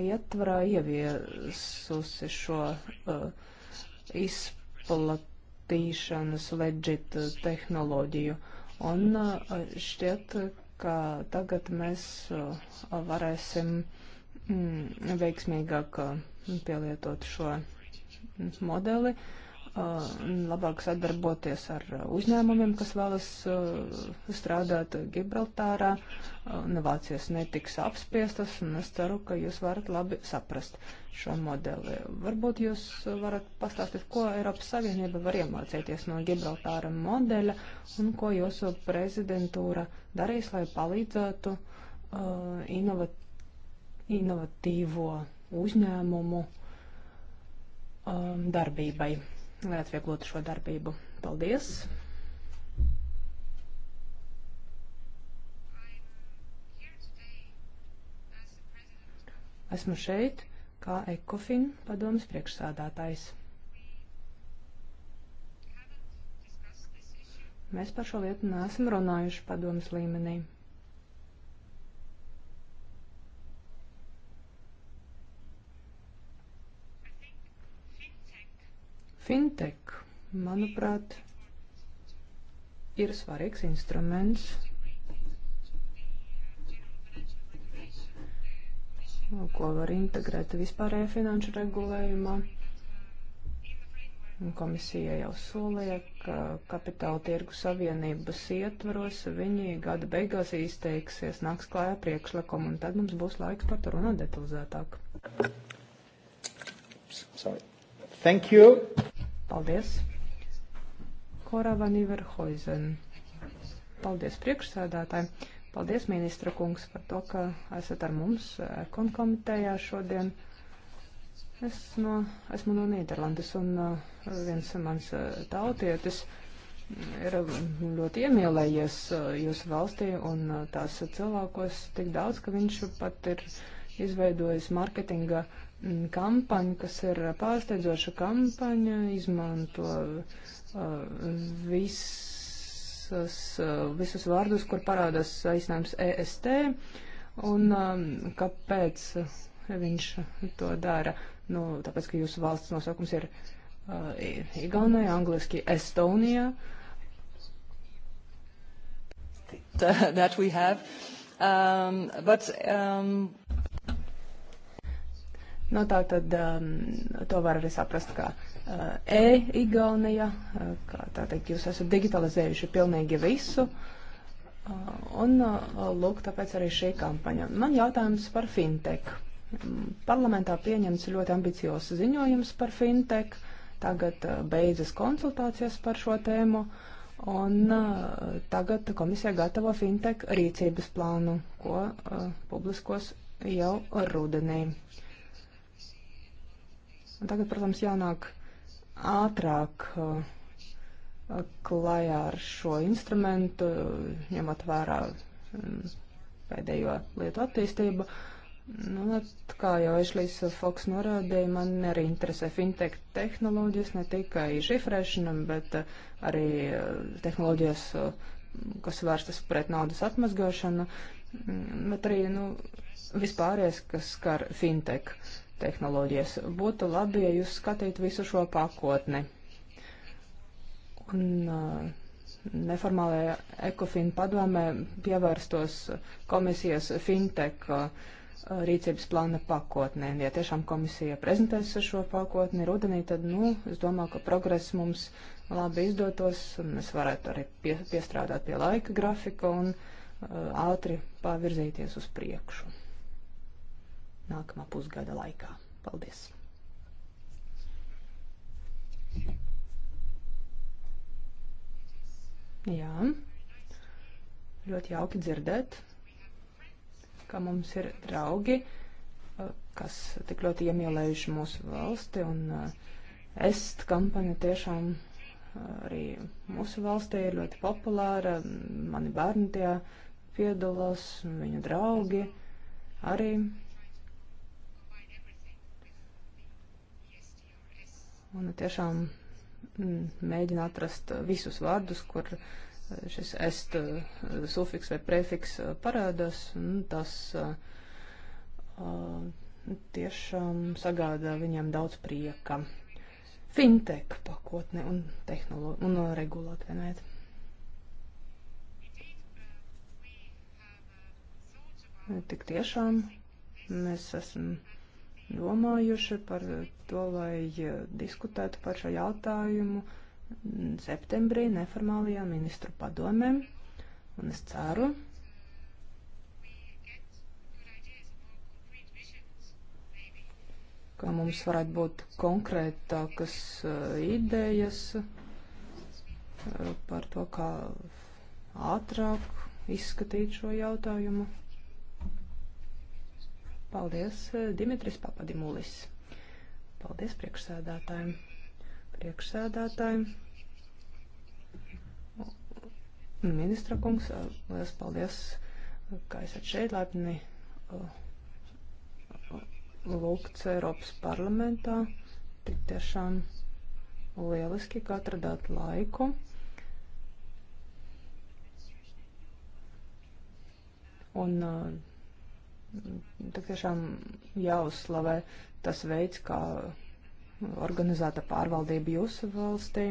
Speaker 3: ietvarā ieviesusi šo uh, izplatīšanas leģit uh, tehnoloģiju. Un uh, šķiet, ka tagad mēs uh, varēsim mm, veiksmīgāk uh, pielietot šo modeli. Uh, labāk sadarboties ar uh, uzņēmumiem, kas vēlas uh, strādāt Gibraltārā. Uh, Novācijas netiks apspiestas, un es ceru, ka jūs varat labi saprast šo modeli. Varbūt jūs varat pastāstīt, ko Eiropas Savienība var iemācīties no Gibraltāra modeļa, un ko jūsu prezidentūra darīs, lai palīdzētu uh, inovat, inovatīvo uzņēmumu um, darbībai lai atvieglotu šo darbību. Paldies! Esmu šeit kā ECOFIN padomas priekšsādātājs. Mēs par šo lietu neesam runājuši padomas līmenī. Fintech, manuprāt, ir svarīgs instruments. ko var integrēt vispārējā finanšu regulējumā. Komisija jau solīja, ka kapitāla tirgu savienības ietvaros viņi gada beigās izteiksies, nāks klājā priekšlikumu, un tad mums būs laiks par to runāt detalizētāk. Sorry. Thank you. Paldies. Korava Niverhoizen. Paldies priekšsēdētāji. Paldies, ministra kungs, par to, ka esat ar mums eh, konkomitejā šodien. Es no, esmu no Nīderlandes un eh, viens mans eh, tautietis mm, ir mm, ļoti iemīlējies jūsu valstī un tās cilvēkos tik daudz, ka viņš pat ir izveidojis marketinga uh, kampaņu, kas ir pārsteidzoša kampaņa, izmanto uh, visas, uh, visus vārdus, kur parādās aicinājums EST un um, kāpēc viņš to dara. Nu, tāpēc, ka jūsu valsts nosaukums ir uh, Igaunijā, angliski Estonijā. That we have. Um, but, um... No nu, tā tad um, to var arī saprast, kā uh, e-Igaunija, uh, kā tā teikt, jūs esat digitalizējuši pilnīgi visu. Uh, un uh, lūk, tāpēc arī šī kampaņa. Man jautājums par fintech. Um, parlamentā pieņemts ļoti ambiciozs ziņojums par fintech. Tagad uh, beidzas konsultācijas par šo tēmu. Un uh, tagad komisija gatavo fintech rīcības plānu, ko uh, publiskos jau rudenī. Uh, Un tagad, protams, jānāk ātrāk uh, klajā ar šo instrumentu, ņemot vērā um, pēdējo lietu attīstību. Nu, kā jau Ešlijs Foks norādīja, man arī interesē fintech tehnoloģijas, ne tikai šifrēšana, bet uh, arī uh, tehnoloģijas, kas vērstas pret naudas atmazgāšanu, mm, bet arī nu, vispārējais, kas skar fintech tehnoloģijas. Būtu labi, ja jūs skatītu visu šo pakotni. Un uh, neformālajā ekofina padomē pievērstos komisijas fintech uh, rīcības plāna pakotnē. Ja tiešām komisija prezentēs šo pakotni rudenī, tad, nu, es domāju, ka progress mums labi izdotos, un es varētu arī pie, piestrādāt pie laika grafika un uh, ātri pavirzīties uz priekšu nākamā pusgada laikā. Paldies! Jā, ļoti jauki dzirdēt, ka mums ir draugi, eh, kas tik ļoti iemīlējuši mūsu valsti, un eh, est kampaņa tiešām eh, arī mūsu valstī ir ļoti populāra. Mani bērni tajā piedalās, viņu draugi arī. un tiešām mm, mēģina atrast visus vārdus, kur eh, šis est eh, sufiks vai prefiks eh, parādās. Tas tiešām sagādā viņam daudz prieka. Fintech pakotne un, un regulāt vienēt. Tik tiešām mēs esam domājuši par to, lai e, diskutētu par šo jautājumu septembrī neformālajā ministru padomē. Un es ceru, ka mums varētu būt konkrētākas e, idejas e, par to, kā ātrāk izskatīt šo jautājumu. Paldies, eh, Dimitris Papadimulis. Paldies priekšsēdētājiem. Priekšsēdētājiem. Nu, ministra kungs, eh, liels paldies, ka esat šeit laipni eh, lūgts Eiropas parlamentā. Tik tiešām lieliski, ka atradāt laiku. Un uh, Tik tiešām jāuzslavē tas veids, kā organizēta pārvaldība jūsu valstī.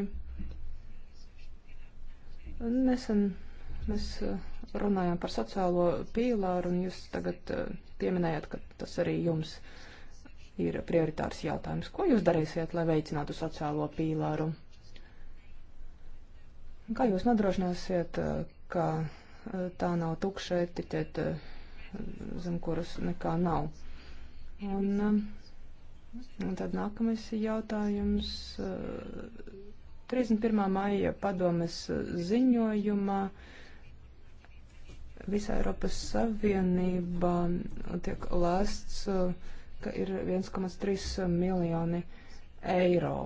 Speaker 3: Nesen mēs uh, runājām par sociālo pīlāru, un jūs tagad uh, pieminējāt, ka tas arī jums ir prioritārs jautājums. Ko jūs darīsiet, lai veicinātu sociālo pīlāru? Kā jūs nodrošināsiet, uh, ka tā nav tukša etiķeta zem kuras nekā nav. Un, um, un tad nākamais jautājums. 31. Uh, maija padomes ziņojumā visā Eiropas Savienībā tiek lēsts, uh, ka ir 1,3 miljoni eiro.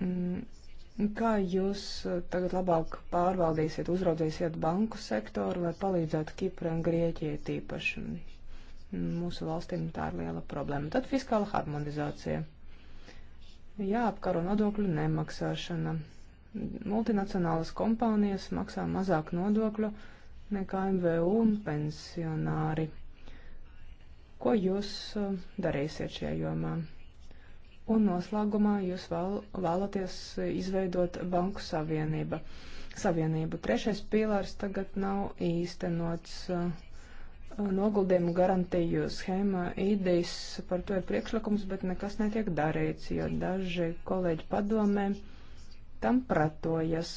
Speaker 3: Mm, Nu, kā jūs eh, tagad labāk pārvaldīsiet, uzraudzīsiet banku sektoru, lai palīdzētu Kipra un Grieķijai tīpaši? Mūsu valstīm tā ir liela problēma. Tad fiskāla harmonizācija. Jāapkaro nodokļu nemaksāšana. Multinacionālas kompānijas maksā mazāk nodokļu nekā MVU un pensionāri. Ko jūs eh, darīsiet šajā jomā? Un noslēgumā jūs vēl, vēlaties izveidot banku savienība. savienību. Trešais pīlārs tagad nav īstenots. Uh, noguldījumu garantiju schēma idejas par to ir priekšlikums, bet nekas netiek darīts, jo daži kolēģi padomē tam pratojas.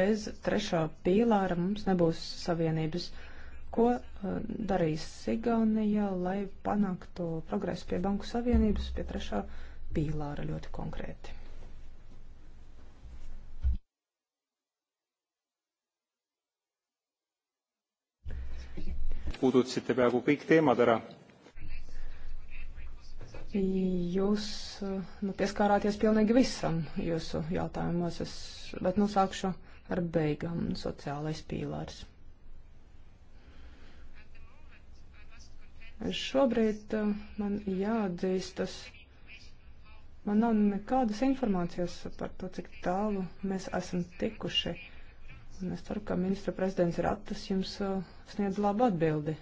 Speaker 3: Bez trešā pīlāra mums nebūs savienības. Uh, ko uh, darīs Sigaunijā, lai panāktu progresu pie Banku Savienības, pie trešā pīlāra ļoti konkrēti.
Speaker 4: puudutasite peaaegu kõik teemad ära.
Speaker 3: Jūs uh, nu, pieskārāties pilnīgi visam jūsu jautājumos, es, bet nu sākšu ar beigām sociālais pīlārs. Šobrīd eh, man jāatdzīstas, man nav nekādas informācijas par to, cik tālu mēs esam tikuši. Un es ceru, ka ministra prezidents Ratas jums eh, sniedz labu atbildi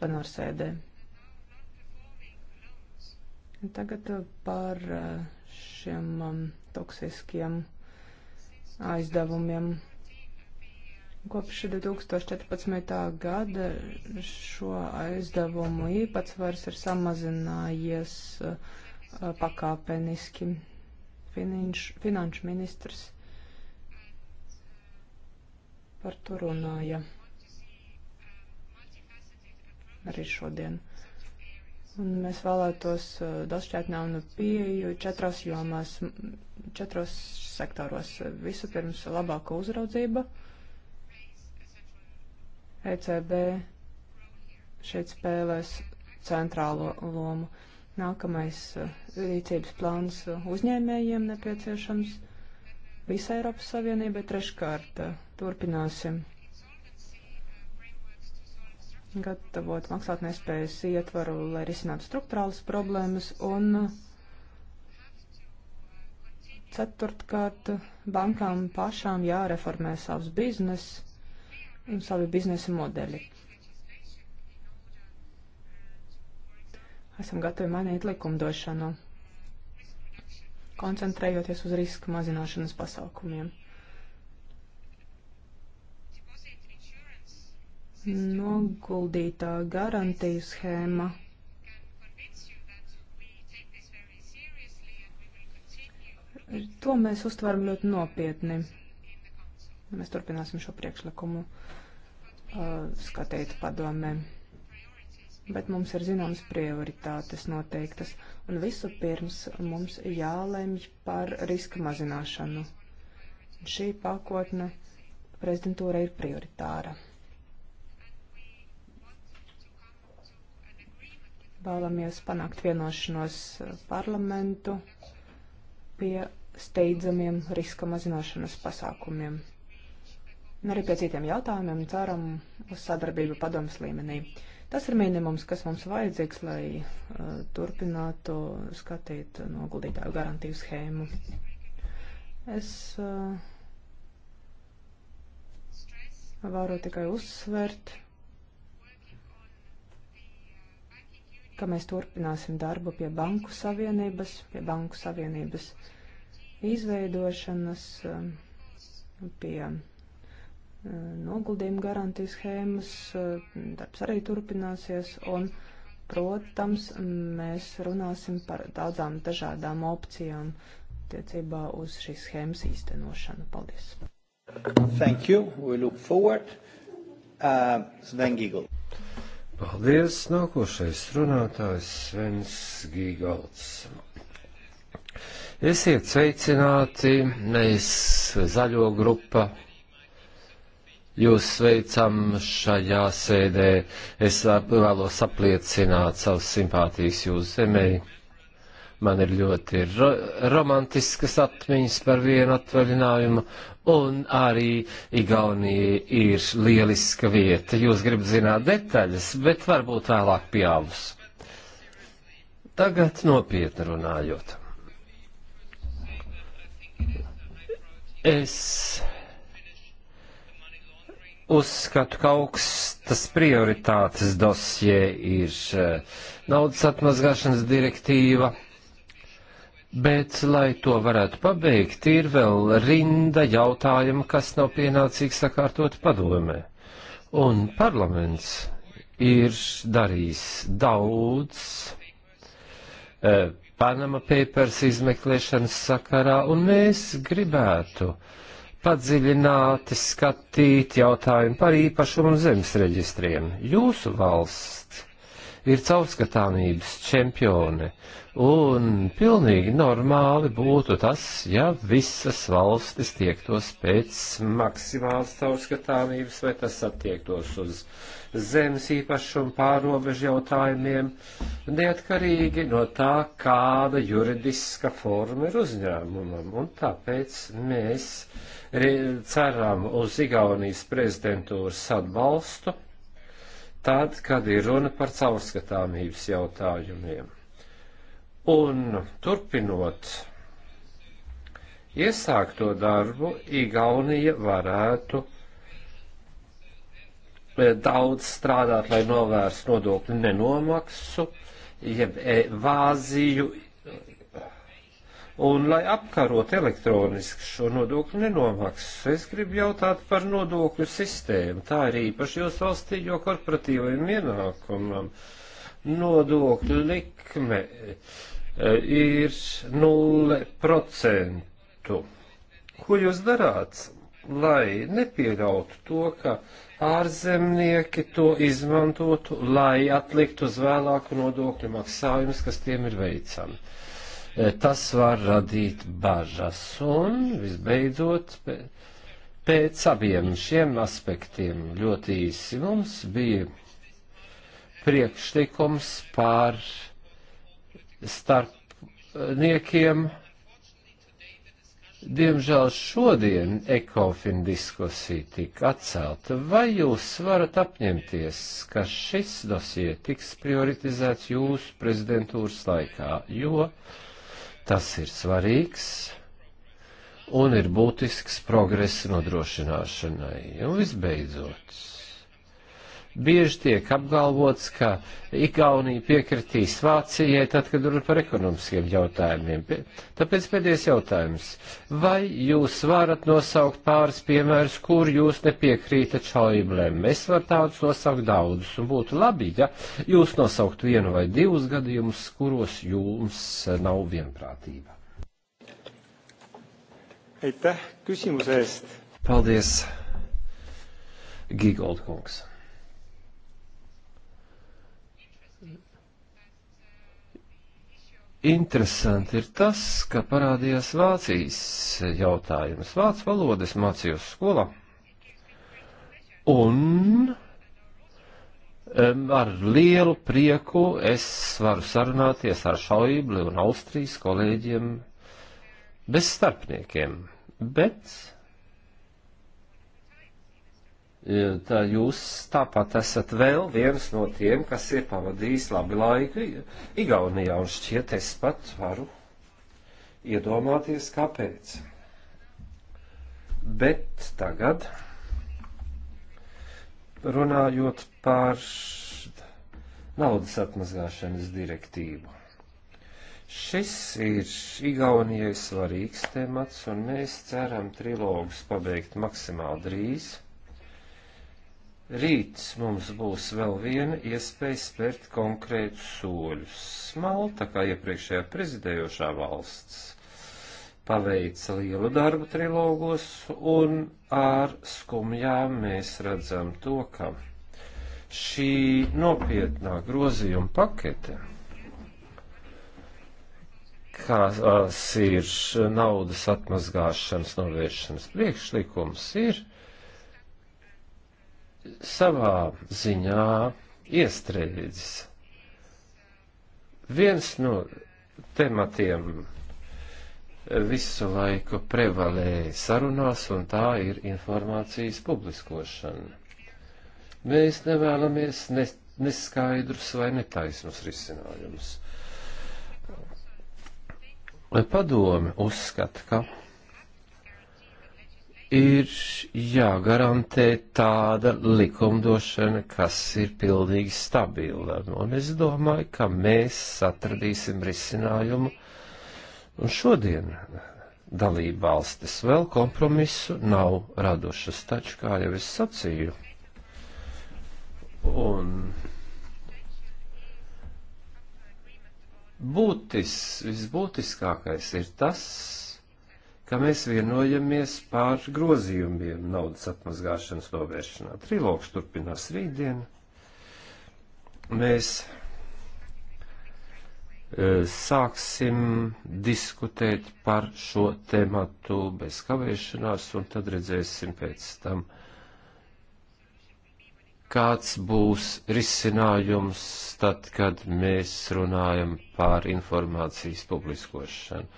Speaker 3: plenārsēdē. Tagad eh, par šiem um, toksiskiem aizdevumiem. Kopš 2014. gada šo aizdevumu īpatsvars ir samazinājies uh, pakāpeniski. Finanš, finanšu ministrs par to runāja arī šodien. Un mēs vēlētos uh, dažšķietnāmu pieeju četrās jomās, četros sektoros. Vispirms labāka uzraudzība, ECB šeit spēlēs centrālo lomu. Nākamais eh, rīcības plāns uzņēmējiem nepieciešams visai Eiropas Savienībai. Treškārt eh, turpināsim gatavot maksātnespējas ietvaru, lai risinātu struktūrālas problēmas, un eh, ceturtkārt bankām pašām jāreformē savs biznes, savi biznesa modeļi. Esam gatavi mainīt likumdošanu, koncentrējoties uz riska mazināšanas pasākumiem. Noguldītā garantiju schēma To mēs uztveram ļoti nopietni Mēs turpināsim šo priekšlikumu uh, skatīt padomē. Bet mums ir zināmas prioritātes noteiktas, un visu pirms mums jālemj par riska mazināšanu. Šī pakotne prezidentūra ir prioritāra. Vēlamies panākt vienošanos parlamentu pie steidzamiem riska mazināšanas pasākumiem un arī pie citiem jautājumiem ceram uz sadarbību padomas līmenī. Tas ir minimums, kas mums vajadzīgs, lai uh, turpinātu skatīt noguldītāju garantiju schēmu. Es uh, varu tikai uzsvērt, ka mēs turpināsim darbu pie banku savienības, pie banku savienības izveidošanas, um, pie noguldījumu garantijas schēmas, darbs arī turpināsies, un, protams, mēs runāsim par daudzām dažādām opcijām attiecībā uz šīs schēmas īstenošanu.
Speaker 4: Paldies! Thank you. We look forward. Uh, Sven Giggle.
Speaker 1: Paldies. Nākošais runātājs Svens Gigalds. Esiet sveicināti, mēs zaļo grupa Jūs sveicam šajā sēdē. Es vēlos apliecināt savus simpātijas jūsu zemei. Man ir ļoti ro romantiskas atmiņas par vienu atvaļinājumu, un arī Igaunija ir lieliska vieta. Jūs gribat zināt detaļas, bet varbūt vēlāk pieaugs. Tagad nopietni runājot. Es uzskatu, ka augstas prioritātes dosie ir eh, naudas atmazgāšanas direktīva, bet, lai to varētu pabeigt, ir vēl rinda jautājumu, kas nav pienācīgi sakārtot padomē. Un parlaments ir darījis daudz eh, Panama Papers izmeklēšanas sakarā, un mēs gribētu uh, padziļināti skatīt jautājumu par īpašumu zemes reģistriem. Jūsu valsts ir caurskatāmības čempione. Un pilnīgi normāli būtu tas, ja visas valstis tiektos pēc maksimālas caurskatāmības, vai tas attiektos uz zemes īpašumu pārobežu jautājumiem, neatkarīgi no tā, kāda juridiska forma ir uzņēmumam. Un tāpēc mēs ceram uz Igaunijas prezidentūras atbalstu tad, kad ir runa par caurskatāmības jautājumiem. Un turpinot iesākto darbu, Igaunija varētu eh, daudz strādāt, lai novērstu nodokļu nenomaksu, jeb eh, vāziju Un, lai apkarot elektroniski šo nodokļu nenomaksu, es gribu jautāt par nodokļu sistēmu. Tā ir īpaši jūsu valstī, jo korporatīvajam ienākumam nodokļu likme e, ir 0%. Ko jūs darāt, lai nepieļautu to, ka ārzemnieki to izmantotu, lai atliktu uz vēlāku nodokļu maksājumus, kas tiem ir veicami? Eh, tas var radīt bažas. Un visbeidzot, pēc abiem šiem aspektiem ļoti īsi mums bija priekšlikums pār starpniekiem. Diemžēl šodien ekofin diskusija tika atcelta. Vai jūs varat apņemties, ka šis dosie tiks prioritizēts jūsu prezidentūras laikā, jo Tas ir svarīgs un ir būtisks progresa nodrošināšanai. Un visbeidzot, bieži tiek apgalvots, ka Igaunija piekritīs Vācijai, tad, kad runa par ekonomiskiem jautājumiem. Tāpēc pēdējais jautājums. Vai jūs varat nosaukt pāris piemērus, kur jūs nepiekrītat Šoiblēm? Es varu tādus nosaukt daudzus, un būtu labi, ja jūs nosaukt vienu vai divus gadījumus, kuros jums nav vienprātība.
Speaker 4: Aitäh küsimuse eest!
Speaker 1: Paldies, Gigolds kungs! Interesanti ir tas, ka parādījās Vācijas jautājums. Vācu valodu es mācījos skolā. Un um, ar lielu prieku es varu sarunāties ar Šaibli un Austrijas kolēģiem bez starpniekiem. Bet E, tā jūs tāpat esat vēl viens no tiem, kas ir pavadījis labi laiku Igaunijā, un šķiet es pat varu iedomāties, kāpēc. Bet tagad, runājot par naudas atmazgāšanas direktīvu. Šis ir Igaunijai svarīgs temats, un mēs ceram trilogus pabeigt maksimāli drīz Rīt mums būs vēl viena iespēja spērt konkrētus soļus. Malta, kā iepriekšējā prezidējošā valsts, paveica lielu darbu trilogos, un ar skumjām mēs redzam to, ka šī nopietnā grozījuma pakete, kas uh, ir naudas atmazgāšanas novēršanas priekšlikums, ir savā ziņā iestrēdzis. Viens no tematiem visu laiku prevalēja sarunās, un tā ir informācijas publiskošana. Mēs nevēlamies ne, neskaidrus vai netaisnus risinājumus. Padome uzskata, ka ir jāgarantē tāda likumdošana, kas ir pilnīgi stabila. Un es domāju, ka mēs atradīsim risinājumu. Un šodien dalība valstis vēl kompromisu nav radušas, taču, kā jau es sacīju, un būtis, visbūtiskākais ir tas, ka mēs vienojamies pār grozījumiem naudas atmazgāšanas novēršanā. Trilogs turpinās rītdien. Mēs e, sāksim diskutēt par šo tematu bez kavēšanās, un tad redzēsim pēc tam, kāds būs risinājums tad, kad mēs runājam par informācijas publiskošanu.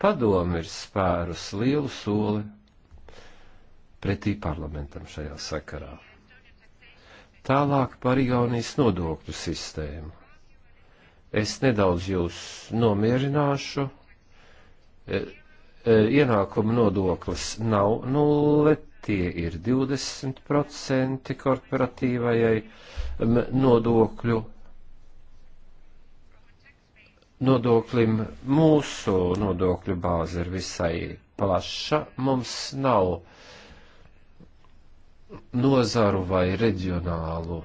Speaker 1: Padomi ir spērus lielu soli pretī parlamentam šajā sakarā. Tālāk par Igaunijas nodokļu sistēmu. Es nedaudz jūs nomierināšu. E, e, ienākuma nodoklis nav nulle, tie ir 20% korporatīvajai nodokļu nodoklim mūsu nodokļu bāze ir visai plaša. Mums nav nozaru vai reģionālu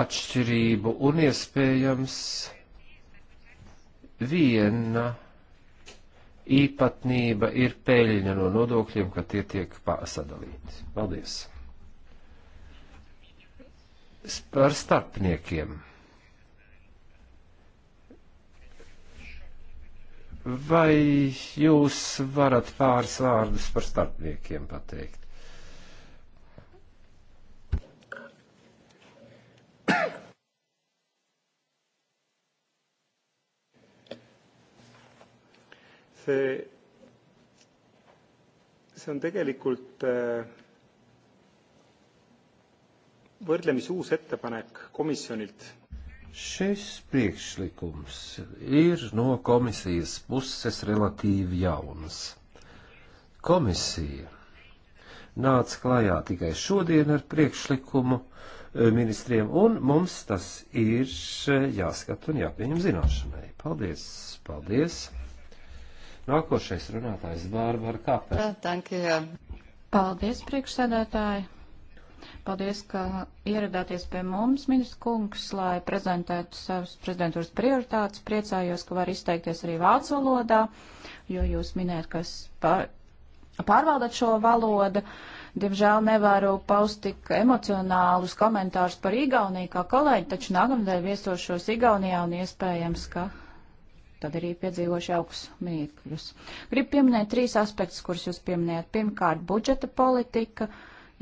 Speaker 1: atšķirību un iespējams viena īpatnība ir peļņa no nodokļiem, ka tie tiek pasadalīti. Paldies! par starpniekiem. Vai jūs varat pāris vārdus par starpniekiem pateikt?
Speaker 4: see, see on tegelikult äh, võrdlemisi uus ettepanek komisjonilt.
Speaker 1: šis priekšlikums ir no komisijas puses relatīvi jauns. Komisija nāca klajā tikai šodien ar priekšlikumu e, ministriem, un mums tas ir e, jāskata un jāpieņem zināšanai. Paldies! Paldies! Nākošais runātājs Bārbara Kapela.
Speaker 2: Paldies, priekšsēdētāji! Paldies, ka ieradāties pie mums, ministrs kungs, lai prezentētu savus prezidentūras prioritātes. Priecājos, ka var izteikties arī vācu valodā, jo jūs minējat, kas pār, pārvaldat šo valodu. Diemžēl nevaru paust tik emocionālus komentārus par Igauniju kā kolēģi, taču nākamnedēļ viesošos Igaunijā un iespējams, ka tad arī piedzīvoši augsts mīkļus. Gribu pieminēt trīs aspektus, kurus jūs pieminējat. Pirmkārt, budžeta politika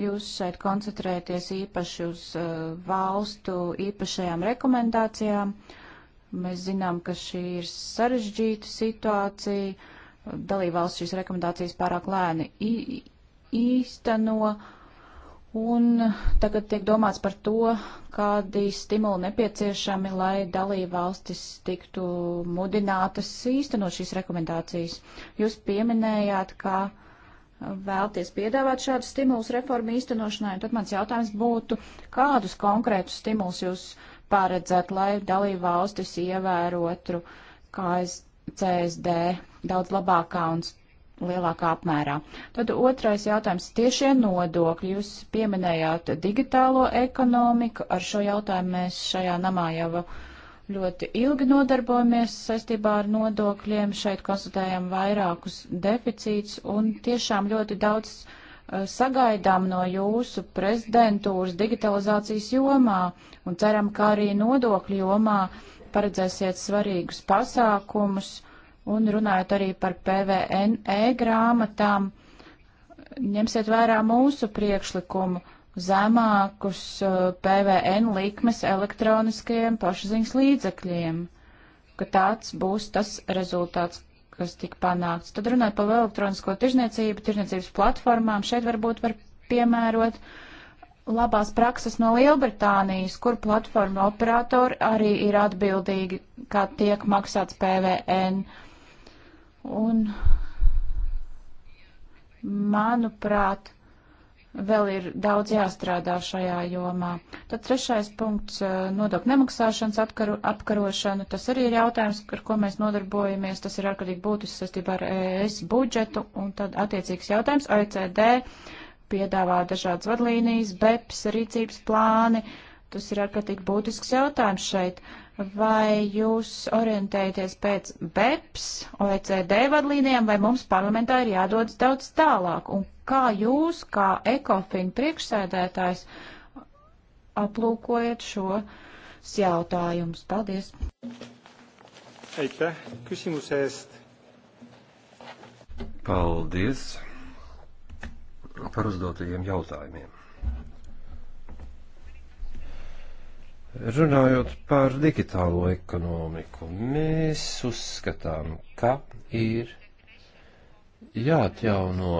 Speaker 2: Jūs šeit koncentrēties īpaši uz eh, valstu īpašajām rekomendācijām. Mēs zinām, ka šī ir sarežģīta situācija. Dalībvalsts šīs rekomendācijas pārāk lēni īsteno. Un tagad tiek domāts par to, kādi stimuli nepieciešami, lai dalība valstis tiktu mudinātas īstenot šīs rekomendācijas. Jūs pieminējāt, ka vēlties piedāvāt šādus stimulus reformu īstenošanai, tad mans jautājums būtu, kādus konkrētus stimulus jūs paredzat, lai dalību valstis ievērotu KSCSD daudz labākā un lielākā apmērā. Tad otrais jautājums - tiešie nodokļi. Jūs pieminējāt digitālo ekonomiku, ar šo jautājumu mēs šajā namā jau ļoti ilgi nodarbojamies saistībā ar nodokļiem. Šeit konstatējam vairākus deficīts un tiešām ļoti daudz eh, sagaidām no jūsu prezidentūras digitalizācijas jomā un ceram, ka arī nodokļu jomā paredzēsiet svarīgus pasākumus un runājot arī par PVN e-grāmatām, ņemsiet vērā mūsu priekšlikumu zemākus uh, PVN likmes elektroniskajiem pašziņas līdzekļiem, ka tāds būs tas rezultāts, kas tika panākts. Tad runājot par elektronisko tirzniecību, tirzniecības platformām, šeit varbūt var piemērot labās prakses no Lielbritānijas, kur platforma operatori arī ir atbildīgi, kā tiek maksāts PVN. Un, manuprāt, vēl ir daudz jāstrādā šajā jomā. Tad trešais punkts eh, - nodokļu nemaksāšanas apkaru, apkarošana. Tas arī ir jautājums, ar ko mēs nodarbojamies. Tas ir ārkārtīgi būtisks saistībā ar ES budžetu. Un tad attiecīgs jautājums - OECD piedāvā dažādas vadlīnijas, BEPS rīcības plāni. Tas ir ārkārtīgi būtisks jautājums šeit. Uh, Vai jūs orientējaties pēc BEPS, OECD vadlīnijām, vai mums parlamentā ir jādodas daudz tālāk? Un kā jūs, kā ekofina priekšsēdētājs, aplūkojat šos jautājumus? Paldies!
Speaker 4: Aitäh küsimuse eest! Paldies
Speaker 1: par uzdotajiem jautājumiem! Runājot par digitālo ekonomiku, mēs uzskatām, ka ir jāatjauno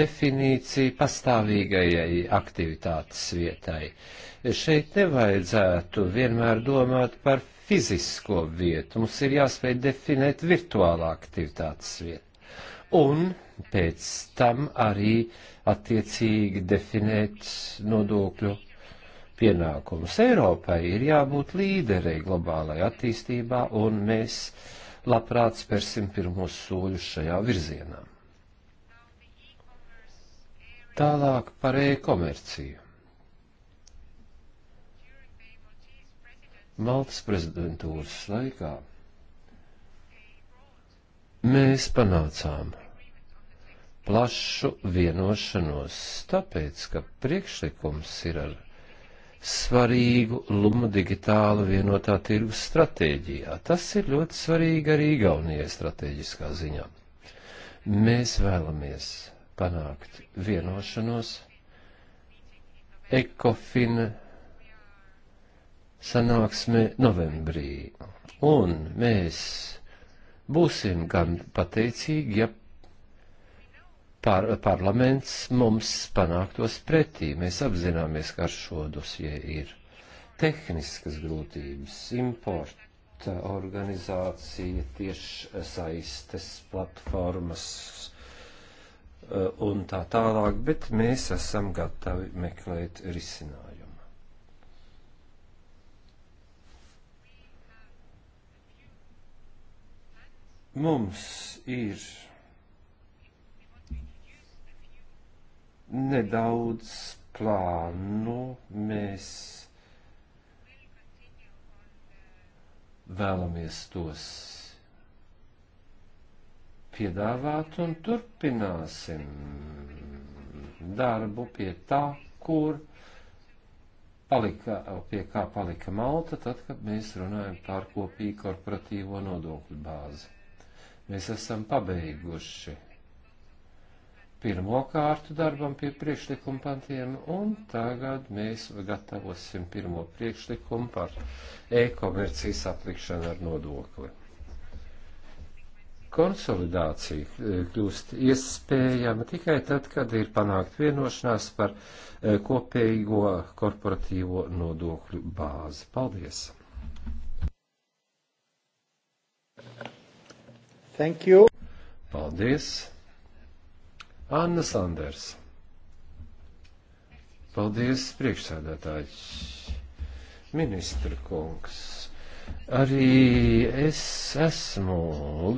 Speaker 1: definīcija pastāvīgajai aktivitātes vietai. Šeit nevajadzētu vienmēr domāt par fizisko vietu, mums ir jāspēj definēt virtuālā aktivitātes vieta. Un pēc tam arī attiecīgi definēt nodokļu pienākumus. Eiropai ir jābūt līderei globālajā attīstībā, un mēs labprāt spērsim pirmos soļus šajā virzienā. Tālāk par e-komerciju. Maltas prezidentūras laikā mēs panācām plašu vienošanos, tāpēc, ka priekšlikums ir ar svarīgu lumu digitāla vienotā tirgus stratēģijā. Tas ir ļoti svarīgi arī Igaunijai stratēģiskā ziņā. Mēs vēlamies panākt vienošanos Ekofina sanāksme novembrī, un mēs būsim gan pateicīgi, ja par, parlaments mums panāktos pretī. Mēs apzināmies, ka ar šo dosie ir tehniskas grūtības, importa organizācija, tieši saistes platformas uh, un tā tālāk, bet mēs esam gatavi meklēt risinājumu. Mums ir nedaudz plānu mēs vēlamies tos piedāvāt un turpināsim darbu pie tā, kur palika, pie kā palika Malta, tad, kad mēs runājam par kopīgu korporatīvo nodokļu bāzi. Mēs esam pabeiguši pirmo kārtu darbam pie priekšlikuma pantiem, un tagad mēs gatavosim pirmo priekšlikumu par e-komercijas aplikšanu ar nodokli. Konsolidācija e, kļūst iespējama tikai tad, kad ir panākt vienošanās par e, kopējo korporatīvo nodokļu bāzi. Paldies! Thank you. Paldies! Anna Sanders. Paldies, priekšsēdētājs. Ministra kungs. Arī es esmu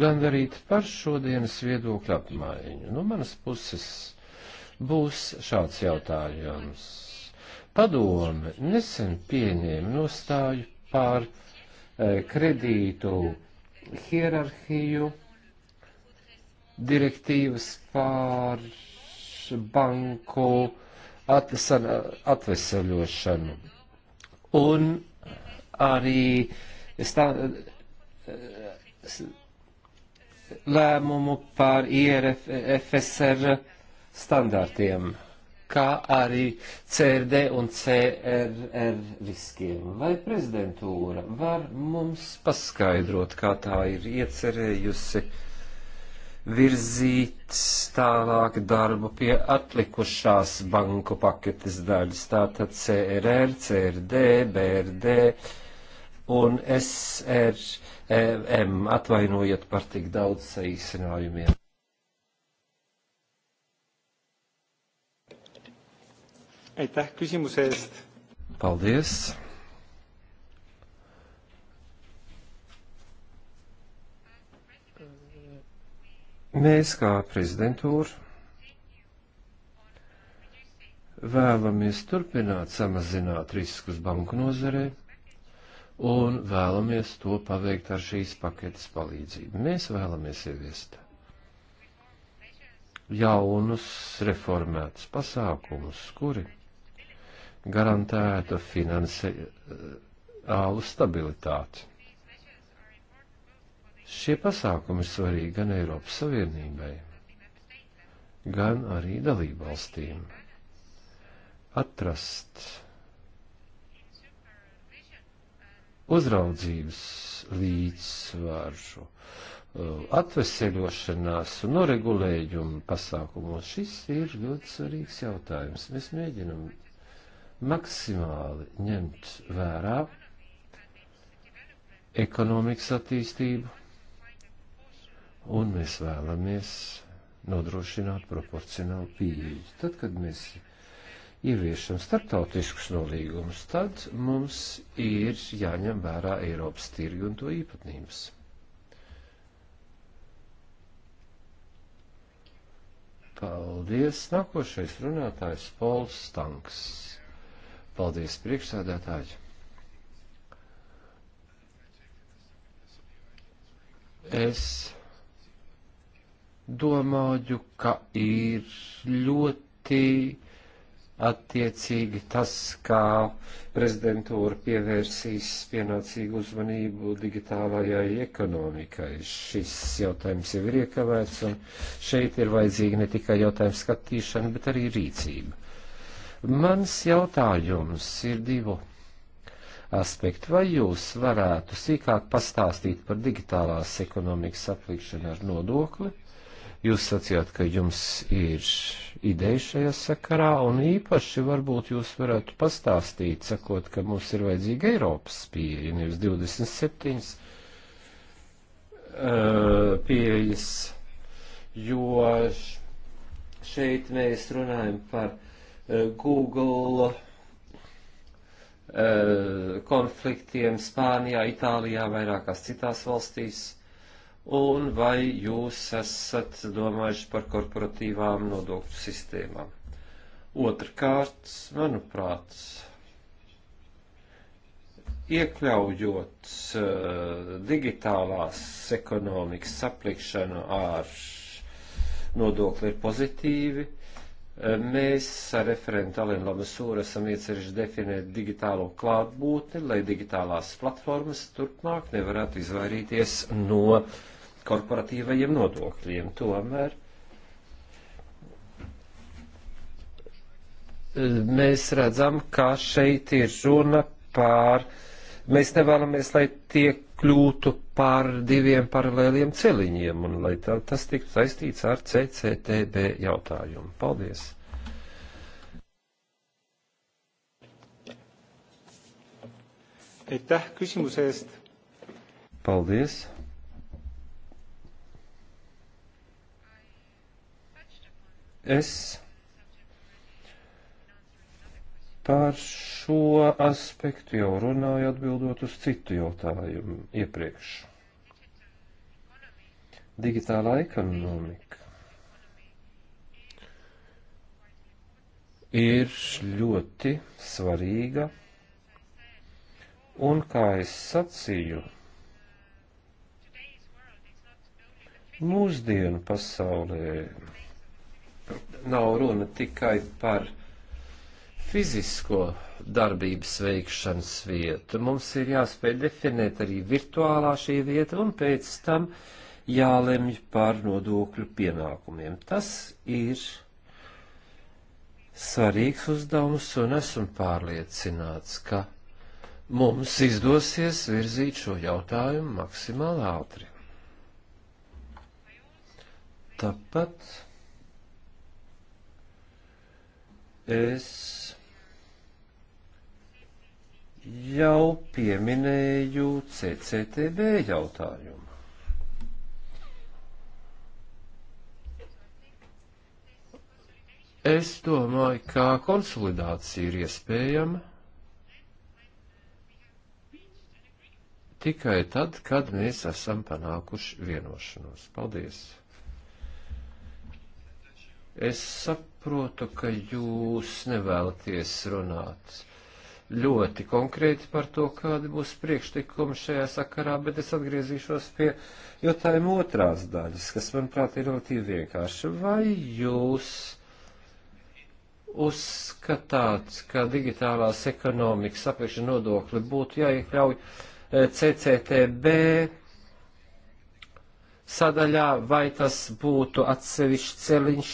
Speaker 1: gandarīti par šodienas viedokļu apmaiņu. No manas puses būs šāds jautājums. Padome nesen pieņēma nostāju pār eh, kredītu hierarhiju direktīvas pār banku atvesaļošanu. Un arī stā, lēmumu par IRFSR standārtiem, kā arī CRD un CRR riskiem. Vai prezidentūra var mums paskaidrot, kā tā ir iecerējusi? virzīt tālāk darbu pie atlikušās banku paketes daļas, tātad CRR, CRD, BRD un SRM. E Atvainojiet par tik daudz saīsinājumiem.
Speaker 4: Aitäh küsimuse eest!
Speaker 1: Paldies! Mēs kā prezidentūra vēlamies turpināt samazināt riskus banku nozarē un vēlamies to paveikt ar šīs paketes palīdzību. Mēs vēlamies ieviest jaunus reformētus pasākumus, kuri garantētu finansiālu stabilitāti Šie pasākumi ir svarīgi gan Eiropas Savienībai, gan arī dalībvalstīm. Atrast uzraudzības līdzsvaru, uh, atveseļošanās un noregulējumu pasākumos. Šis ir ļoti svarīgs jautājums. Mēs mēģinam maksimāli ņemt vērā ekonomikas attīstību, un mēs vēlamies nodrošināt proporcionālu pieeju. Tad, kad mēs ieviešam starptautiskus nolīgumus, tad mums ir jāņem vērā Eiropas tirgi un to īpatnības. Paldies! Nākošais runātājs Pols Stanks. Paldies, priekšsādātāji! Es domāju, ka ir ļoti attiecīgi tas, kā prezidentūra pievērsīs pienācīgu uzmanību digitālajai ekonomikai. Šis jautājums jau ir iekavēts, un šeit ir vajadzīga ne tikai jautājuma skatīšana, bet arī rīcība. Mans jautājums ir divu aspektu. Vai jūs varētu sīkāk pastāstīt par digitālās ekonomikas aplikšanu ar nodokli? Jūs sacījāt, ka jums ir ideja šajā sakarā, un īpaši varbūt jūs varētu pastāstīt, sakot, ka mums ir vajadzīga Eiropas pieeja, nevis 27 uh, eh, pieejas, jo šeit mēs runājam par uh, Google eh, konfliktiem Spānijā, Itālijā, vairākās citās valstīs un vai jūs esat domājuši par korporatīvām nodokļu sistēmām. Otrkārt, manuprāt, iekļaujot uh, digitālās ekonomikas saplikšanu ar nodokli ir pozitīvi, Mēs ar referentu Alinu Lamasūru esam iecerši definēt digitālo klātbūtni, lai digitālās platformas turpmāk nevarētu izvairīties no korporatīvajiem nodokļiem. Tomēr e, mēs redzam, ka šeit ir runa pār. Mēs nevēlamies, lai tie kļūtu pār diviem paralēliem celiņiem, un lai tā, tas tiktu saistīts ar CCTB jautājumu. Paldies!
Speaker 4: Aitäh küsimuse eest!
Speaker 1: Paldies! Es par šo aspektu jau runāju atbildot uz citu jautājumu iepriekš digitālā ekonomika ir ļoti svarīga, un, kā es sacīju, mūsdienu pasaulē nav runa tikai par fizisko darbības veikšanas vietu. Mums ir jāspēj definēt arī virtuālā šī vieta un pēc tam uh, jālemj par nodokļu pienākumiem. Tas ir svarīgs uzdevums un esmu pārliecināts, ka mums izdosies virzīt šo jautājumu maksimāli ātri. Tāpat es jau pieminēju CCTB jautājumu. Es domāju, ka konsolidācija ir iespējama tikai tad, kad mēs esam panākuši vienošanos. Paldies! Es saprotu, ka jūs nevēlaties runāt ļoti konkrēti par to, kādi būs priekšlikumi šajā sakarā, bet es atgriezīšos pie jautājuma otrās daļas, kas, manuprāt, ir relatīvi vienkārši. Vai jūs uzskatāt, ka digitālās ekonomikas apviekšana nodokli būtu jāiekļauj eh, CCTB sadaļā, vai tas būtu atsevišķs celiņš,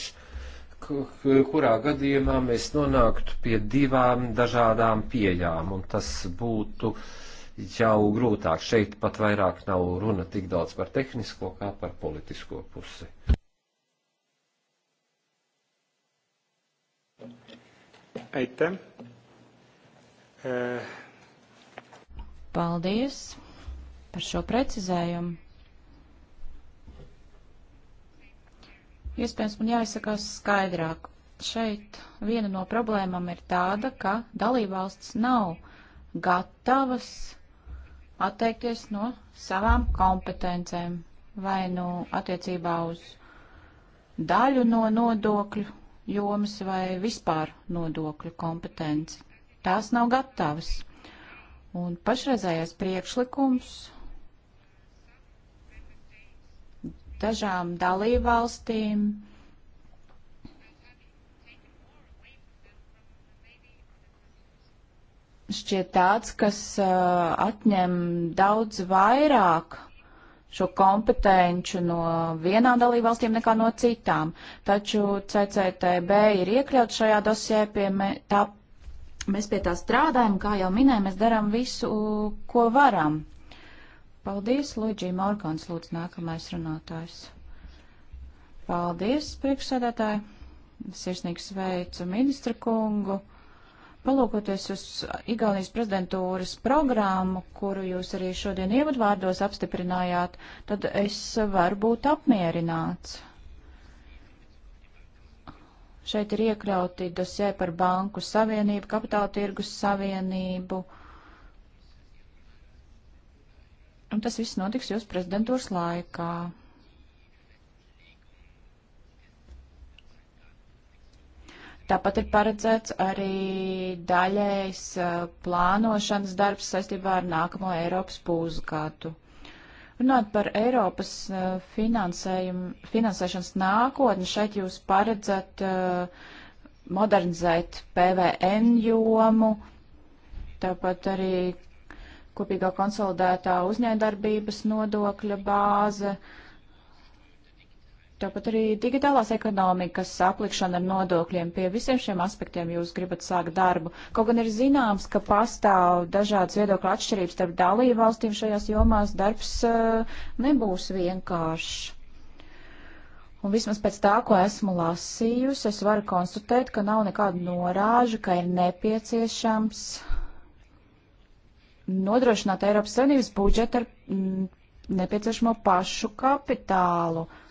Speaker 1: kurā gadījumā mēs nonāktu pie divām dažādām pieejām, un tas būtu jau grūtāk. Šeit pat vairāk nav runa tik daudz par tehnisko, kā par politisko pusi.
Speaker 4: Aitäh!
Speaker 2: Paldies par šo precizējumu. Iespējams, man jāizsakās skaidrāk. Šeit viena no problēmām ir tāda, ka dalībvalsts nav gatavas atteikties no savām kompetencēm vai nu attiecībā uz daļu no nodokļu jomas vai vispār nodokļu kompetenci. Tās nav gatavas. Un pašreizējais priekšlikums dažām dalībvalstīm šķiet tāds, kas uh, atņem daudz vairāk šo kompetenču no vienām dalībvalstīm nekā no citām. Taču CCTB ir iekļauts šajā dosē, pie me, tā, mēs pie tā strādājam, kā jau minēju, mēs darām visu, ko varam. Paldies, Luģī Morgans, lūdzu, nākamais runātājs. Paldies, priekšsēdētāji. Sirsnīgi sveicu ministra kungu. Palūkoties uz Igaunijas prezidentūras programmu, kuru jūs arī šodien ievadvārdos apstiprinājāt, tad es varu būt apmierināts. Šeit ir iekļauti dosē par banku savienību, kapitāla tirgus savienību. Un tas viss notiks jūsu prezidentūras laikā. Tāpat ir paredzēts arī daļējs plānošanas darbs saistībā ar nākamo Eiropas pusgadu. Runāt par Eiropas finansēšanas nākotni, šeit jūs paredzat modernizēt PVN jomu, tāpat arī kopīgā konsolidētā uzņēdarbības nodokļa bāze. Uh, Tāpat arī digitālās ekonomikas aplikšana ar nodokļiem pie visiem šiem aspektiem jūs gribat sākt darbu. Kaut gan ir zināms, ka pastāv dažādas viedokļa atšķirības starp dalību valstīm šajās jomās, darbs eh, nebūs vienkāršs. Un vismaz pēc tā, ko esmu lasījusi, es varu konstatēt, ka nav nekādu norāžu, ka ir nepieciešams nodrošināt Eiropas Savienības budžetu ar mm, nepieciešamo pašu kapitālu. Uh,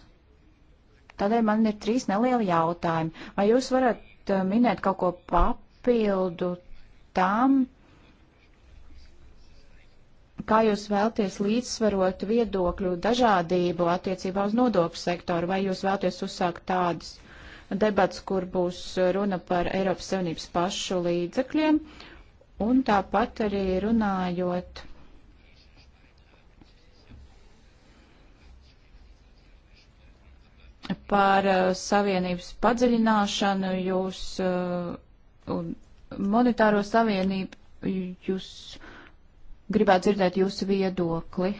Speaker 2: Tādēļ man ir trīs nelieli jautājumi. Vai jūs varat eh, minēt kaut ko papildu tam, kā jūs vēlties līdzsvarot viedokļu dažādību attiecībā uz nodokļu sektoru, vai jūs vēlties uzsākt tādas debats, kur būs runa par Eiropas Savienības pašu līdzekļiem, un tāpat arī runājot par eh, savienības padziļināšanu, jūs eh, un monetāro savienību, jūs gribētu dzirdēt jūsu viedokli.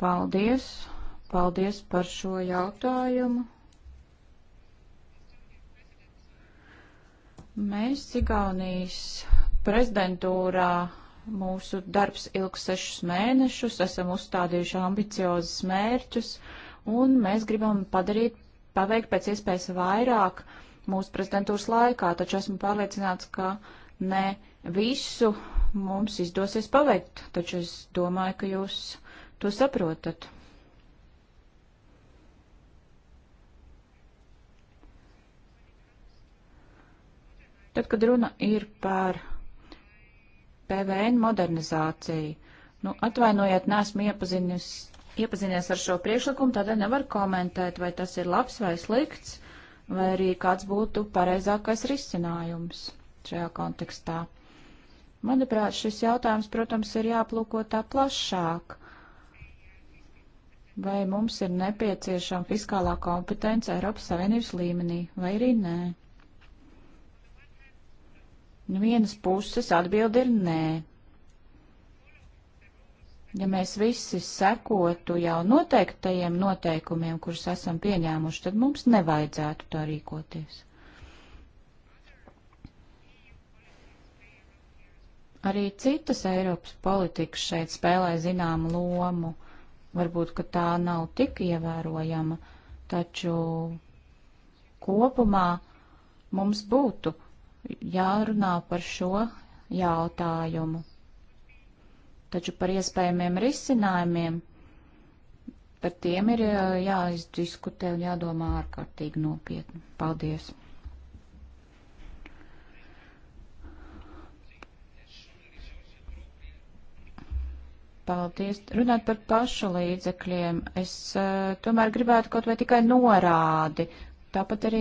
Speaker 2: Paldies, paldies par šo jautājumu. Mēs Igaunijas prezidentūrā mūsu darbs ilgs sešus mēnešus, esam uzstādījuši ambiciozus mērķus. Uh, un mēs gribam padarīt, paveikt pēc iespējas vairāk mūsu prezidentūras laikā, taču esmu pārliecināts, ka ne visu mums izdosies paveikt, taču es domāju, ka jūs to saprotat. Tad, kad runa ir par PVN modernizāciju, nu, atvainojiet, nesmu iepazinis iepazinies ar šo priekšlikumu, tādēļ nevar komentēt, vai tas ir labs vai slikts, vai arī kāds būtu pareizākais risinājums šajā kontekstā. Manuprāt, šis jautājums, protams, ir jāplūko tā plašāk. Vai mums ir nepieciešama fiskālā kompetence Eiropas Savienības līmenī, vai arī nē? No vienas puses atbildi ir nē. Ja mēs visi sekotu jau noteiktajiem noteikumiem, kurus esam pieņēmuši, tad mums nevajadzētu tā rīkoties. Arī citas Eiropas politikas šeit spēlē zināmu lomu. Varbūt, ka tā nav tik ievērojama, taču kopumā mums būtu jārunā par šo jautājumu taču par iespējamiem risinājumiem, par tiem ir jāizdiskutē un jādomā ārkārtīgi nopietni. Paldies! Paldies. Runāt par pašu līdzekļiem. Es uh, tomēr gribētu kaut vai tikai norādi. Tāpat arī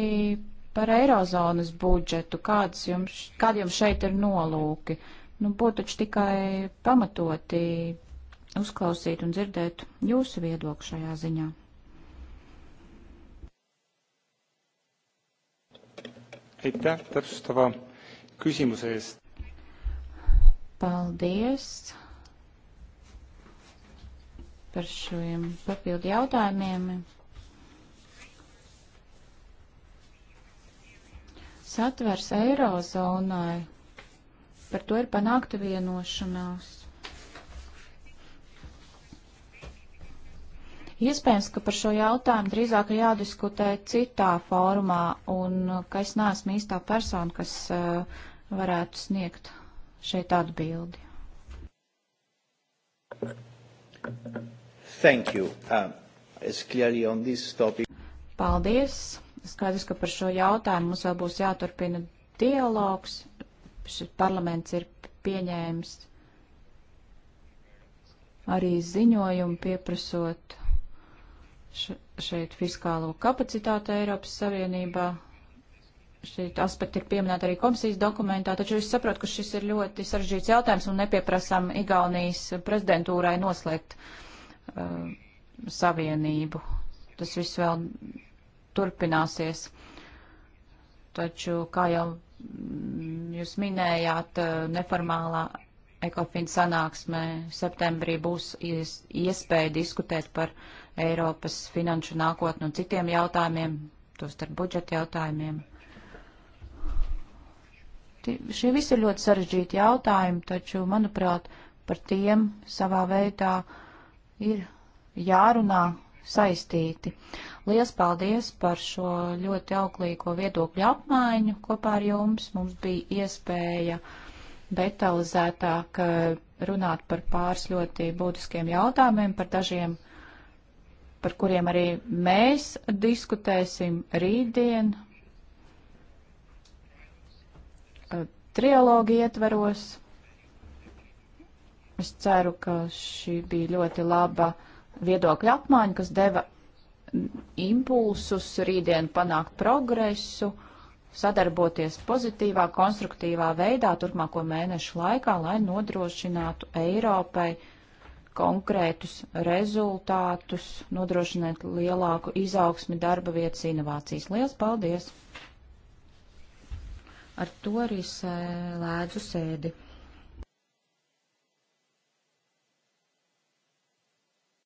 Speaker 2: par Eirozonas budžetu. Kāds jums, kādi jums šeit ir nolūki? Uh, Nu, būtu taču tikai pamatoti uzklausīt un dzirdēt jūsu viedokli šajā ziņā.
Speaker 4: Aitäh täpsustava küsimuse eest.
Speaker 2: Paldies par šiem papildu jautājumiem. Satvers Eirozonai Par to ir panākta vienošanās. Iespējams, ka par šo jautājumu drīzāk ir jādiskutē citā fórumā, un ka es neesmu īstā persona, kas uh, varētu sniegt šeit atbildi.
Speaker 4: Thank you. Um, it's clearly on this topic.
Speaker 2: Paldies. Skaidrs, ka par šo jautājumu mums vēl būs jāturpina dialogs, šis parlaments ir pieņēmis arī ziņojumu pieprasot šeit fiskālo kapacitāti Eiropas Savienībā. Šī aspekta ir pieminēta arī komisijas dokumentā, taču es saprotu, ka šis ir ļoti sarežģīts jautājums un nepieprasām Igaunijas prezidentūrai noslēgt uh, savienību. Tas viss vēl turpināsies. Taču, kā jau jūs minējāt uh, neformālā ekofina sanāksmē septembrī būs iespēja diskutēt par Eiropas finanšu nākotnu un citiem jautājumiem, tostarp budžeta jautājumiem. Šie visi ir ļoti sarežģīti jautājumi, taču, manuprāt, par tiem savā veidā ir jārunā saistīti. Lielas paldies par šo ļoti auglīgo viedokļu apmaiņu kopā ar jums. Mums bija iespēja detalizētāk eh, runāt par pāris ļoti būtiskiem jautājumiem, par dažiem, par kuriem arī mēs diskutēsim rītdien. Eh, trialogi ietveros. Es ceru, ka šī bija ļoti laba uh, viedokļu apmaiņu, kas deva impulsus rītdien panākt progresu, sadarboties pozitīvā, konstruktīvā veidā turpmāko mēnešu laikā, lai nodrošinātu Eiropai konkrētus rezultātus, nodrošināt lielāku izaugsmi darba vietas inovācijas. Lielas paldies! Ar to
Speaker 4: arī sēdzu sēdi.